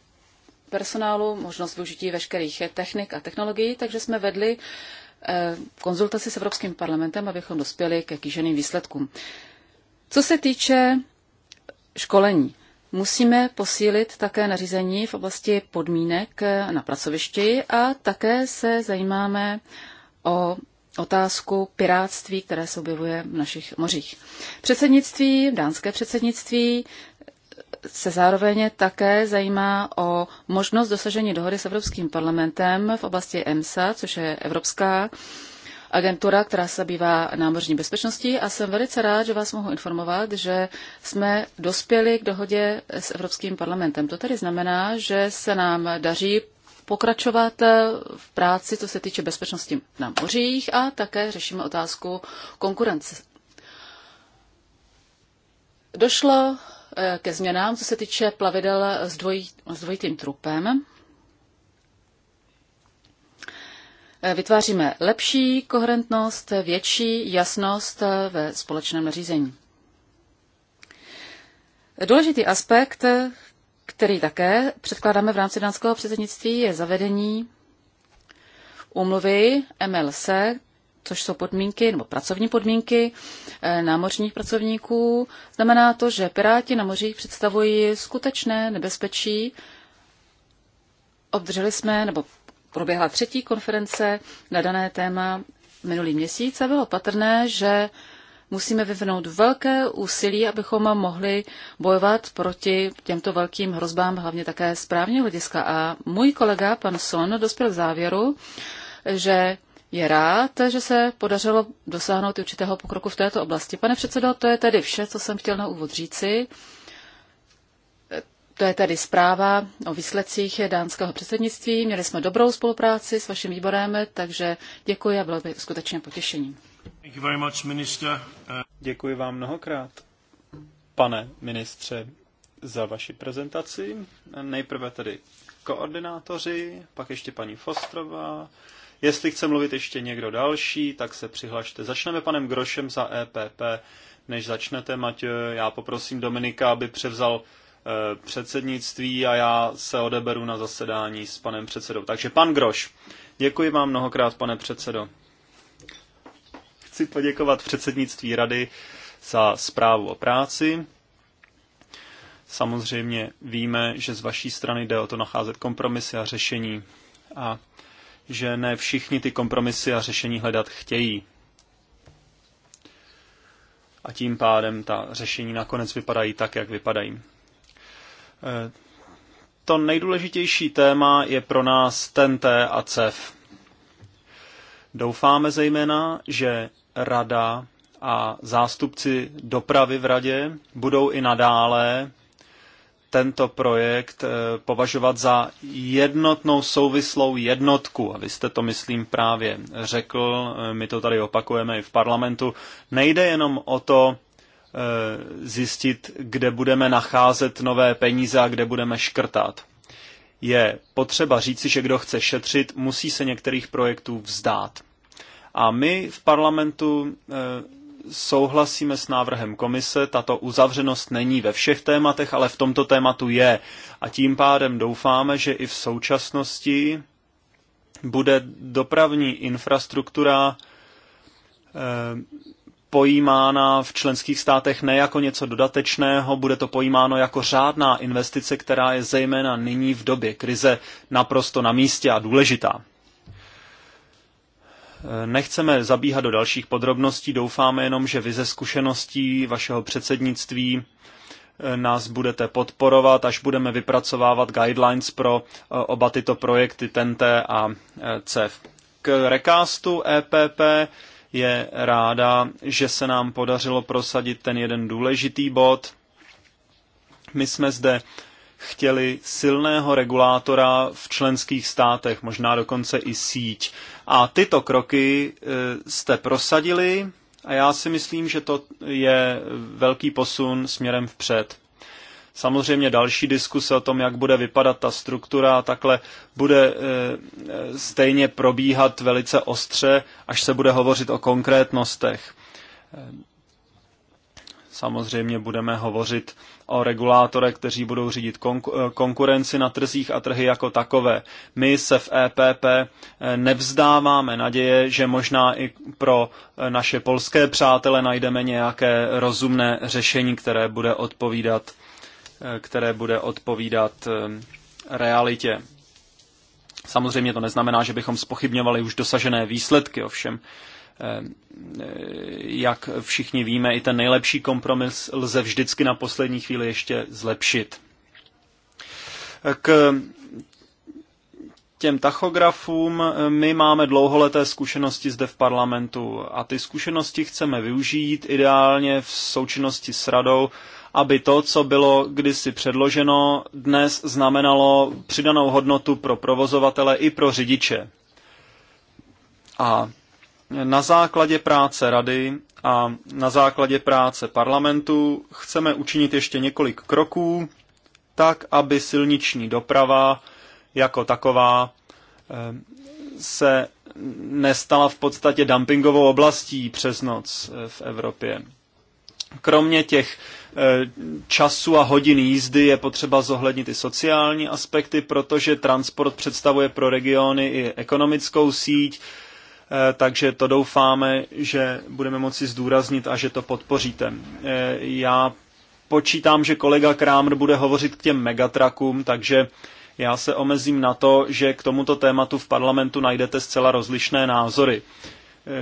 personálu, možnost využití veškerých technik a technologií, takže jsme vedli Eh, konzultaci s Evropským parlamentem, abychom dospěli ke kýženým výsledkům. Co se týče školení, musíme posílit také nařízení v oblasti podmínek eh, na pracovišti a také se zajímáme o otázku piráctví, které se objevuje v našich mořích. Předsednictví, dánské předsednictví, se zároveň také zajímá o možnost dosažení dohody s Evropským parlamentem v oblasti EMSA, což je Evropská agentura, která se bývá námořní bezpečností a jsem velice rád, že vás mohu informovat, že jsme dospěli k dohodě s Evropským parlamentem. To tedy znamená, že se nám daří pokračovat v práci, co se týče bezpečnosti na mořích a také řešíme otázku konkurence. Došlo Eh, ke změnám, co se týče plavidel s, dvoj, s dvojitým trupem. Eh, vytváříme lepší koherentnost, větší jasnost eh, ve společném řízení. Důležitý aspekt, který také předkládáme v rámci dánského předsednictví, je zavedení úmluvy MLC, což jsou podmínky nebo pracovní podmínky eh, námořních pracovníků. Znamená to, že piráti na mořích představují skutečné nebezpečí. Obdrželi jsme, nebo proběhla třetí konference na dané téma minulý měsíc a bylo patrné, že musíme vyvinout velké úsilí, abychom mohli bojovat proti těmto velkým hrozbám, hlavně také správního hlediska. A můj kolega, pan Son, dospěl k závěru, že je rád, že se podařilo dosáhnout určitého pokroku v této oblasti. Pane předsedo, to je tedy vše, co jsem chtěl na úvod říci. To je tedy zpráva o výsledcích dánského předsednictví. Měli jsme dobrou spolupráci s vaším výborem, takže děkuji a bylo by skutečně potěšením. Děkuji vám mnohokrát, pane ministře, za vaši prezentaci. Nejprve tedy koordinátoři, pak ještě paní Fostrová, Jestli chce mluvit ještě někdo další, tak se přihlašte. Začneme panem Grošem za EPP. Než začnete, Matěj, já poprosím Dominika, aby převzal e, předsednictví a já se odeberu na zasedání s panem předsedou. Takže pan Groš, děkuji vám mnohokrát, pane předsedo. Chci poděkovat předsednictví rady za zprávu o práci. Samozřejmě víme, že z vaší strany jde o to nacházet kompromisy a řešení. A že ne všichni ty kompromisy a řešení hledat chtějí. A tím pádem ta řešení nakonec vypadají tak, jak vypadají. Eh, to nejdůležitější téma je pro nás TNT a CEF. Doufáme zejména, že Rada a zástupci dopravy v Radě budou i nadále tento projekt eh, považovat za jednotnou souvislou jednotku. A vy jste to, myslím, právě řekl, eh, my to tady opakujeme i v parlamentu. Nejde jenom o to eh, zjistit, kde budeme nacházet nové peníze a kde budeme škrtat. Je potřeba říci, že kdo chce šetřit, musí se některých projektů vzdát. A my v parlamentu souhlasíme s návrhem komise, tato uzavřenost není ve všech tématech, ale v tomto tématu je. A tím pádem doufáme, že i v současnosti bude dopravní infrastruktura eh, pojímána v členských státech ne jako něco dodatečného, bude to pojímáno jako řádná investice, která je zejména nyní v době krize naprosto na místě a důležitá. Nechceme zabíhat do dalších podrobností, doufáme jenom, že vy ze zkušeností vašeho předsednictví eh, nás budete podporovat, až budeme vypracovávat guidelines pro eh, oba tyto projekty TENTE a eh, CEF. K recastu EPP je ráda, že se nám podařilo prosadit ten jeden důležitý bod. My jsme zde chtěli silného regulátora v členských státech, možná dokonce i síť. A tyto kroky e, jste prosadili a já si myslím, že to je velký posun směrem vpřed. Samozřejmě další diskuse o tom, jak bude vypadat ta struktura a takhle, bude e, e, stejně probíhat velice ostře, až se bude hovořit o konkrétnostech. Samozřejmě budeme hovořit o regulátorech, kteří budou řídit eh, konkurenci na trzích a trhy jako takové. My se v EPP eh, nevzdáváme naděje, že možná i pro eh, naše polské přátele najdeme nějaké rozumné řešení, které bude odpovídat, které bude odpovídat realitě. Samozřejmě to neznamená, že bychom spochybňovali už dosažené výsledky, ovšem Eh, eh, jak všichni víme, i ten nejlepší kompromis lze vždycky na poslední chvíli ještě zlepšit. Eh, k těm tachografům my máme dlouholeté zkušenosti zde v parlamentu a ty zkušenosti chceme využít ideálně v součinnosti s radou, aby to, co bylo kdysi předloženo, dnes znamenalo přidanou hodnotu pro provozovatele i pro řidiče. A na základě práce Rady a na základě práce parlamentu chceme učinit ještě několik kroků, tak aby silniční doprava jako taková eh, se nestala v podstatě dumpingovou oblastí přes noc eh, v Evropě. Kromě těch eh, času a hodin jízdy je potřeba zohlednit i sociální aspekty, protože transport představuje pro regiony i ekonomickou síť, Eh, takže to doufáme, že budeme moci zdůraznit a že to podpoříte. Eh, já počítám, že kolega Krámr bude hovořit k těm megatrakům, takže já se omezím na to, že k tomuto tématu v parlamentu najdete zcela rozlišné názory.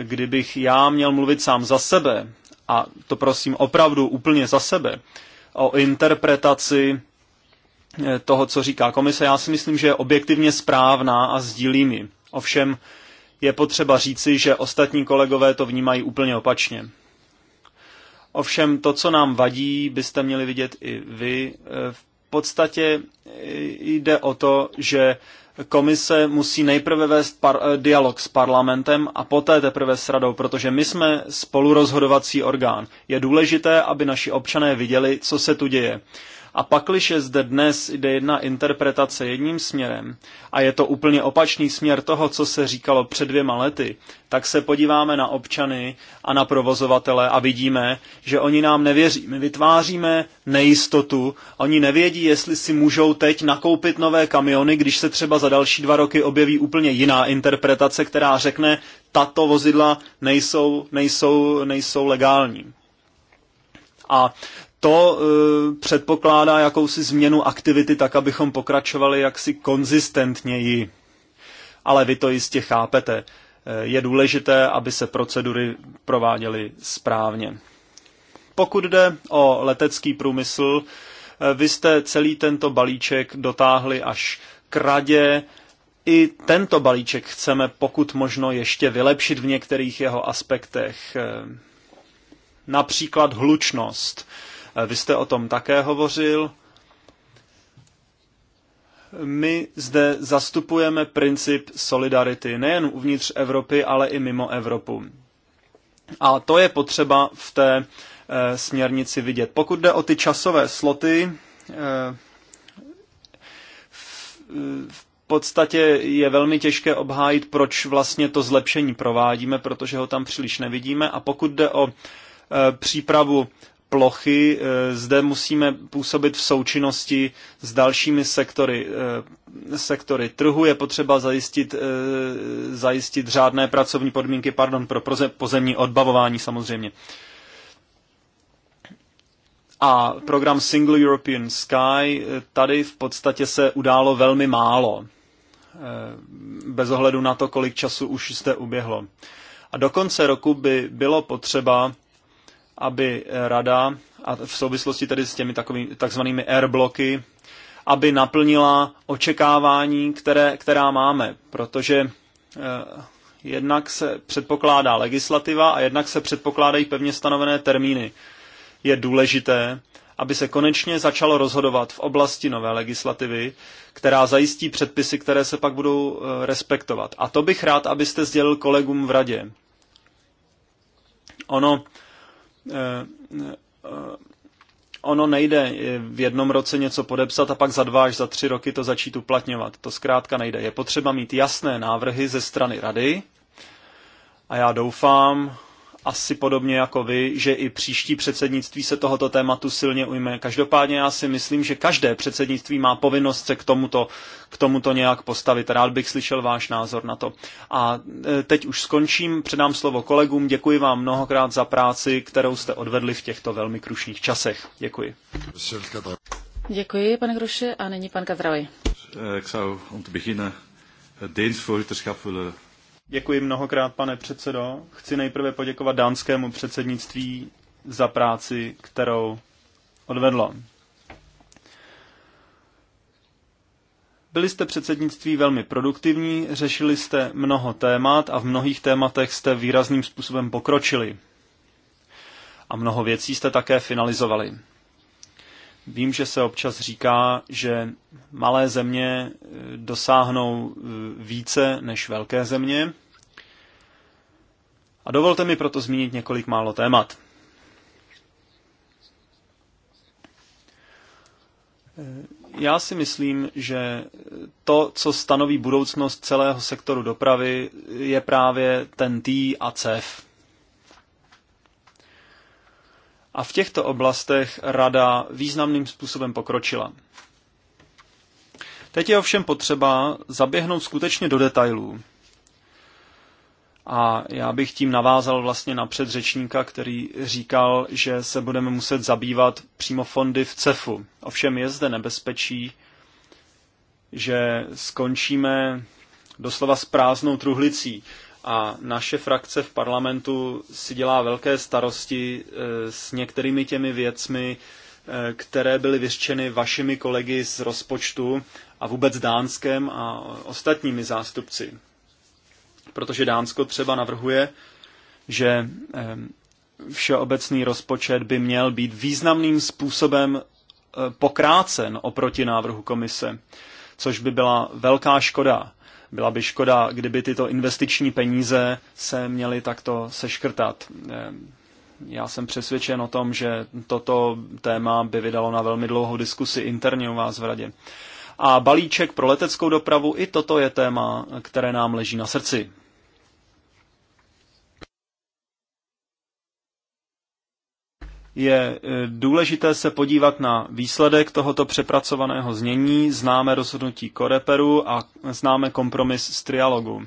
Eh, kdybych já měl mluvit sám za sebe, a to prosím opravdu úplně za sebe, o interpretaci toho, co říká komise, já si myslím, že je objektivně správná a sdílím ji. Ovšem je potřeba říci, že ostatní kolegové to vnímají úplně opačně. Ovšem to, co nám vadí, byste měli vidět i vy. E, v podstatě e, jde o to, že komise musí nejprve vést par- e, dialog s parlamentem a poté teprve s radou, protože my jsme spolurozhodovací orgán. Je důležité, aby naši občané viděli, co se tu děje. A pakliž je zde dnes jde jedna interpretace jedním směrem a je to úplně opačný směr toho, co se říkalo před dvěma lety, tak se podíváme na občany a na provozovatele a vidíme, že oni nám nevěří. My vytváříme nejistotu, oni nevědí, jestli si můžou teď nakoupit nové kamiony, když se třeba za další dva roky objeví úplně jiná interpretace, která řekne, tato vozidla nejsou, nejsou, nejsou legální. A to e, předpokládá jakousi změnu aktivity tak, abychom pokračovali jaksi konzistentněji. Ale vy to jistě chápete. E, je důležité, aby se procedury prováděly správně. Pokud jde o letecký průmysl, e, vy jste celý tento balíček dotáhli až k radě. I tento balíček chceme pokud možno ještě vylepšit v některých jeho aspektech. E, například hlučnost Eh, vy jste o tom také hovořil. My zde zastupujeme princip solidarity nejen uvnitř Evropy, ale i mimo Evropu. A to je potřeba v té e, směrnici vidět. Pokud jde o ty časové sloty, e, v, v podstatě je velmi těžké obhájit, proč vlastně to zlepšení provádíme, protože ho tam příliš nevidíme. A pokud jde o e, přípravu plochy. Eh, zde musíme působit v součinnosti s dalšími sektory, eh, sektory trhu. Je potřeba zajistit, eh, zajistit řádné pracovní podmínky pardon, pro pozemní odbavování samozřejmě. A program Single European Sky, tady v podstatě se událo velmi málo, bez ohledu na to, kolik času už jste uběhlo. A do konce roku by bylo potřeba aby rada, a v souvislosti tedy s těmi takovými takzvanými airbloky, aby naplnila očekávání, které, která máme, protože eh, jednak se předpokládá legislativa a jednak se předpokládají pevně stanovené termíny. Je důležité, aby se konečně začalo rozhodovat v oblasti nové legislativy, která zajistí předpisy, které se pak budou eh, respektovat. A to bych rád, abyste sdělil kolegům v radě. Ono Eh, eh, ono nejde v jednom roce něco podepsat a pak za dva až za tři roky to začít uplatňovat. To zkrátka nejde. Je potřeba mít jasné návrhy ze strany rady a já doufám, asi podobně jako vy, že i příští předsednictví se tohoto tématu silně ujme. Každopádně já si myslím, že každé předsednictví má povinnost se k tomuto, k tomuto nějak postavit. Rád bych slyšel váš názor na to. A e, teď už skončím, předám slovo kolegům. Děkuji vám mnohokrát za práci, kterou jste odvedli v těchto velmi krušných časech. Děkuji. Děkuji, pane Groše, a nyní pan Kadravi. Eh, ik zou om te beginnen het Deens voorzitterschap willen Děkuji mnohokrát, pane předsedo. Chci nejprve poděkovat dánskému předsednictví za práci, kterou odvedlo. Byli jste předsednictví velmi produktivní, řešili jste mnoho témat a v mnohých tématech jste výrazným způsobem pokročili. A mnoho věcí jste také finalizovali. Vím, že se občas říká, že malé země eh, dosáhnou eh, více než velké země. A dovolte mi proto zmínit několik málo témat. Eh, já si myslím, že to, co stanoví budoucnost celého sektoru dopravy, je právě ten T a CEF. a v těchto oblastech rada významným způsobem pokročila. Teď je ovšem potřeba zaběhnout skutečně do detailů. A já bych tím navázal vlastně na předřečníka, který říkal, že se budeme muset zabývat přímo fondy v CEFu. Ovšem je zde nebezpečí, že skončíme doslova s prázdnou truhlicí a naše frakce v parlamentu si dělá velké starosti eh, s některými těmi věcmi, eh, které byly vyřčeny vašimi kolegy z rozpočtu a vůbec Dánskem a ostatními zástupci. Protože Dánsko třeba navrhuje, že eh, všeobecný rozpočet by měl být významným způsobem pokrácen oproti návrhu komise, což by byla velká škoda byla by škoda, kdyby tyto investiční peníze se měly takto seškrtat. Eh, já jsem přesvědčen o tom, že toto téma by vydalo na velmi dlouhou diskusi interně u vás v radě. A balíček pro leteckou dopravu, i toto je téma, které nám leží na srdci. je eh, důležité se podívat na výsledek tohoto přepracovaného znění. Známe rozhodnutí Koreperu a známe kompromis z trialogu.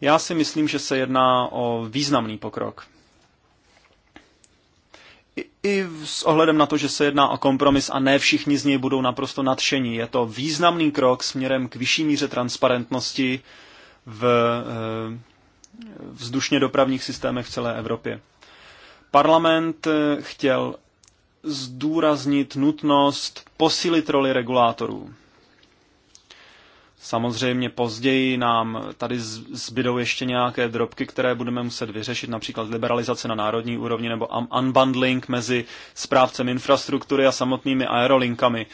Já si myslím, že se jedná o významný pokrok. I, I s ohledem na to, že se jedná o kompromis a ne všichni z něj budou naprosto nadšení. Je to významný krok směrem k vyšší míře transparentnosti v eh, vzdušně dopravních systémech v celé Evropě. Parlament eh, chtěl zdůraznit nutnost posílit roli regulátorů. Samozřejmě později nám tady zbydou ještě nějaké drobky, které budeme muset vyřešit, například liberalizace na národní úrovni nebo unbundling mezi správcem infrastruktury a samotnými aerolinkami.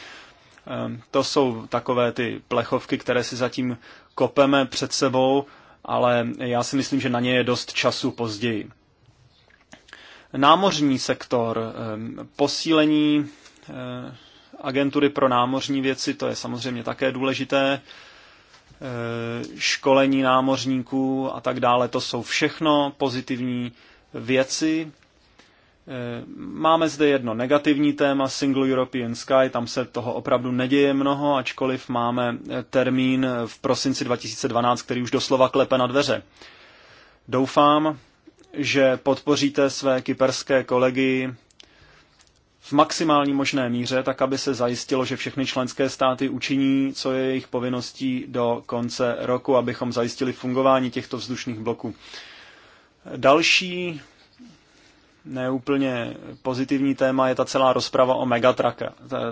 Ehm, to jsou takové ty plechovky, které si zatím kopeme před sebou, ale já si myslím, že na ně je dost času později. Námořní sektor, posílení agentury pro námořní věci, to je samozřejmě také důležité, e, školení námořníků a tak dále, to jsou všechno pozitivní věci. E, máme zde jedno negativní téma, Single European Sky, tam se toho opravdu neděje mnoho, ačkoliv máme e, termín v prosinci 2012, který už doslova klepe na dveře. Doufám, že podpoříte své kyperské kolegy v maximální možné míře, tak aby se zajistilo, že všechny členské státy učiní, co je jejich povinností do konce roku, abychom zajistili fungování těchto vzdušných bloků. Další neúplně pozitivní téma je ta celá rozprava o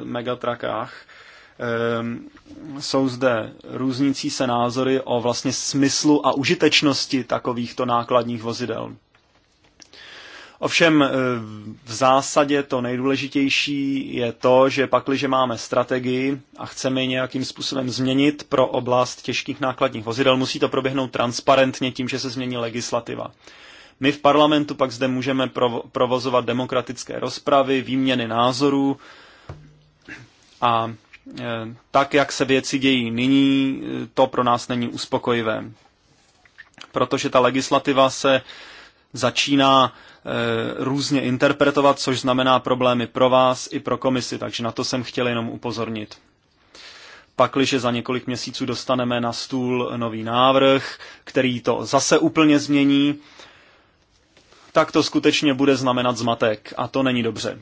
megatrakách. Ehm, jsou zde různící se názory o vlastně smyslu a užitečnosti takovýchto nákladních vozidel. Ovšem eh, v zásadě to nejdůležitější je to, že pakliže máme strategii a chceme ji nějakým způsobem změnit pro oblast těžkých nákladních vozidel, musí to proběhnout transparentně tím, že se změní legislativa. My v parlamentu pak zde můžeme provozovat demokratické rozpravy, výměny názorů a eh, tak, jak se věci dějí nyní, eh, to pro nás není uspokojivé. Protože ta legislativa se začíná Eh, různě interpretovat, což znamená problémy pro vás i pro komisi, takže na to jsem chtěl jenom upozornit. Pakliže za několik měsíců dostaneme na stůl nový návrh, který to zase úplně změní, tak to skutečně bude znamenat zmatek a to není dobře.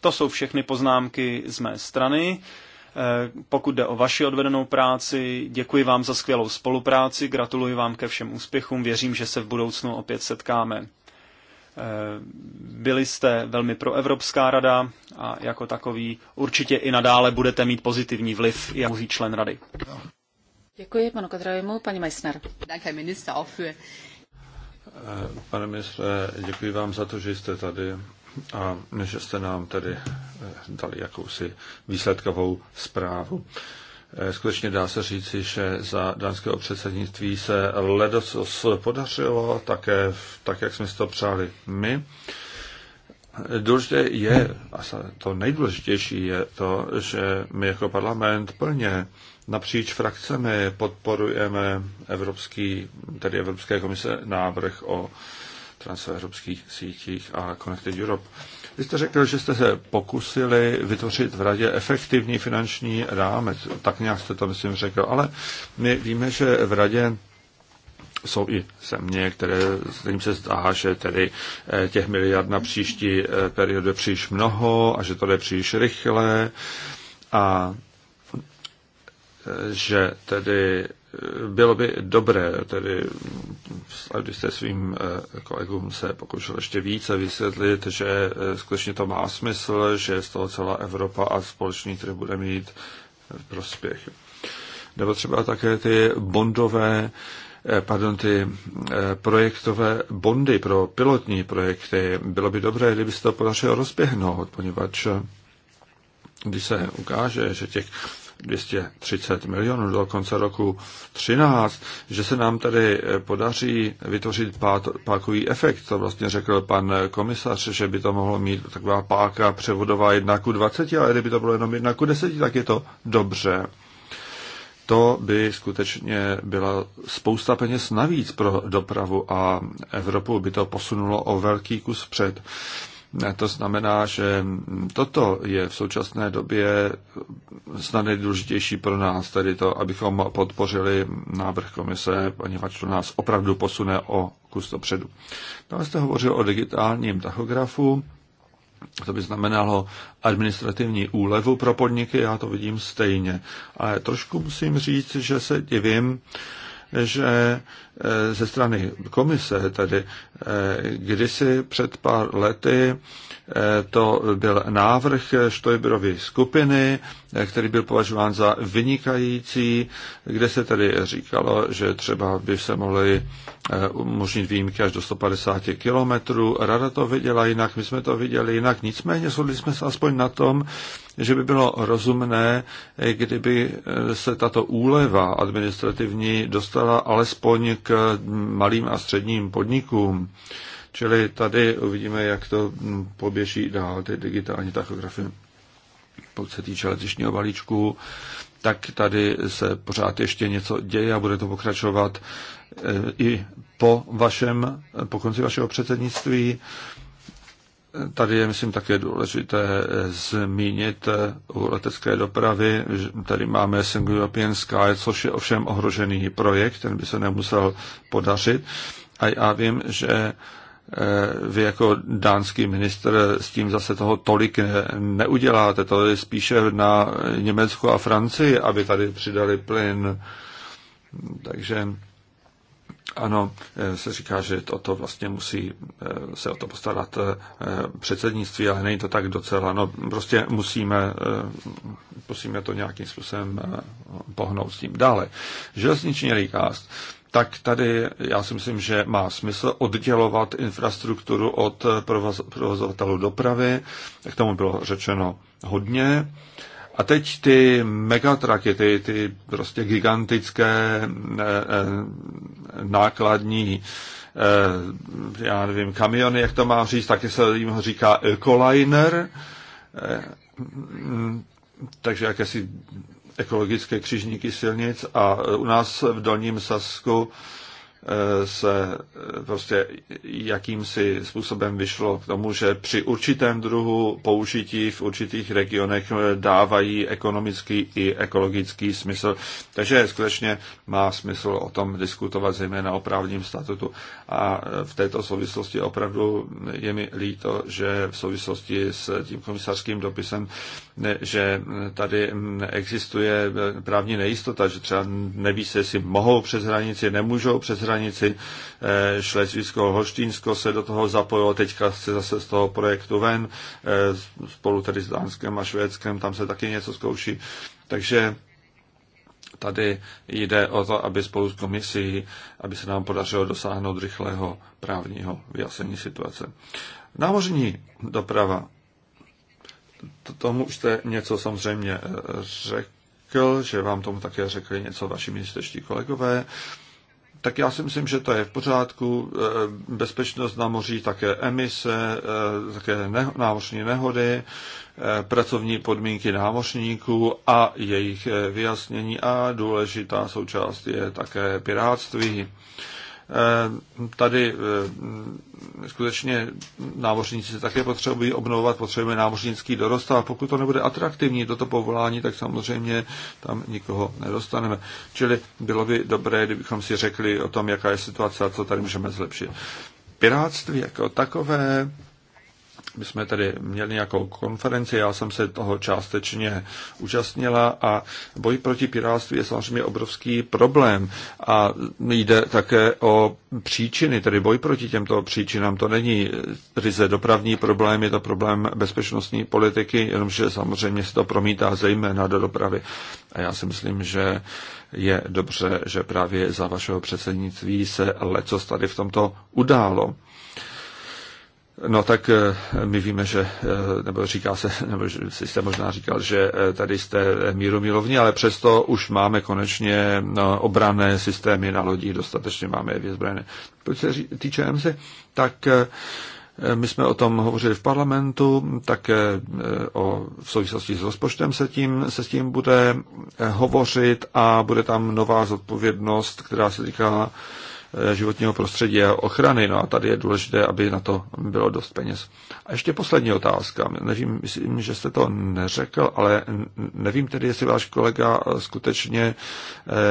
To jsou všechny poznámky z mé strany. Eh, pokud jde o vaši odvedenou práci, děkuji vám za skvělou spolupráci, gratuluji vám ke všem úspěchům, věřím, že se v budoucnu opět setkáme. Eh, byli jste velmi pro Evropská rada a jako takový určitě i nadále budete mít pozitivní vliv, jako můží člen rady. Děkuji panu Kadravimu, paní Meissner. Eh, pane ministře, děkuji vám za to, že jste tady a že jste nám tedy eh, dali jakousi výsledkovou zprávu. Eh, skutečně dá se říci, že za dánského předsednictví se ledocos podařilo, také tak, jak jsme si to přáli my. Důležité je, a to nejdůležitější je to, že my jako parlament plně napříč frakcemi podporujeme evropský, tedy Evropské komise návrh o transevropských sítích a Connected Europe. Vy jste řekl, že jste se pokusili vytvořit v radě efektivní finanční rámec. Tak nějak jste to, myslím, řekl. Ale my víme, že v radě jsou i země, které, kterým se zdá, že tedy eh, těch miliard na příští eh, periodu je příliš mnoho a že to jde příliš rychle a eh, že tedy bylo by dobré, tedy jste svým eh, kolegům se pokoušel ještě více vysvětlit, že eh, skutečně to má smysl, že z toho celá Evropa a společný trh bude mít eh, prospěch. Nebo třeba také ty bondové, pardon, ty projektové bondy pro pilotní projekty. Bylo by dobré, kdyby se to podařilo rozběhnout, poněvadž když se ukáže, že těch 230 milionů do konce roku 13, že se nám tedy eh, podaří vytvořit pákový efekt. To vlastně řekl pan eh, komisař, že by to mohlo mít taková páka převodová 1 k 20, ale kdyby to bylo jenom 1 k 10, tak je to dobře. To by skutečně byla spousta peněz navíc pro dopravu a Evropu by to posunulo o velký kus před. To znamená, že toto je v současné době snad nejdůležitější pro nás, tedy to, abychom podpořili návrh komise, poněvadž to nás opravdu posune o kus dopředu. Tam no jste hovořil o digitálním tachografu, to by znamenalo administrativní úlevu pro podniky, já to vidím stejně. Ale trošku musím říct, že se divím, že eh, ze strany komise tady eh, kdysi před pár lety to byl návrh Štojberovy skupiny, který byl považován za vynikající, kde se tedy říkalo, že třeba by se mohly eh, umožnit výjimky až do 150 kilometrů. Rada to viděla jinak, my jsme to viděli jinak, nicméně shodli jsme se aspoň na tom, že by bylo rozumné, eh, kdyby eh, se tato úleva administrativní dostala alespoň k mm, malým a středním podnikům Čili tady uvidíme, jak to mm, poběží dál, ty digitální tachografy. Pokud se týče letišního balíčku, tak tady se pořád ještě něco děje a bude to pokračovat eh, i po, vašem, po konci vašeho předsednictví. Tady je, myslím, také důležité eh, zmínit eh, u letecké dopravy. Tady máme Single European Sky, což je ovšem ohrožený projekt, ten by se nemusel podařit. A já vím, že Eh, vy jako dánský minister s tím zase toho tolik neuděláte. To je spíše na Německu a Francii, aby tady přidali plyn. Takže ano, eh, se říká, že o to vlastně musí eh, se o to postarat předsednictví, ale není to tak docela. No, prostě musíme, musíme to nějakým způsobem pohnout s tím. Dále, železniční rýkást tak tady já si myslím, že má smysl oddělovat infrastrukturu od provozovatelů dopravy. K tomu bylo řečeno hodně. A teď ty megatraky, ty, ty prostě gigantické eh, eh, nákladní eh, já nevím, kamiony, jak to mám říct, taky se jim říká ecoliner, mm, takže jakési ekologické křižníky silnic a u nás v Dolním Sasku Eh, se eh, prostě jakýmsi způsobem vyšlo k tomu, že při určitém druhu použití v určitých regionech eh, dávají ekonomický i ekologický smysl. Takže skutečně má smysl o tom diskutovat zejména o právním statutu. A v této souvislosti opravdu je mi líto, že v souvislosti s tím komisařským dopisem, že tady existuje právní nejistota, že třeba neví se, jestli mohou přes hranici, nemůžou přes hranici, hranici. Eh, Šlesvicko-Holštínsko se do toho zapojilo, teďka se zase z toho projektu ven, eh, spolu tedy s Dánskem a Švédskem, tam se taky něco zkouší. Takže tady jde o to, aby spolu s komisí, aby se nám podařilo dosáhnout rychlého právního vyjasnění situace. Námořní doprava. Tomu už jste něco samozřejmě eh, řekl, že vám tomu také řekli něco vaši ministerští kolegové tak já si myslím, že to je v pořádku. E, bezpečnost na moří, také emise, e, také ne- námořní nehody, e, pracovní podmínky námořníků a jejich vyjasnění a důležitá součást je také pirátství. Eh, tady eh, mm, skutečně námořníci také potřebují obnovovat, potřebujeme námořnický dorost a pokud to nebude atraktivní toto povolání, tak samozřejmě tam nikoho nedostaneme. Čili bylo by dobré, kdybychom si řekli o tom, jaká je situace a co tady můžeme zlepšit. Piráctví jako takové my jsme tady měli nějakou konferenci, já jsem se toho částečně účastnila a boj proti piráctví je samozřejmě obrovský problém a jde také o příčiny, tedy boj proti těmto příčinám. To není ryze dopravní problém, je to problém bezpečnostní politiky, jenomže samozřejmě se to promítá zejména do dopravy. A já si myslím, že je dobře, že právě za vašeho předsednictví se leco tady v tomto událo. No tak eh, my víme, že, eh, nebo říká se, nebo si jste možná říkal, že eh, tady jste míru milovní, ale přesto už máme konečně no, obrané systémy na lodích, dostatečně máme je vyzbrojené. Pokud se týče MC, tak my jsme o tom hovořili v parlamentu, také o, v souvislosti s rozpočtem se, tím, se s tím bude hovořit a bude tam nová zodpovědnost, která se týká Eh, životního prostředí a ochrany. No a tady je důležité, aby na to bylo dost peněz. A ještě poslední otázka. Nevím, myslím, že jste to neřekl, ale nevím tedy, jestli váš kolega eh, skutečně eh,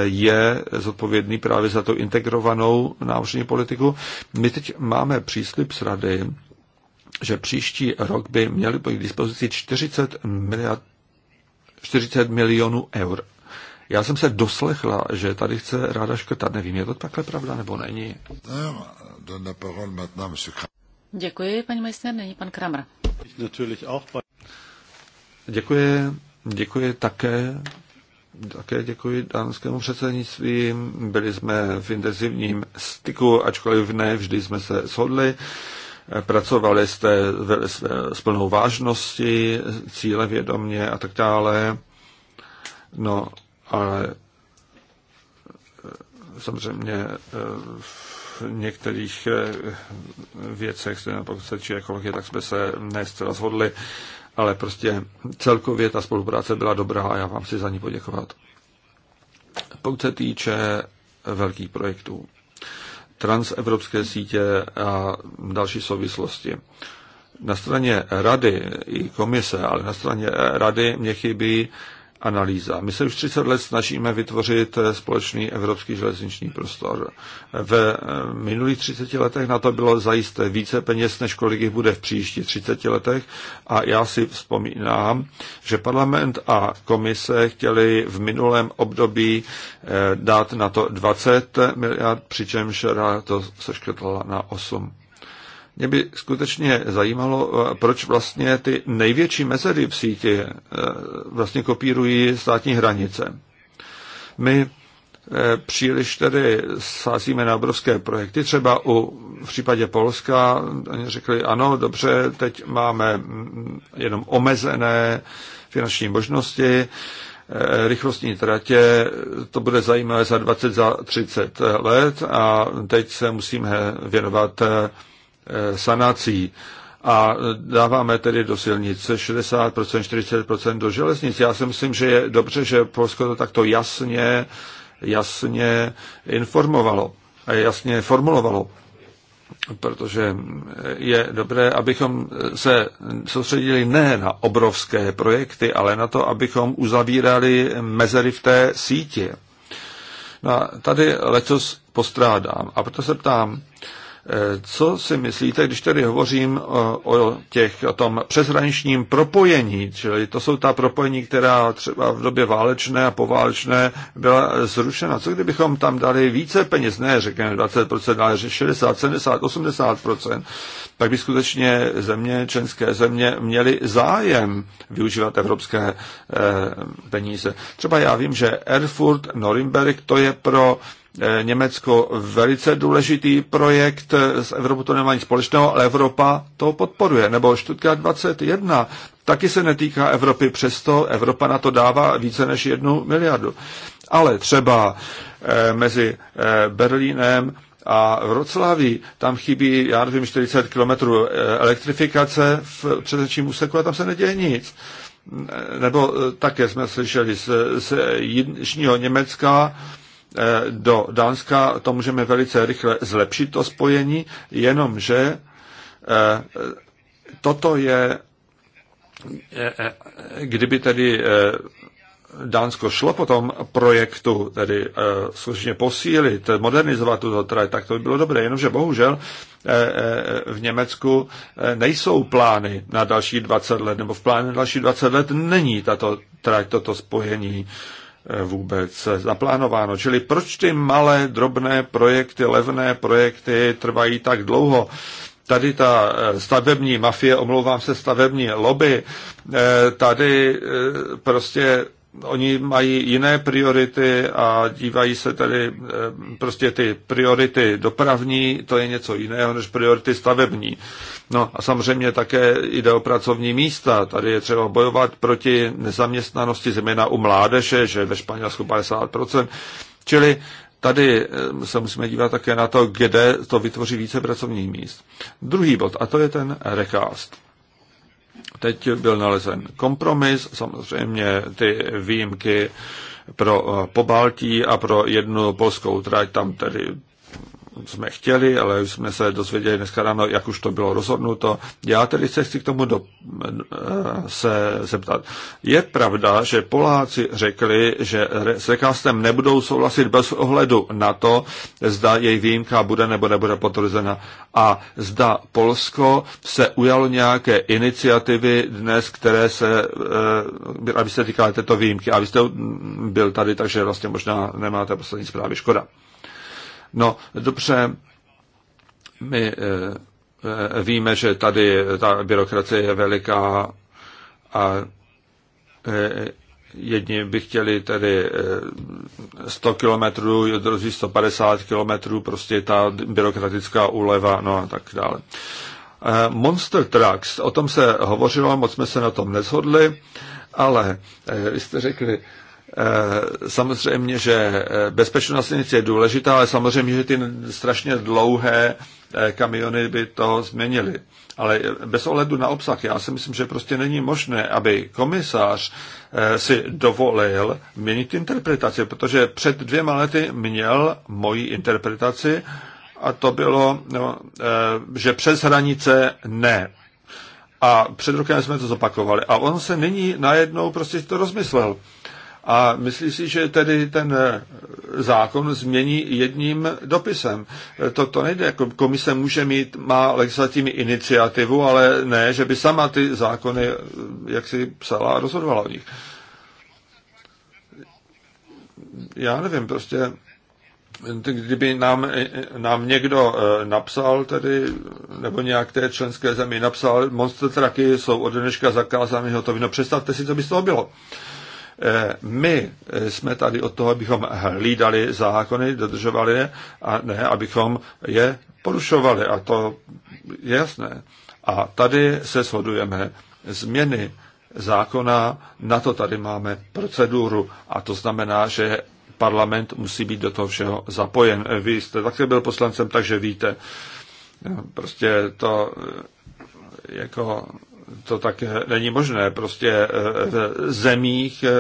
je zodpovědný právě za tu integrovanou námořní politiku. My teď máme příslip s rady, že příští rok by měli být k dispozici 40 miliard 40 milionů eur já jsem se doslechla, že tady chce ráda škrtat. Nevím, je to takhle pravda nebo není? Děkuji, paní Meissner. Není pan Kramer. Děkuji, děkuji také také děkuji dánskému předsednictví. Byli jsme v intenzivním styku, ačkoliv ne, vždy jsme se shodli. Pracovali jste s plnou vážností, cíle vědomě a tak dále. No, ale eh, samozřejmě eh, v některých eh, věcech, jako pokud se či ekologie, tak jsme se ne zcela shodli, ale prostě celkově ta spolupráce byla dobrá a já vám si za ní poděkovat. Pokud se týče velkých projektů, transevropské sítě a další souvislosti. Na straně rady i komise, ale na straně rady mě chybí analýza. My se už 30 let snažíme vytvořit eh, společný evropský železniční prostor. V eh, minulých 30 letech na to bylo zajisté více peněz, než kolik jich bude v příštích 30 letech. A já si vzpomínám, že parlament a komise chtěli v minulém období eh, dát na to 20 miliard, přičemž to seškrtla na 8. Mě by skutečně zajímalo, proč vlastně ty největší mezery v síti eh, vlastně kopírují státní hranice. My eh, příliš tedy sázíme na obrovské projekty. Třeba u, v případě Polska oni řekli, ano, dobře, teď máme mm, jenom omezené finanční možnosti, eh, rychlostní tratě, to bude zajímavé za 20, za 30 let a teď se musíme věnovat Eh, sanací a dáváme tedy do silnice 60%, 40% do železnic. Já si myslím, že je dobře, že Polsko to takto jasně, jasně informovalo a jasně formulovalo protože je dobré, abychom se soustředili ne na obrovské projekty, ale na to, abychom uzavírali mezery v té síti. No a tady letos postrádám. A proto se ptám, co si myslíte, když tedy hovořím o, o, těch, o tom přeshraničním propojení, čili to jsou ta propojení, která třeba v době válečné a poválečné byla zrušena. Co kdybychom tam dali více peněz, ne řekněme 20%, ale 60, 70, 80%, tak by skutečně země, členské země měly zájem využívat evropské eh, peníze. Třeba já vím, že Erfurt, Norimberg, to je pro Eh, Německo velice důležitý projekt, eh, s Evropou to nemá nic společného, ale Evropa to podporuje. Nebo Stuttgart 21 taky se netýká Evropy, přesto Evropa na to dává více než jednu miliardu. Ale třeba eh, mezi Berlínem a Vroclaví, tam chybí, já nevím, 40 kilometrů elektrifikace v předečním úseku a tam se neděje nic. Nebo také jsme slyšeli z, z jižního Německa, Eh, do Dánska, to můžeme velice rychle zlepšit to spojení, jenomže eh, toto je, eh, kdyby tedy Dánsko šlo po tom projektu, tedy skutečně posílit, modernizovat tuto trať, tak to by bylo dobré. Jenomže bohužel v Německu nejsou plány na další 20 let, nebo v plánu na další 20 let není tato trať, toto spojení. Eh, vůbec zaplánováno. Čili proč ty malé, drobné projekty, levné projekty trvají tak dlouho? Tady ta eh, stavební mafie, omlouvám se, stavební lobby, eh, tady prostě oni mají jiné priority a dívají se tedy eh, prostě ty priority dopravní, to je něco jiného než priority stavební. No a samozřejmě také jde o pracovní místa. Tady je třeba bojovat proti nezaměstnanosti, zejména u mládeže, že ve Španělsku 50%. Čili tady eh, se musíme dívat také na to, kde to vytvoří více pracovních míst. Druhý bod, a to je ten recast. Teď byl nalezen kompromis, samozřejmě ty výjimky pro Pobaltí a pro jednu polskou trať, tam tedy jsme chtěli, ale už jsme se dozvěděli dneska ráno, jak už to bylo rozhodnuto. Já tedy se chci k tomu do, eh, se zeptat. Je pravda, že Poláci řekli, že s rekástem nebudou souhlasit bez ohledu na to, zda její výjimka bude nebo nebude potvrzena a zda Polsko se ujalo nějaké iniciativy dnes, které se, eh, aby se týkaly této výjimky. A vy jste byl tady, takže vlastně možná nemáte poslední zprávy. Škoda. No dobře, my eh, eh, víme, že tady ta byrokracie je veliká a eh, jedni by chtěli tedy 100 kilometrů, druzí 150 kilometrů, prostě ta byrokratická úleva, no a tak dále. Monster Trucks, o tom se hovořilo, moc jsme se na tom nezhodli, ale vy jste řekli, Eh, samozřejmě, že eh, bezpečnost je důležitá, ale samozřejmě, že ty strašně dlouhé eh, kamiony by to změnily. Ale bez ohledu na obsah, já si myslím, že prostě není možné, aby komisář si dovolil měnit interpretaci, protože před dvěma lety měl moji interpretaci a to bylo, no, že přes hranice ne. A před rokem jsme to zopakovali. A on se nyní najednou prostě to rozmyslel. A myslí si, že tedy ten eh, zákon změní jedním dopisem. Eh, to, to nejde. Jako komise může mít, má legislativní iniciativu, ale ne, že by sama ty zákony eh, jak si psala a rozhodovala o nich. Já nevím, prostě kdyby nám, nám někdo napsal tedy, nebo nějak té členské zemi napsal, monster traky jsou od dneška zakázány hotovino, představte si, co by z toho bylo. Uh, Eh, my eh, jsme tady od toho, abychom hlídali zákony, dodržovali je, a ne, abychom je porušovali. A to je jasné. A tady se shodujeme. Změny zákona, na to tady máme proceduru. A to znamená, že parlament musí být do toho všeho zapojen. Vy jste také byl poslancem, takže víte. Eh, prostě to jako to tak není možné. Prostě eh, v zemích, eh,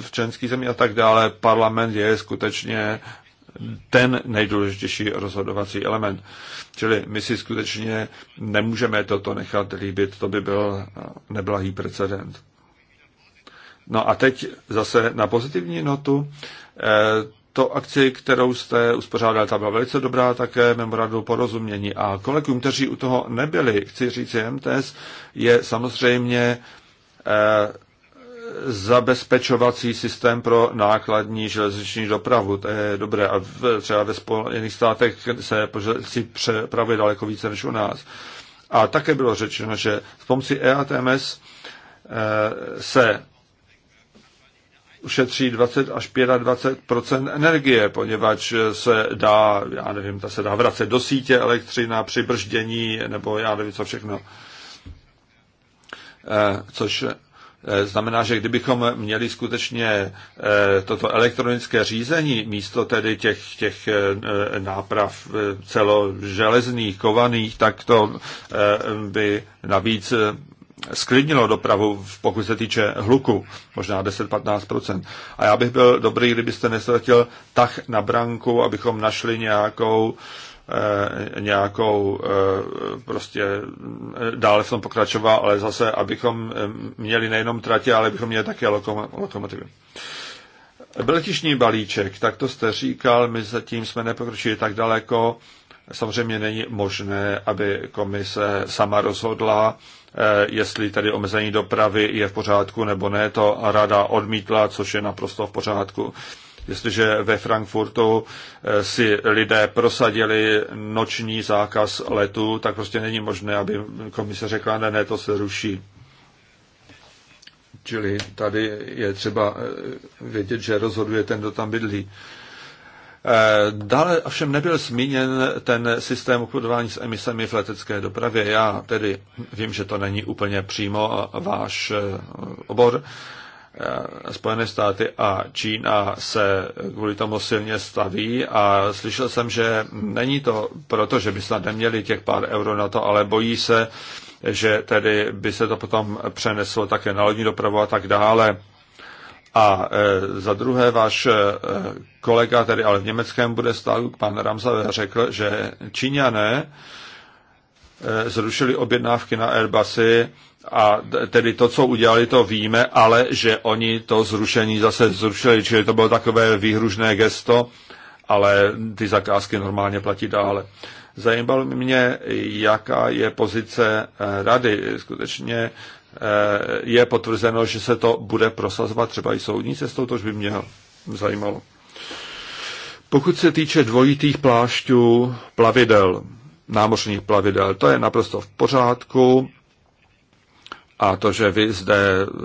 v členských zemích a tak dále, parlament je skutečně ten nejdůležitější rozhodovací element. Čili my si skutečně nemůžeme toto nechat líbit, to by byl neblahý precedent. No a teď zase na pozitivní notu. Eh, to akci, kterou jste uspořádali, ta byla velice dobrá, také memorandum porozumění. A kolegům, kteří u toho nebyli, chci říct, MTS je samozřejmě eh, zabezpečovací systém pro nákladní železniční dopravu. To je dobré. A v, třeba ve Spojených státech se si přepravuje daleko více než u nás. A také bylo řečeno, že s pomocí EATMS eh, se ušetří 20 až 25 energie, poněvadž se dá, já nevím, ta se dá vracet do sítě elektřina při brždění, nebo já nevím, co všechno. Eh, což eh, znamená, že kdybychom měli skutečně eh, toto elektronické řízení místo tedy těch, těch náprav celoželezných, kovaných, tak to by navíc sklidnilo dopravu, pokud se týče hluku, možná 10-15%. A já bych byl dobrý, kdybyste nestratil tak na branku, abychom našli nějakou eh, nějakou eh, prostě eh, dále v tom pokračoval, ale zase, abychom měli nejenom tratě, ale abychom měli také lokom- lokomotivy. Letišní balíček, tak to jste říkal, my zatím jsme nepokročili tak daleko. Samozřejmě není možné, aby komise sama rozhodla, Eh, jestli tady omezení dopravy je v pořádku nebo ne, to rada odmítla, což je naprosto v pořádku. Jestliže ve Frankfurtu eh, si lidé prosadili noční zákaz letu, tak prostě není možné, aby komise řekla, ne, ne, to se ruší. Čili tady je třeba eh, vědět, že rozhoduje ten, kdo tam bydlí. Eh, dále ovšem nebyl zmíněn ten systém obchodování s emisemi v letecké dopravě. Já tedy vím, že to není úplně přímo váš eh, obor. Eh, Spojené státy a Čína se kvůli tomu silně staví a slyšel jsem, že není to proto, že by snad neměli těch pár euro na to, ale bojí se, že tedy by se to potom přeneslo také na lodní dopravu a tak dále. A e, za druhé, váš e, kolega, tedy ale v německém bude stále, pan Ramsave, řekl, že Číňané e, zrušili objednávky na Airbusy a tedy to, co udělali, to víme, ale že oni to zrušení zase zrušili, čili to bylo takové výhružné gesto, ale ty zakázky normálně platí dále. Zajímalo mě, jaká je pozice rady. Skutečně Eh, je potvrzeno, že se to bude prosazovat třeba i soudní cestou, tož by mě zajímalo. Pokud se týče dvojitých plášťů plavidel, námořních plavidel, to je naprosto v pořádku. A to, že vy zde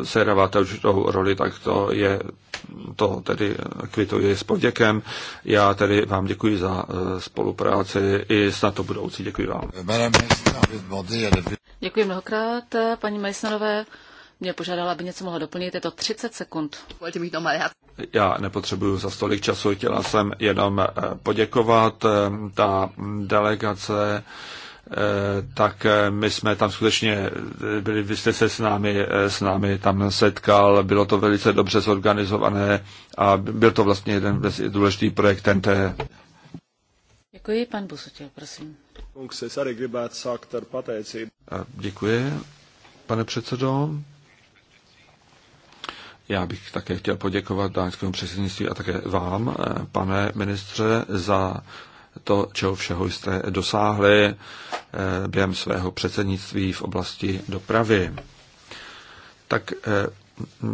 sehráváte určitou roli, tak to je, to tedy kvituji s poděkem. Já tedy vám děkuji za eh, spolupráci i snad to budoucí. Děkuji vám. Děkuji mnohokrát, eh, paní Majsnerové. Mě požádala, aby něco mohla doplnit, je to 30 sekund. Já nepotřebuju za stolik času, chtěla jsem jenom eh, poděkovat. Ta delegace Eh, tak eh, my jsme tam skutečně eh, byli, vy jste se s námi, s námi tam setkal, bylo to velice dobře zorganizované a byl to vlastně jeden důležitý projekt TNT. Děkuji, pan Busutil, prosím. Děkuji, pane předsedo. Já bych také chtěl poděkovat dánskému předsednictví a také vám, pane ministře, za to, čeho všeho jste dosáhli eh, během svého předsednictví v oblasti dopravy. Tak eh,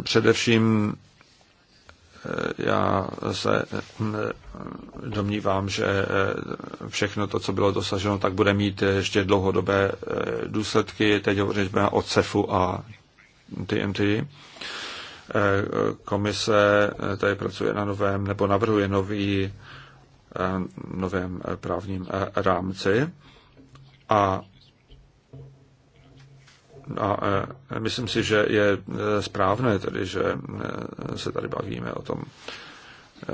především eh, já se domnívám, že všechno to, co bylo dosaženo, tak bude mít ještě dlouhodobé důsledky. Teď hovoříme o CEFu a TMT. Komise tady pracuje na novém nebo navrhuje nový Eh, novém eh, právním eh, rámci. A, a myslím si, že je správné tedy, že se tady bavíme o tom,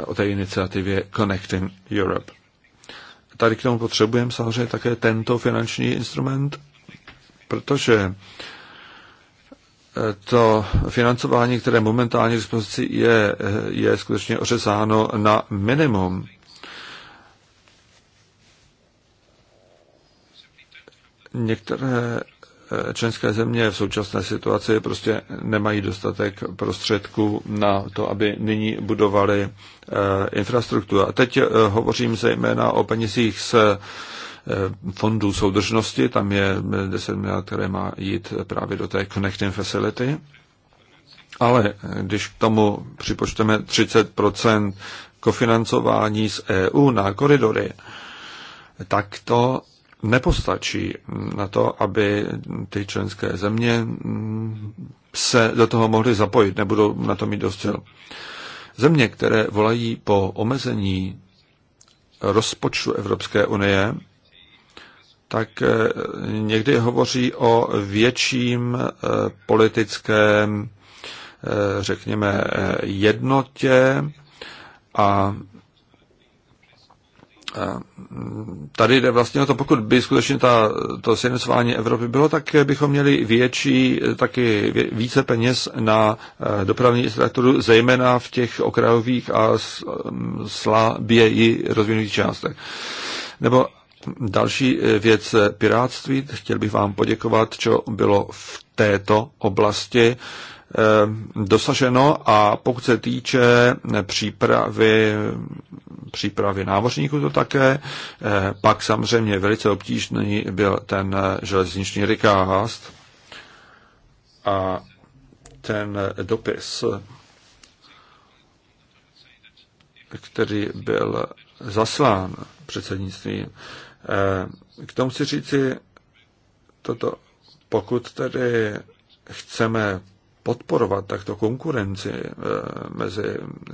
o té iniciativě Connecting Europe. Tady k tomu potřebujeme samozřejmě také tento finanční instrument, protože to financování, které momentálně k dispozici je, je skutečně ořezáno na minimum. některé eh, členské země v současné situaci prostě nemají dostatek prostředků na to, aby nyní budovali eh, infrastrukturu. A teď eh, hovořím zejména o penězích z fondů soudržnosti, tam je 10 miliard, které má jít právě do té Connecting Facility. Ale když k tomu připočteme 30 kofinancování z EU na koridory, tak to nepostačí na to, aby ty členské země se do toho mohly zapojit, nebudou na to mít dost sil. Země, které volají po omezení rozpočtu Evropské unie, tak eh, někdy hovoří o větším eh, politickém, eh, řekněme, jednotě a Eh, tady jde vlastně o to, pokud by skutečně ta, to sjednocování Evropy bylo, tak bychom měli větší, eh, taky více peněz na eh, dopravní infrastrukturu, zejména v těch okrajových a mm, slaběji rozvinutých částech. Nebo další věc piráctví. Chtěl bych vám poděkovat, co bylo v této oblasti Eh, dosaženo a pokud se týče přípravy, přípravy námořníků to také, eh, pak samozřejmě velice obtížný byl ten eh, železniční rikást a ten dopis, který byl zaslán předsednictvím, k tomu si říci toto, pokud tedy chceme podporovat takto konkurenci eh, mezi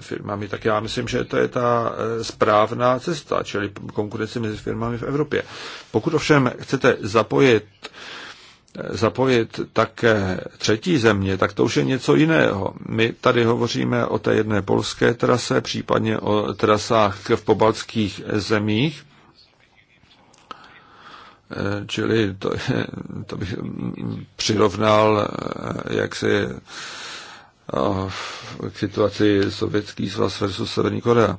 firmami, tak já myslím, že to je ta eh, správná cesta, čili konkurenci mezi firmami v Evropě. Pokud ovšem chcete zapojit eh, zapojit také třetí země, tak to už je něco jiného. My tady hovoříme o té jedné polské trase, případně o trasách v pobaltských zemích, Eh, čili to, to bych přirovnal eh, jaksi eh, k situaci Sovětský svaz versus Severní Korea.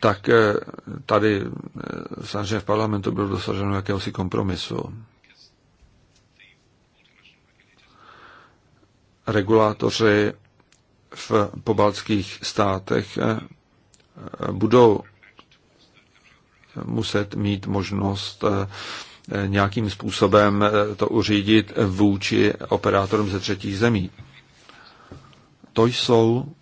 Tak tady samozřejmě v parlamentu bylo dosaženo jakéhosi kompromisu. Regulátoři v pobaltských státech budou muset mít možnost eh, nějakým způsobem eh, to uřídit vůči operátorům ze třetích zemí. To jsou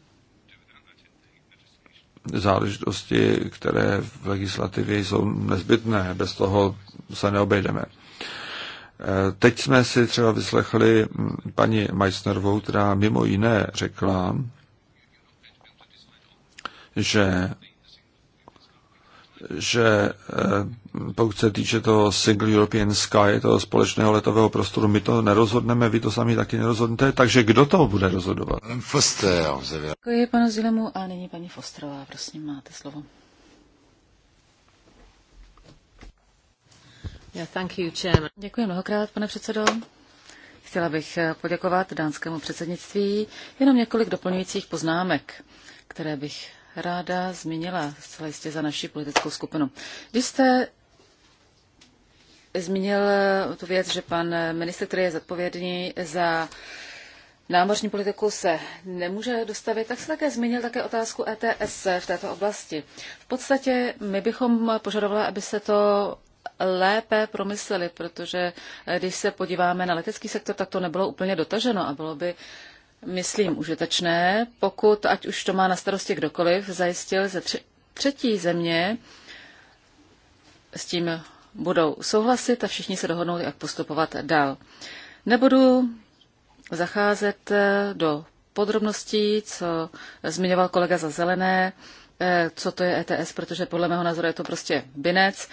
záležitosti, které v legislativě jsou nezbytné, bez toho se neobejdeme. Eh, teď jsme si třeba vyslechli hm, paní Meissnerovou, která mimo jiné řekla, že že eh, pokud se týče toho Single European Sky, toho společného letového prostoru, my to nerozhodneme, vy to sami taky nerozhodnete, takže kdo to bude rozhodovat? Děkuji panu Zilemu a nyní paní Fosterová, prosím, máte slovo. Yeah, thank you, Děkuji mnohokrát, pane předsedo. Chtěla bych eh, poděkovat dánskému předsednictví. Jenom několik doplňujících poznámek, které bych ráda zmínila, zcela jistě za naši politickou skupinu. Když jste zmínil tu věc, že pan minister, který je zodpovědný za námořní politiku, se nemůže dostavit, tak se také zmínil také otázku ETS v této oblasti. V podstatě my bychom požadovali, aby se to lépe promysleli, protože když se podíváme na letecký sektor, tak to nebylo úplně dotaženo a bylo by myslím, užitečné, pokud, ať už to má na starosti kdokoliv, zajistil ze třetí země, s tím budou souhlasit a všichni se dohodnou, jak postupovat dál. Nebudu zacházet eh, do podrobností, co zmiňoval kolega za zelené, eh, co to je ETS, protože podle mého názoru je to prostě binec.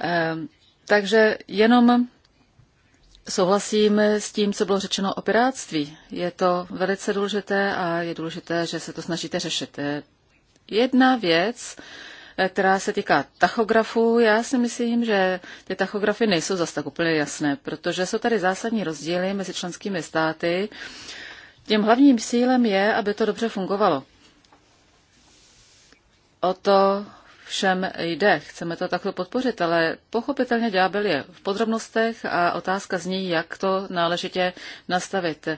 Eh, takže jenom Souhlasím s tím, co bylo řečeno o piráctví. Je to velice důležité a je důležité, že se to snažíte řešit. Jedna věc, která se týká tachografů, já si myslím, že ty tachografy nejsou zase tak úplně jasné, protože jsou tady zásadní rozdíly mezi členskými státy. Tím hlavním cílem je, aby to dobře fungovalo. O to všem jde. Chceme to takto podpořit, ale pochopitelně ďábel je v podrobnostech a otázka zní, jak to náležitě nastavit.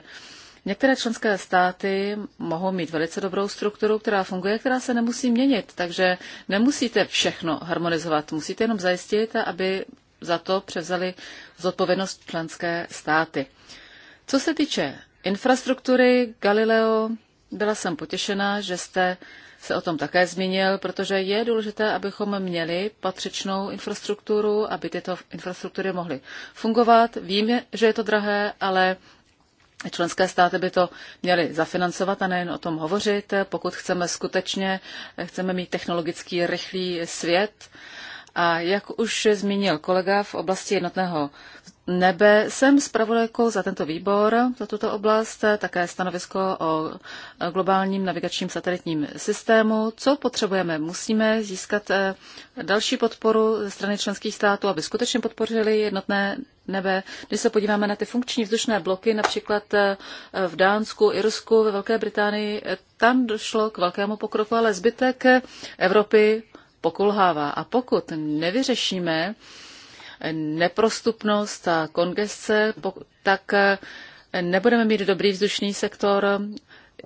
Některé členské státy mohou mít velice dobrou strukturu, která funguje, která se nemusí měnit, takže nemusíte všechno harmonizovat, musíte jenom zajistit, aby za to převzali zodpovědnost členské státy. Co se týče infrastruktury Galileo, byla jsem potěšena, že jste se o tom také zmínil, protože je důležité, abychom měli patřičnou infrastrukturu, aby tyto infrastruktury mohly fungovat. Vím, že je to drahé, ale členské státy by to měly zafinancovat a nejen o tom hovořit, pokud chceme skutečně, chceme mít technologický rychlý svět. A jak už zmínil kolega v oblasti jednotného nebe. Jsem zpravodajkou za tento výbor, za tuto oblast, také stanovisko o globálním navigačním satelitním systému. Co potřebujeme? Musíme získat eh, další podporu ze strany členských států, aby skutečně podpořili jednotné nebe. Když se podíváme na ty funkční vzdušné bloky, například eh, v Dánsku, Irsku, ve Velké Británii, tam došlo k velkému pokroku, ale zbytek Evropy pokulhává. A pokud nevyřešíme neprostupnost a kongesce, tak eh, nebudeme mít dobrý vzdušný sektor,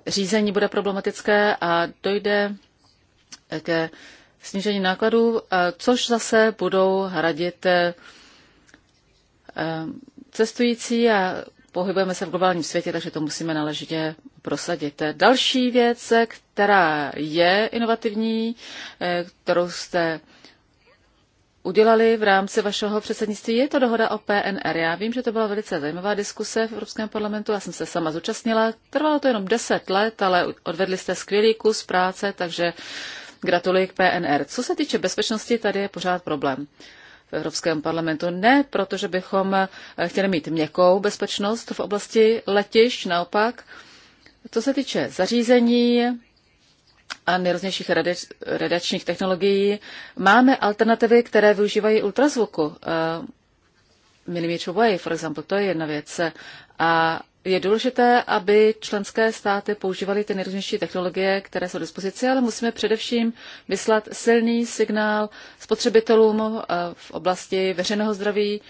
řízení bude problematické a dojde eh, ke snížení nákladů, eh, což zase budou hradit cestující a pohybujeme se v globálním světě, takže to musíme náležitě prosadit. Další věc, která je inovativní, kterou jste udělali v rámci vašeho předsednictví. Je to dohoda o PNR. Já vím, že to byla velice zajímavá diskuse v Evropském parlamentu. Já jsem se sama zúčastnila. Trvalo to jenom 10 let, ale odvedli jste skvělý kus práce, takže gratuluji k PNR. Co se týče bezpečnosti, tady je pořád problém. V Evropském parlamentu ne, protože bychom eh, chtěli mít měkkou bezpečnost v oblasti letišť, naopak. Co se týče zařízení, a nejrůznějších radiačních technologií. Máme alternativy, které využívají ultrazvuku. Eh, Millimeter wave, for example, to je jedna věc. A je důležité, aby členské státy používaly ty nejrůznější technologie, které jsou k dispozici, ale musíme především vyslat silný signál spotřebitelům eh, v oblasti veřejného zdraví,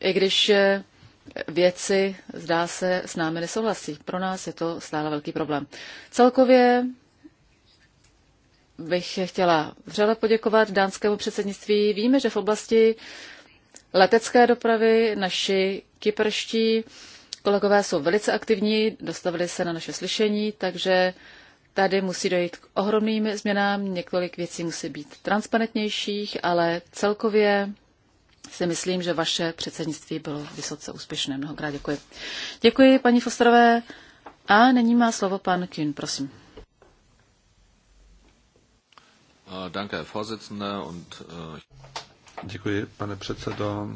i když eh, věci, zdá se, s námi nesouhlasí. Pro nás je to stále velký problém. Celkově bych chtěla vřele poděkovat dánskému předsednictví. Víme, že v oblasti letecké dopravy naši kyperští kolegové jsou velice aktivní, dostavili se na naše slyšení, takže tady musí dojít k ohromným změnám. Několik věcí musí být transparentnějších, ale celkově si myslím, že vaše předsednictví bylo vysoce úspěšné. Mnohokrát děkuji. Děkuji paní Fosterové a nyní má slovo pan kyn, prosím. Äh, danke, Herr Vorsitzender. Und, äh, Děkuji, pane předsedo.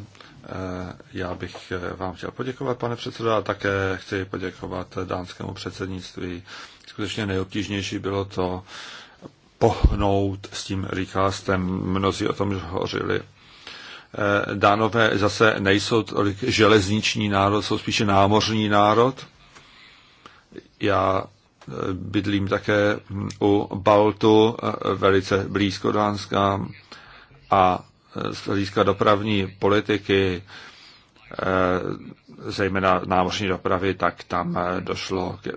Äh, já bych vám chtěl poděkovat, pane předsedo, a také chci poděkovat dánskému předsednictví. Skutečně nejobtížnější bylo to pohnout s tím recastem. Mnozí o tom hořili. Dánové zase nejsou tolik železniční národ, jsou spíše námořní národ. Já bydlím také u Baltu, velice blízko Dánska a z hlediska dopravní politiky, eh, zejména námořní dopravy, tak tam došlo ke,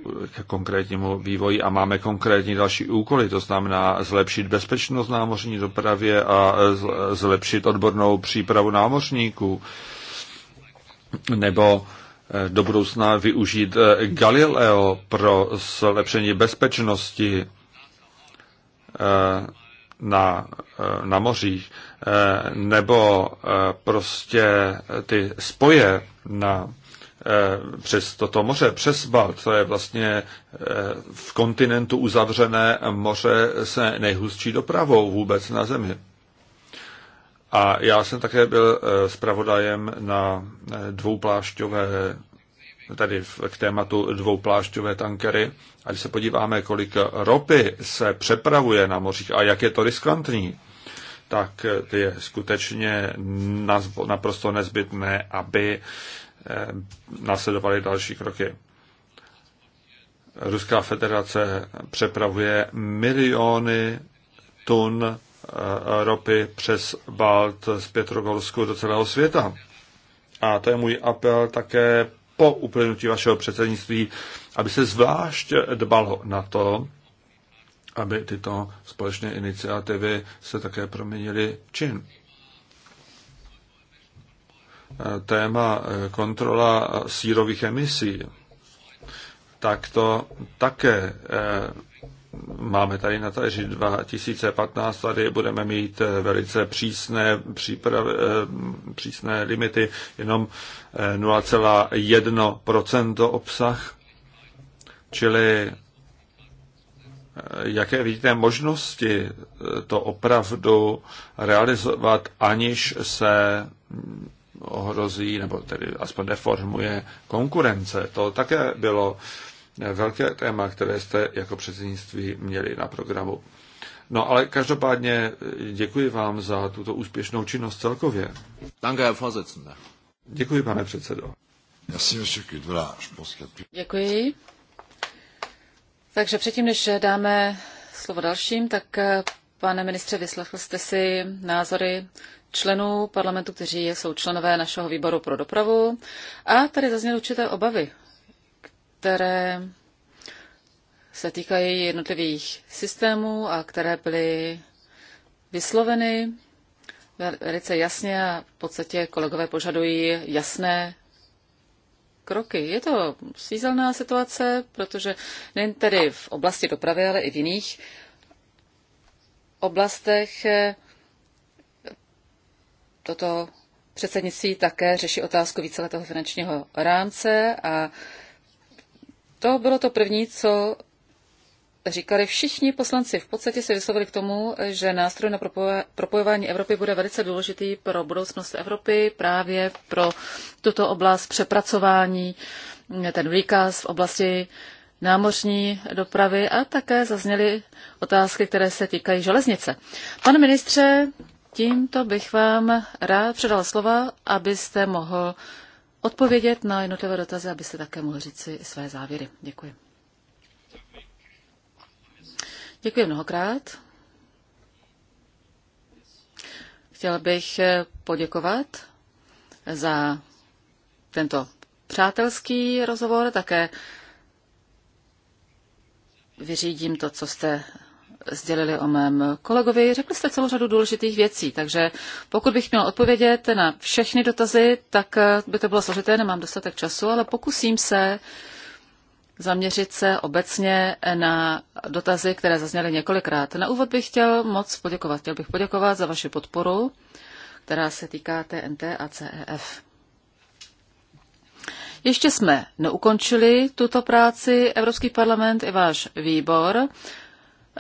konkrétnímu vývoji a máme konkrétní další úkoly, to znamená zlepšit bezpečnost námořní dopravě a zlepšit odbornou přípravu námořníků nebo do budoucna využít eh, Galileo pro zlepšení bezpečnosti eh, na, eh, na mořích, nebo prostě ty spoje na přes toto moře, přes Bal, to je vlastně v kontinentu uzavřené moře se nejhustší dopravou vůbec na Zemi. A já jsem také byl eh, zpravodajem na eh, dvouplášťové, tady k tématu dvouplášťové tankery. A když se podíváme, kolik ropy se přepravuje na mořích a jak je to riskantní, tak eh, je skutečně naprosto nezbytné, aby nasledovaly další kroky. Ruská federace přepravuje miliony tun ropy přes Balt z Pětrogorsku do celého světa. A to je můj apel také po uplynutí vašeho předsednictví, aby se zvlášť dbalo na to, aby tyto společné iniciativy se také proměnily v čin. Téma eh, kontrola sírových emisí, tak to také eh, máme tady na taři 2015, tady budeme mít eh, velice přísné, příprav, eh, přísné limity, jenom 0,1% eh, obsah, čili jaké vidíte možnosti to opravdu realizovat, aniž se hm, ohrozí, nebo tedy aspoň deformuje konkurence. To také bylo velké téma, které jste jako předsednictví měli na programu. No ale každopádně děkuji vám za tuto úspěšnou činnost celkově. Danke, Herr Vorsitzender. Děkuji, pane předsedo. Děkuji. Takže předtím, než dáme slovo dalším, tak eh, pane ministře, vyslechl jste si názory členů parlamentu, kteří jsou členové našeho výboru pro dopravu. A tady zazněly určité obavy které se týkají jednotlivých systémů a které byly vysloveny velice jasně a v podstatě kolegové požadují jasné kroky. Je to svízelná situace, protože nejen tedy v oblasti dopravy, ale i v jiných oblastech eh, toto předsednictví také řeší otázku víceletého finančního rámce a to bylo to první, co říkali všichni poslanci. V podstatě se vyslovili k tomu, že nástroj na propojování Evropy bude velice důležitý pro budoucnost Evropy, právě pro tuto oblast přepracování, ten výkaz v oblasti námořní dopravy a také zazněly otázky, které se týkají železnice. Pane ministře, tímto bych vám rád předal slova, abyste mohl odpovědět na jednotlivé dotazy, abyste také mohli říct si své závěry. Děkuji. Děkuji mnohokrát. Chtěl bych poděkovat za tento přátelský rozhovor, také vyřídím to, co jste sdělili o mém kolegovi. Řekli jste celou řadu důležitých věcí, takže pokud bych měl odpovědět na všechny dotazy, tak eh, by to bylo složité, nemám dostatek času, ale pokusím se zaměřit se obecně na dotazy, které zazněly několikrát. Na úvod bych chtěl moc poděkovat. Chtěl bych poděkovat za vaši podporu, která se týká TNT a CEF. Ještě jsme neukončili tuto práci. Evropský parlament i váš výbor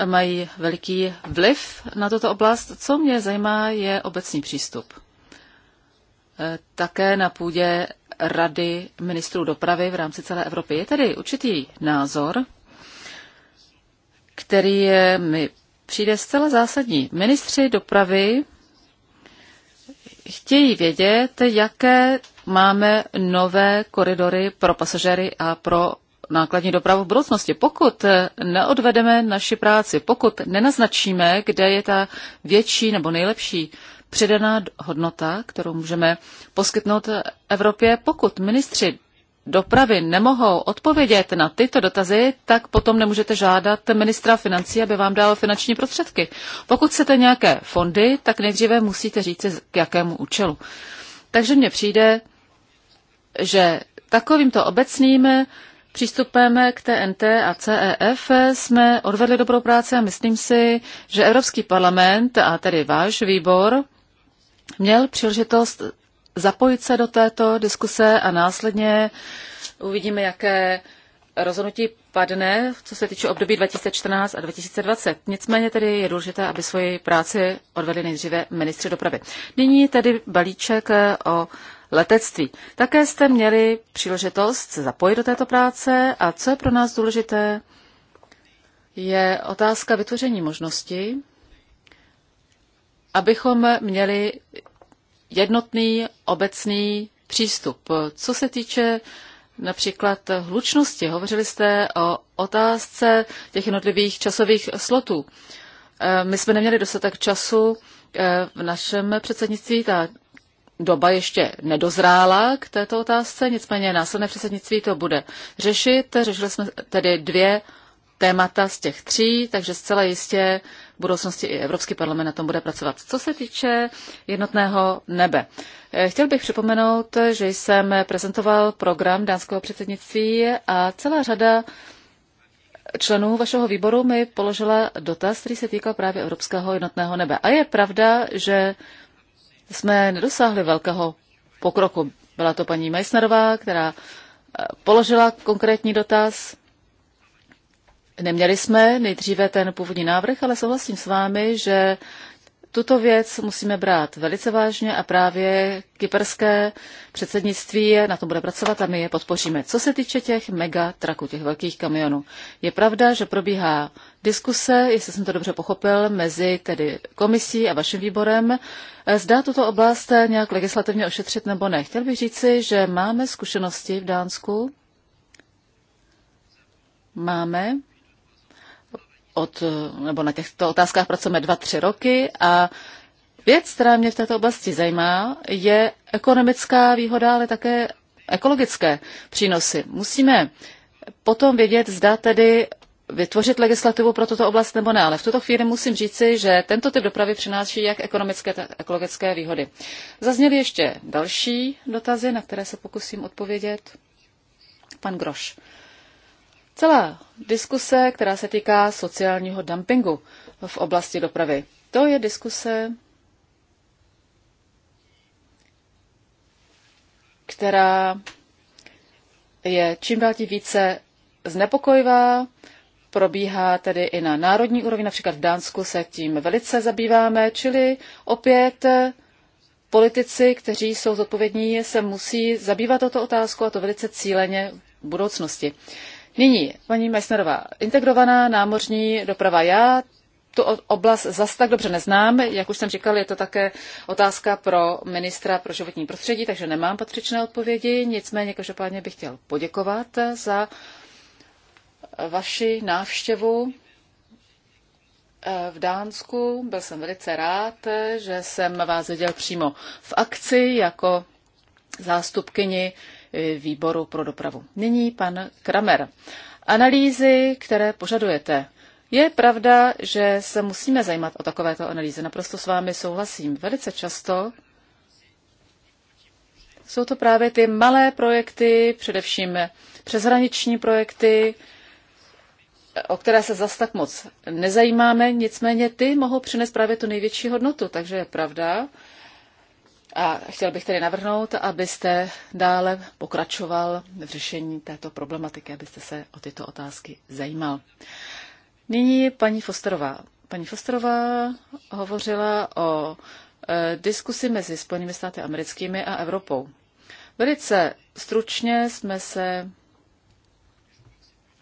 mají veliký vliv na tuto oblast. Co mě zajímá, je obecný přístup. E, také na půdě Rady ministrů dopravy v rámci celé Evropy je tedy určitý názor, který mi přijde zcela zásadní. Ministři dopravy chtějí vědět, jaké máme nové koridory pro pasažery a pro nákladní dopravu v budoucnosti. Pokud eh, neodvedeme naši práci, pokud nenaznačíme, kde je ta větší nebo nejlepší přidaná hodnota, kterou můžeme poskytnout Evropě, pokud ministři dopravy nemohou odpovědět na tyto dotazy, tak potom nemůžete žádat ministra financí, aby vám dal finanční prostředky. Pokud chcete nějaké fondy, tak nejdříve musíte říct, k jakému účelu. Takže mně přijde, že takovýmto obecným přístupem k TNT a CEF jsme odvedli dobrou práci a myslím si, že Evropský parlament a tedy váš výbor měl příležitost zapojit se do této diskuse a následně uvidíme, jaké rozhodnutí padne, co se týče období 2014 a 2020. Nicméně tedy je důležité, aby svoji práci odvedli nejdříve ministři dopravy. Nyní tedy balíček o letectví. Také jste měli příležitost se zapojit do této práce a co je pro nás důležité, je otázka vytvoření možnosti, abychom měli jednotný obecný přístup. Co se týče například hlučnosti, hovořili jste o otázce těch jednotlivých časových slotů. Eh, my jsme neměli dostatek času eh, v našem předsednictví, ta doba ještě nedozrála k této otázce, nicméně následné předsednictví to bude řešit. Řešili jsme tedy dvě témata z těch tří, takže zcela jistě v budoucnosti i Evropský parlament na tom bude pracovat. Co se týče jednotného nebe, eh, chtěl bych připomenout, že jsem prezentoval program dánského předsednictví a celá řada členů vašeho výboru mi položila dotaz, který se týkal právě Evropského jednotného nebe. A je pravda, že jsme nedosáhli velkého pokroku. Byla to paní Meissnerová, která eh, položila konkrétní dotaz. Neměli jsme nejdříve ten původní návrh, ale souhlasím s vámi, že tuto věc musíme brát velice vážně a právě kyperské předsednictví na tom bude pracovat a my je podpoříme. Co se týče těch megatraků, těch velkých kamionů, je pravda, že probíhá diskuse, jestli jsem to dobře pochopil, mezi tedy komisí a vaším výborem. Eh, Zdá tuto oblast eh, nějak legislativně ošetřit nebo ne? Chtěl bych říci, že máme zkušenosti v Dánsku. Máme. Od, eh, nebo na těchto otázkách pracujeme dva, tři roky a věc, která mě v této oblasti zajímá, je ekonomická výhoda, ale také ekologické přínosy. Musíme potom vědět, zda tedy vytvořit legislativu pro tuto oblast nebo ne, ale v tuto chvíli musím říci, že tento typ dopravy přináší jak ekonomické, tak ekologické výhody. Zazněly ještě další dotazy, na které se pokusím odpovědět. Pan Groš. Celá diskuse, která se týká sociálního dumpingu v oblasti dopravy, to je diskuse, která je čím dál tím více znepokojivá probíhá tedy i na národní úrovni, například v Dánsku se tím velice zabýváme, čili opět eh, politici, kteří jsou zodpovědní, se musí zabývat toto otázku a to velice cíleně v budoucnosti. Nyní, paní Meissnerová, integrovaná námořní doprava. Já tu oblast zas tak dobře neznám. Jak už jsem říkal, je to také otázka pro ministra pro životní prostředí, takže nemám patřičné odpovědi. Nicméně každopádně bych chtěl poděkovat eh, za vaši návštěvu eh, v Dánsku. Byl jsem velice rád, že jsem vás viděl přímo v akci jako zástupkyni eh, výboru pro dopravu. Nyní pan Kramer. Analýzy, které požadujete. Je pravda, že se musíme zajímat o takovéto analýzy. Naprosto s vámi souhlasím. Velice často jsou to právě ty malé projekty, především přeshraniční projekty, o které se zas tak moc nezajímáme, nicméně ty mohou přinést právě tu největší hodnotu, takže je pravda. A chtěl bych tedy navrhnout, abyste dále pokračoval v řešení této problematiky, abyste se o tyto otázky zajímal. Nyní paní Fosterová. Paní Fosterová hovořila o e, diskusi mezi Spojenými státy americkými a Evropou. Velice stručně jsme se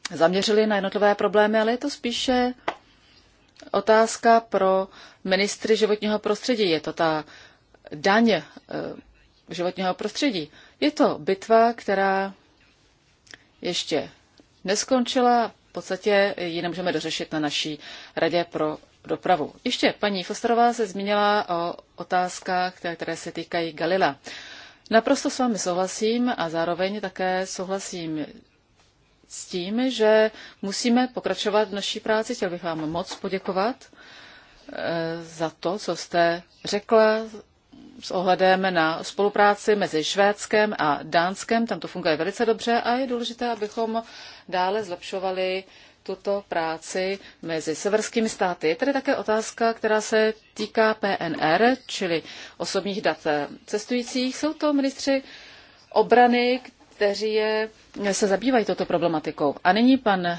zaměřili na jednotlivé problémy, ale je to spíše otázka pro ministry životního prostředí. Je to ta daň eh, životního prostředí. Je to bitva, která ještě neskončila, v podstatě ji nemůžeme dořešit na naší radě pro dopravu. Ještě paní Fosterová se zmínila o otázkách, které se týkají Galila. Naprosto s vámi souhlasím a zároveň také souhlasím s tím, že musíme pokračovat v naší práci. Chtěl bych vám moc poděkovat eh, za to, co jste řekla s ohledem na spolupráci mezi Švédskem a Dánskem. Tam to funguje velice dobře a je důležité, abychom dále zlepšovali tuto práci mezi severskými státy. Je tady také otázka, která se týká PNR, čili osobních dat cestujících. Jsou to ministři obrany, kteří je, se zabývají toto problematikou. A nyní pan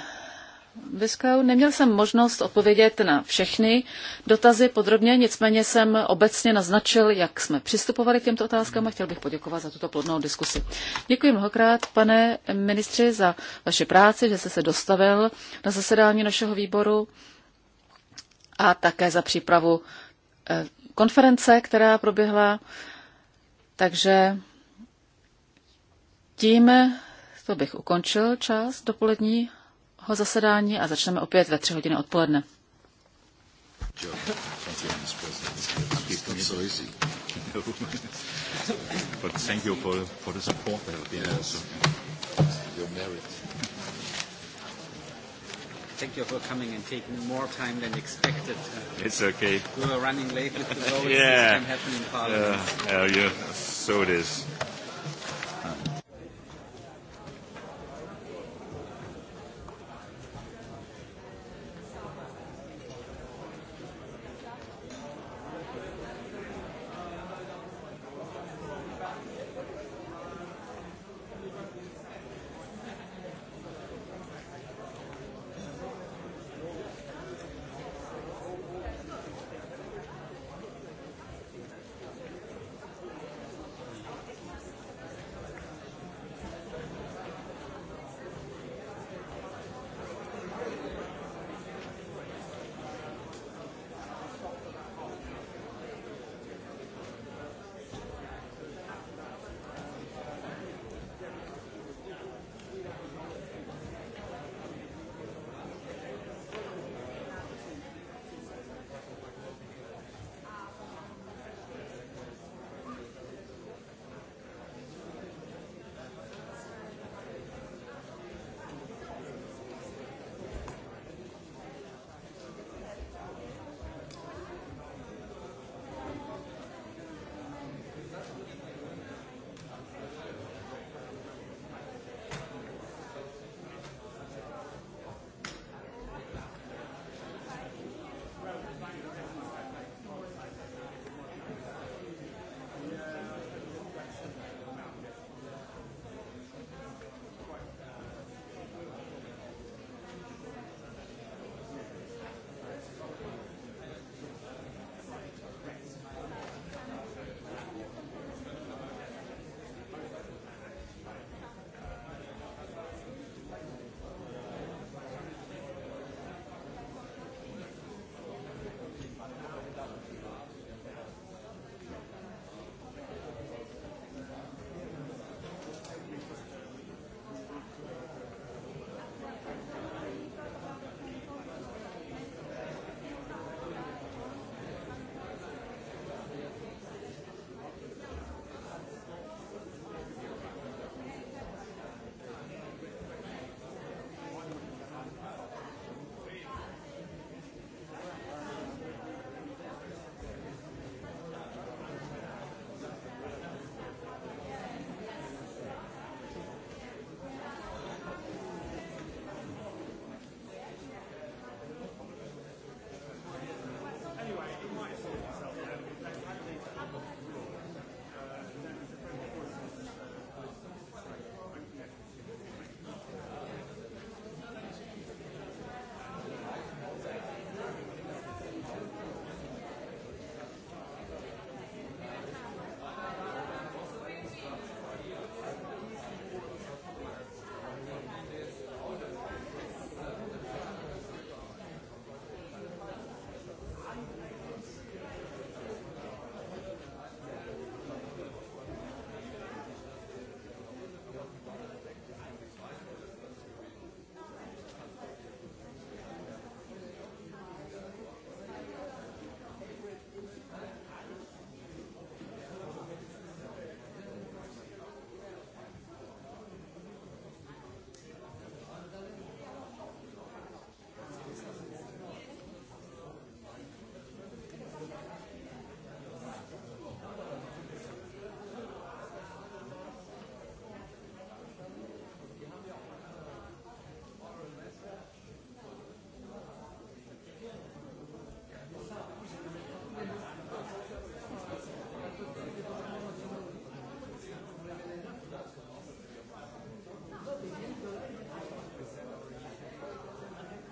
Vyskau, neměl jsem možnost odpovědět na všechny dotazy podrobně, nicméně jsem obecně naznačil, jak jsme přistupovali k těmto otázkám a chtěl bych poděkovat za tuto plodnou diskusi. Děkuji mnohokrát, pane ministři, za vaši práci, že jste se dostavil na zasedání našeho výboru a také za přípravu eh, konference, která proběhla. Takže tím to bych ukončil čas dopoledního zasedání a začneme opět ve tři hodiny odpoledne. thank you for, coming and taking more time than expected. Uh, it's okay. We were running late with the votes. yeah. system happening in Parliament. Yeah, Uh, yeah, so it is.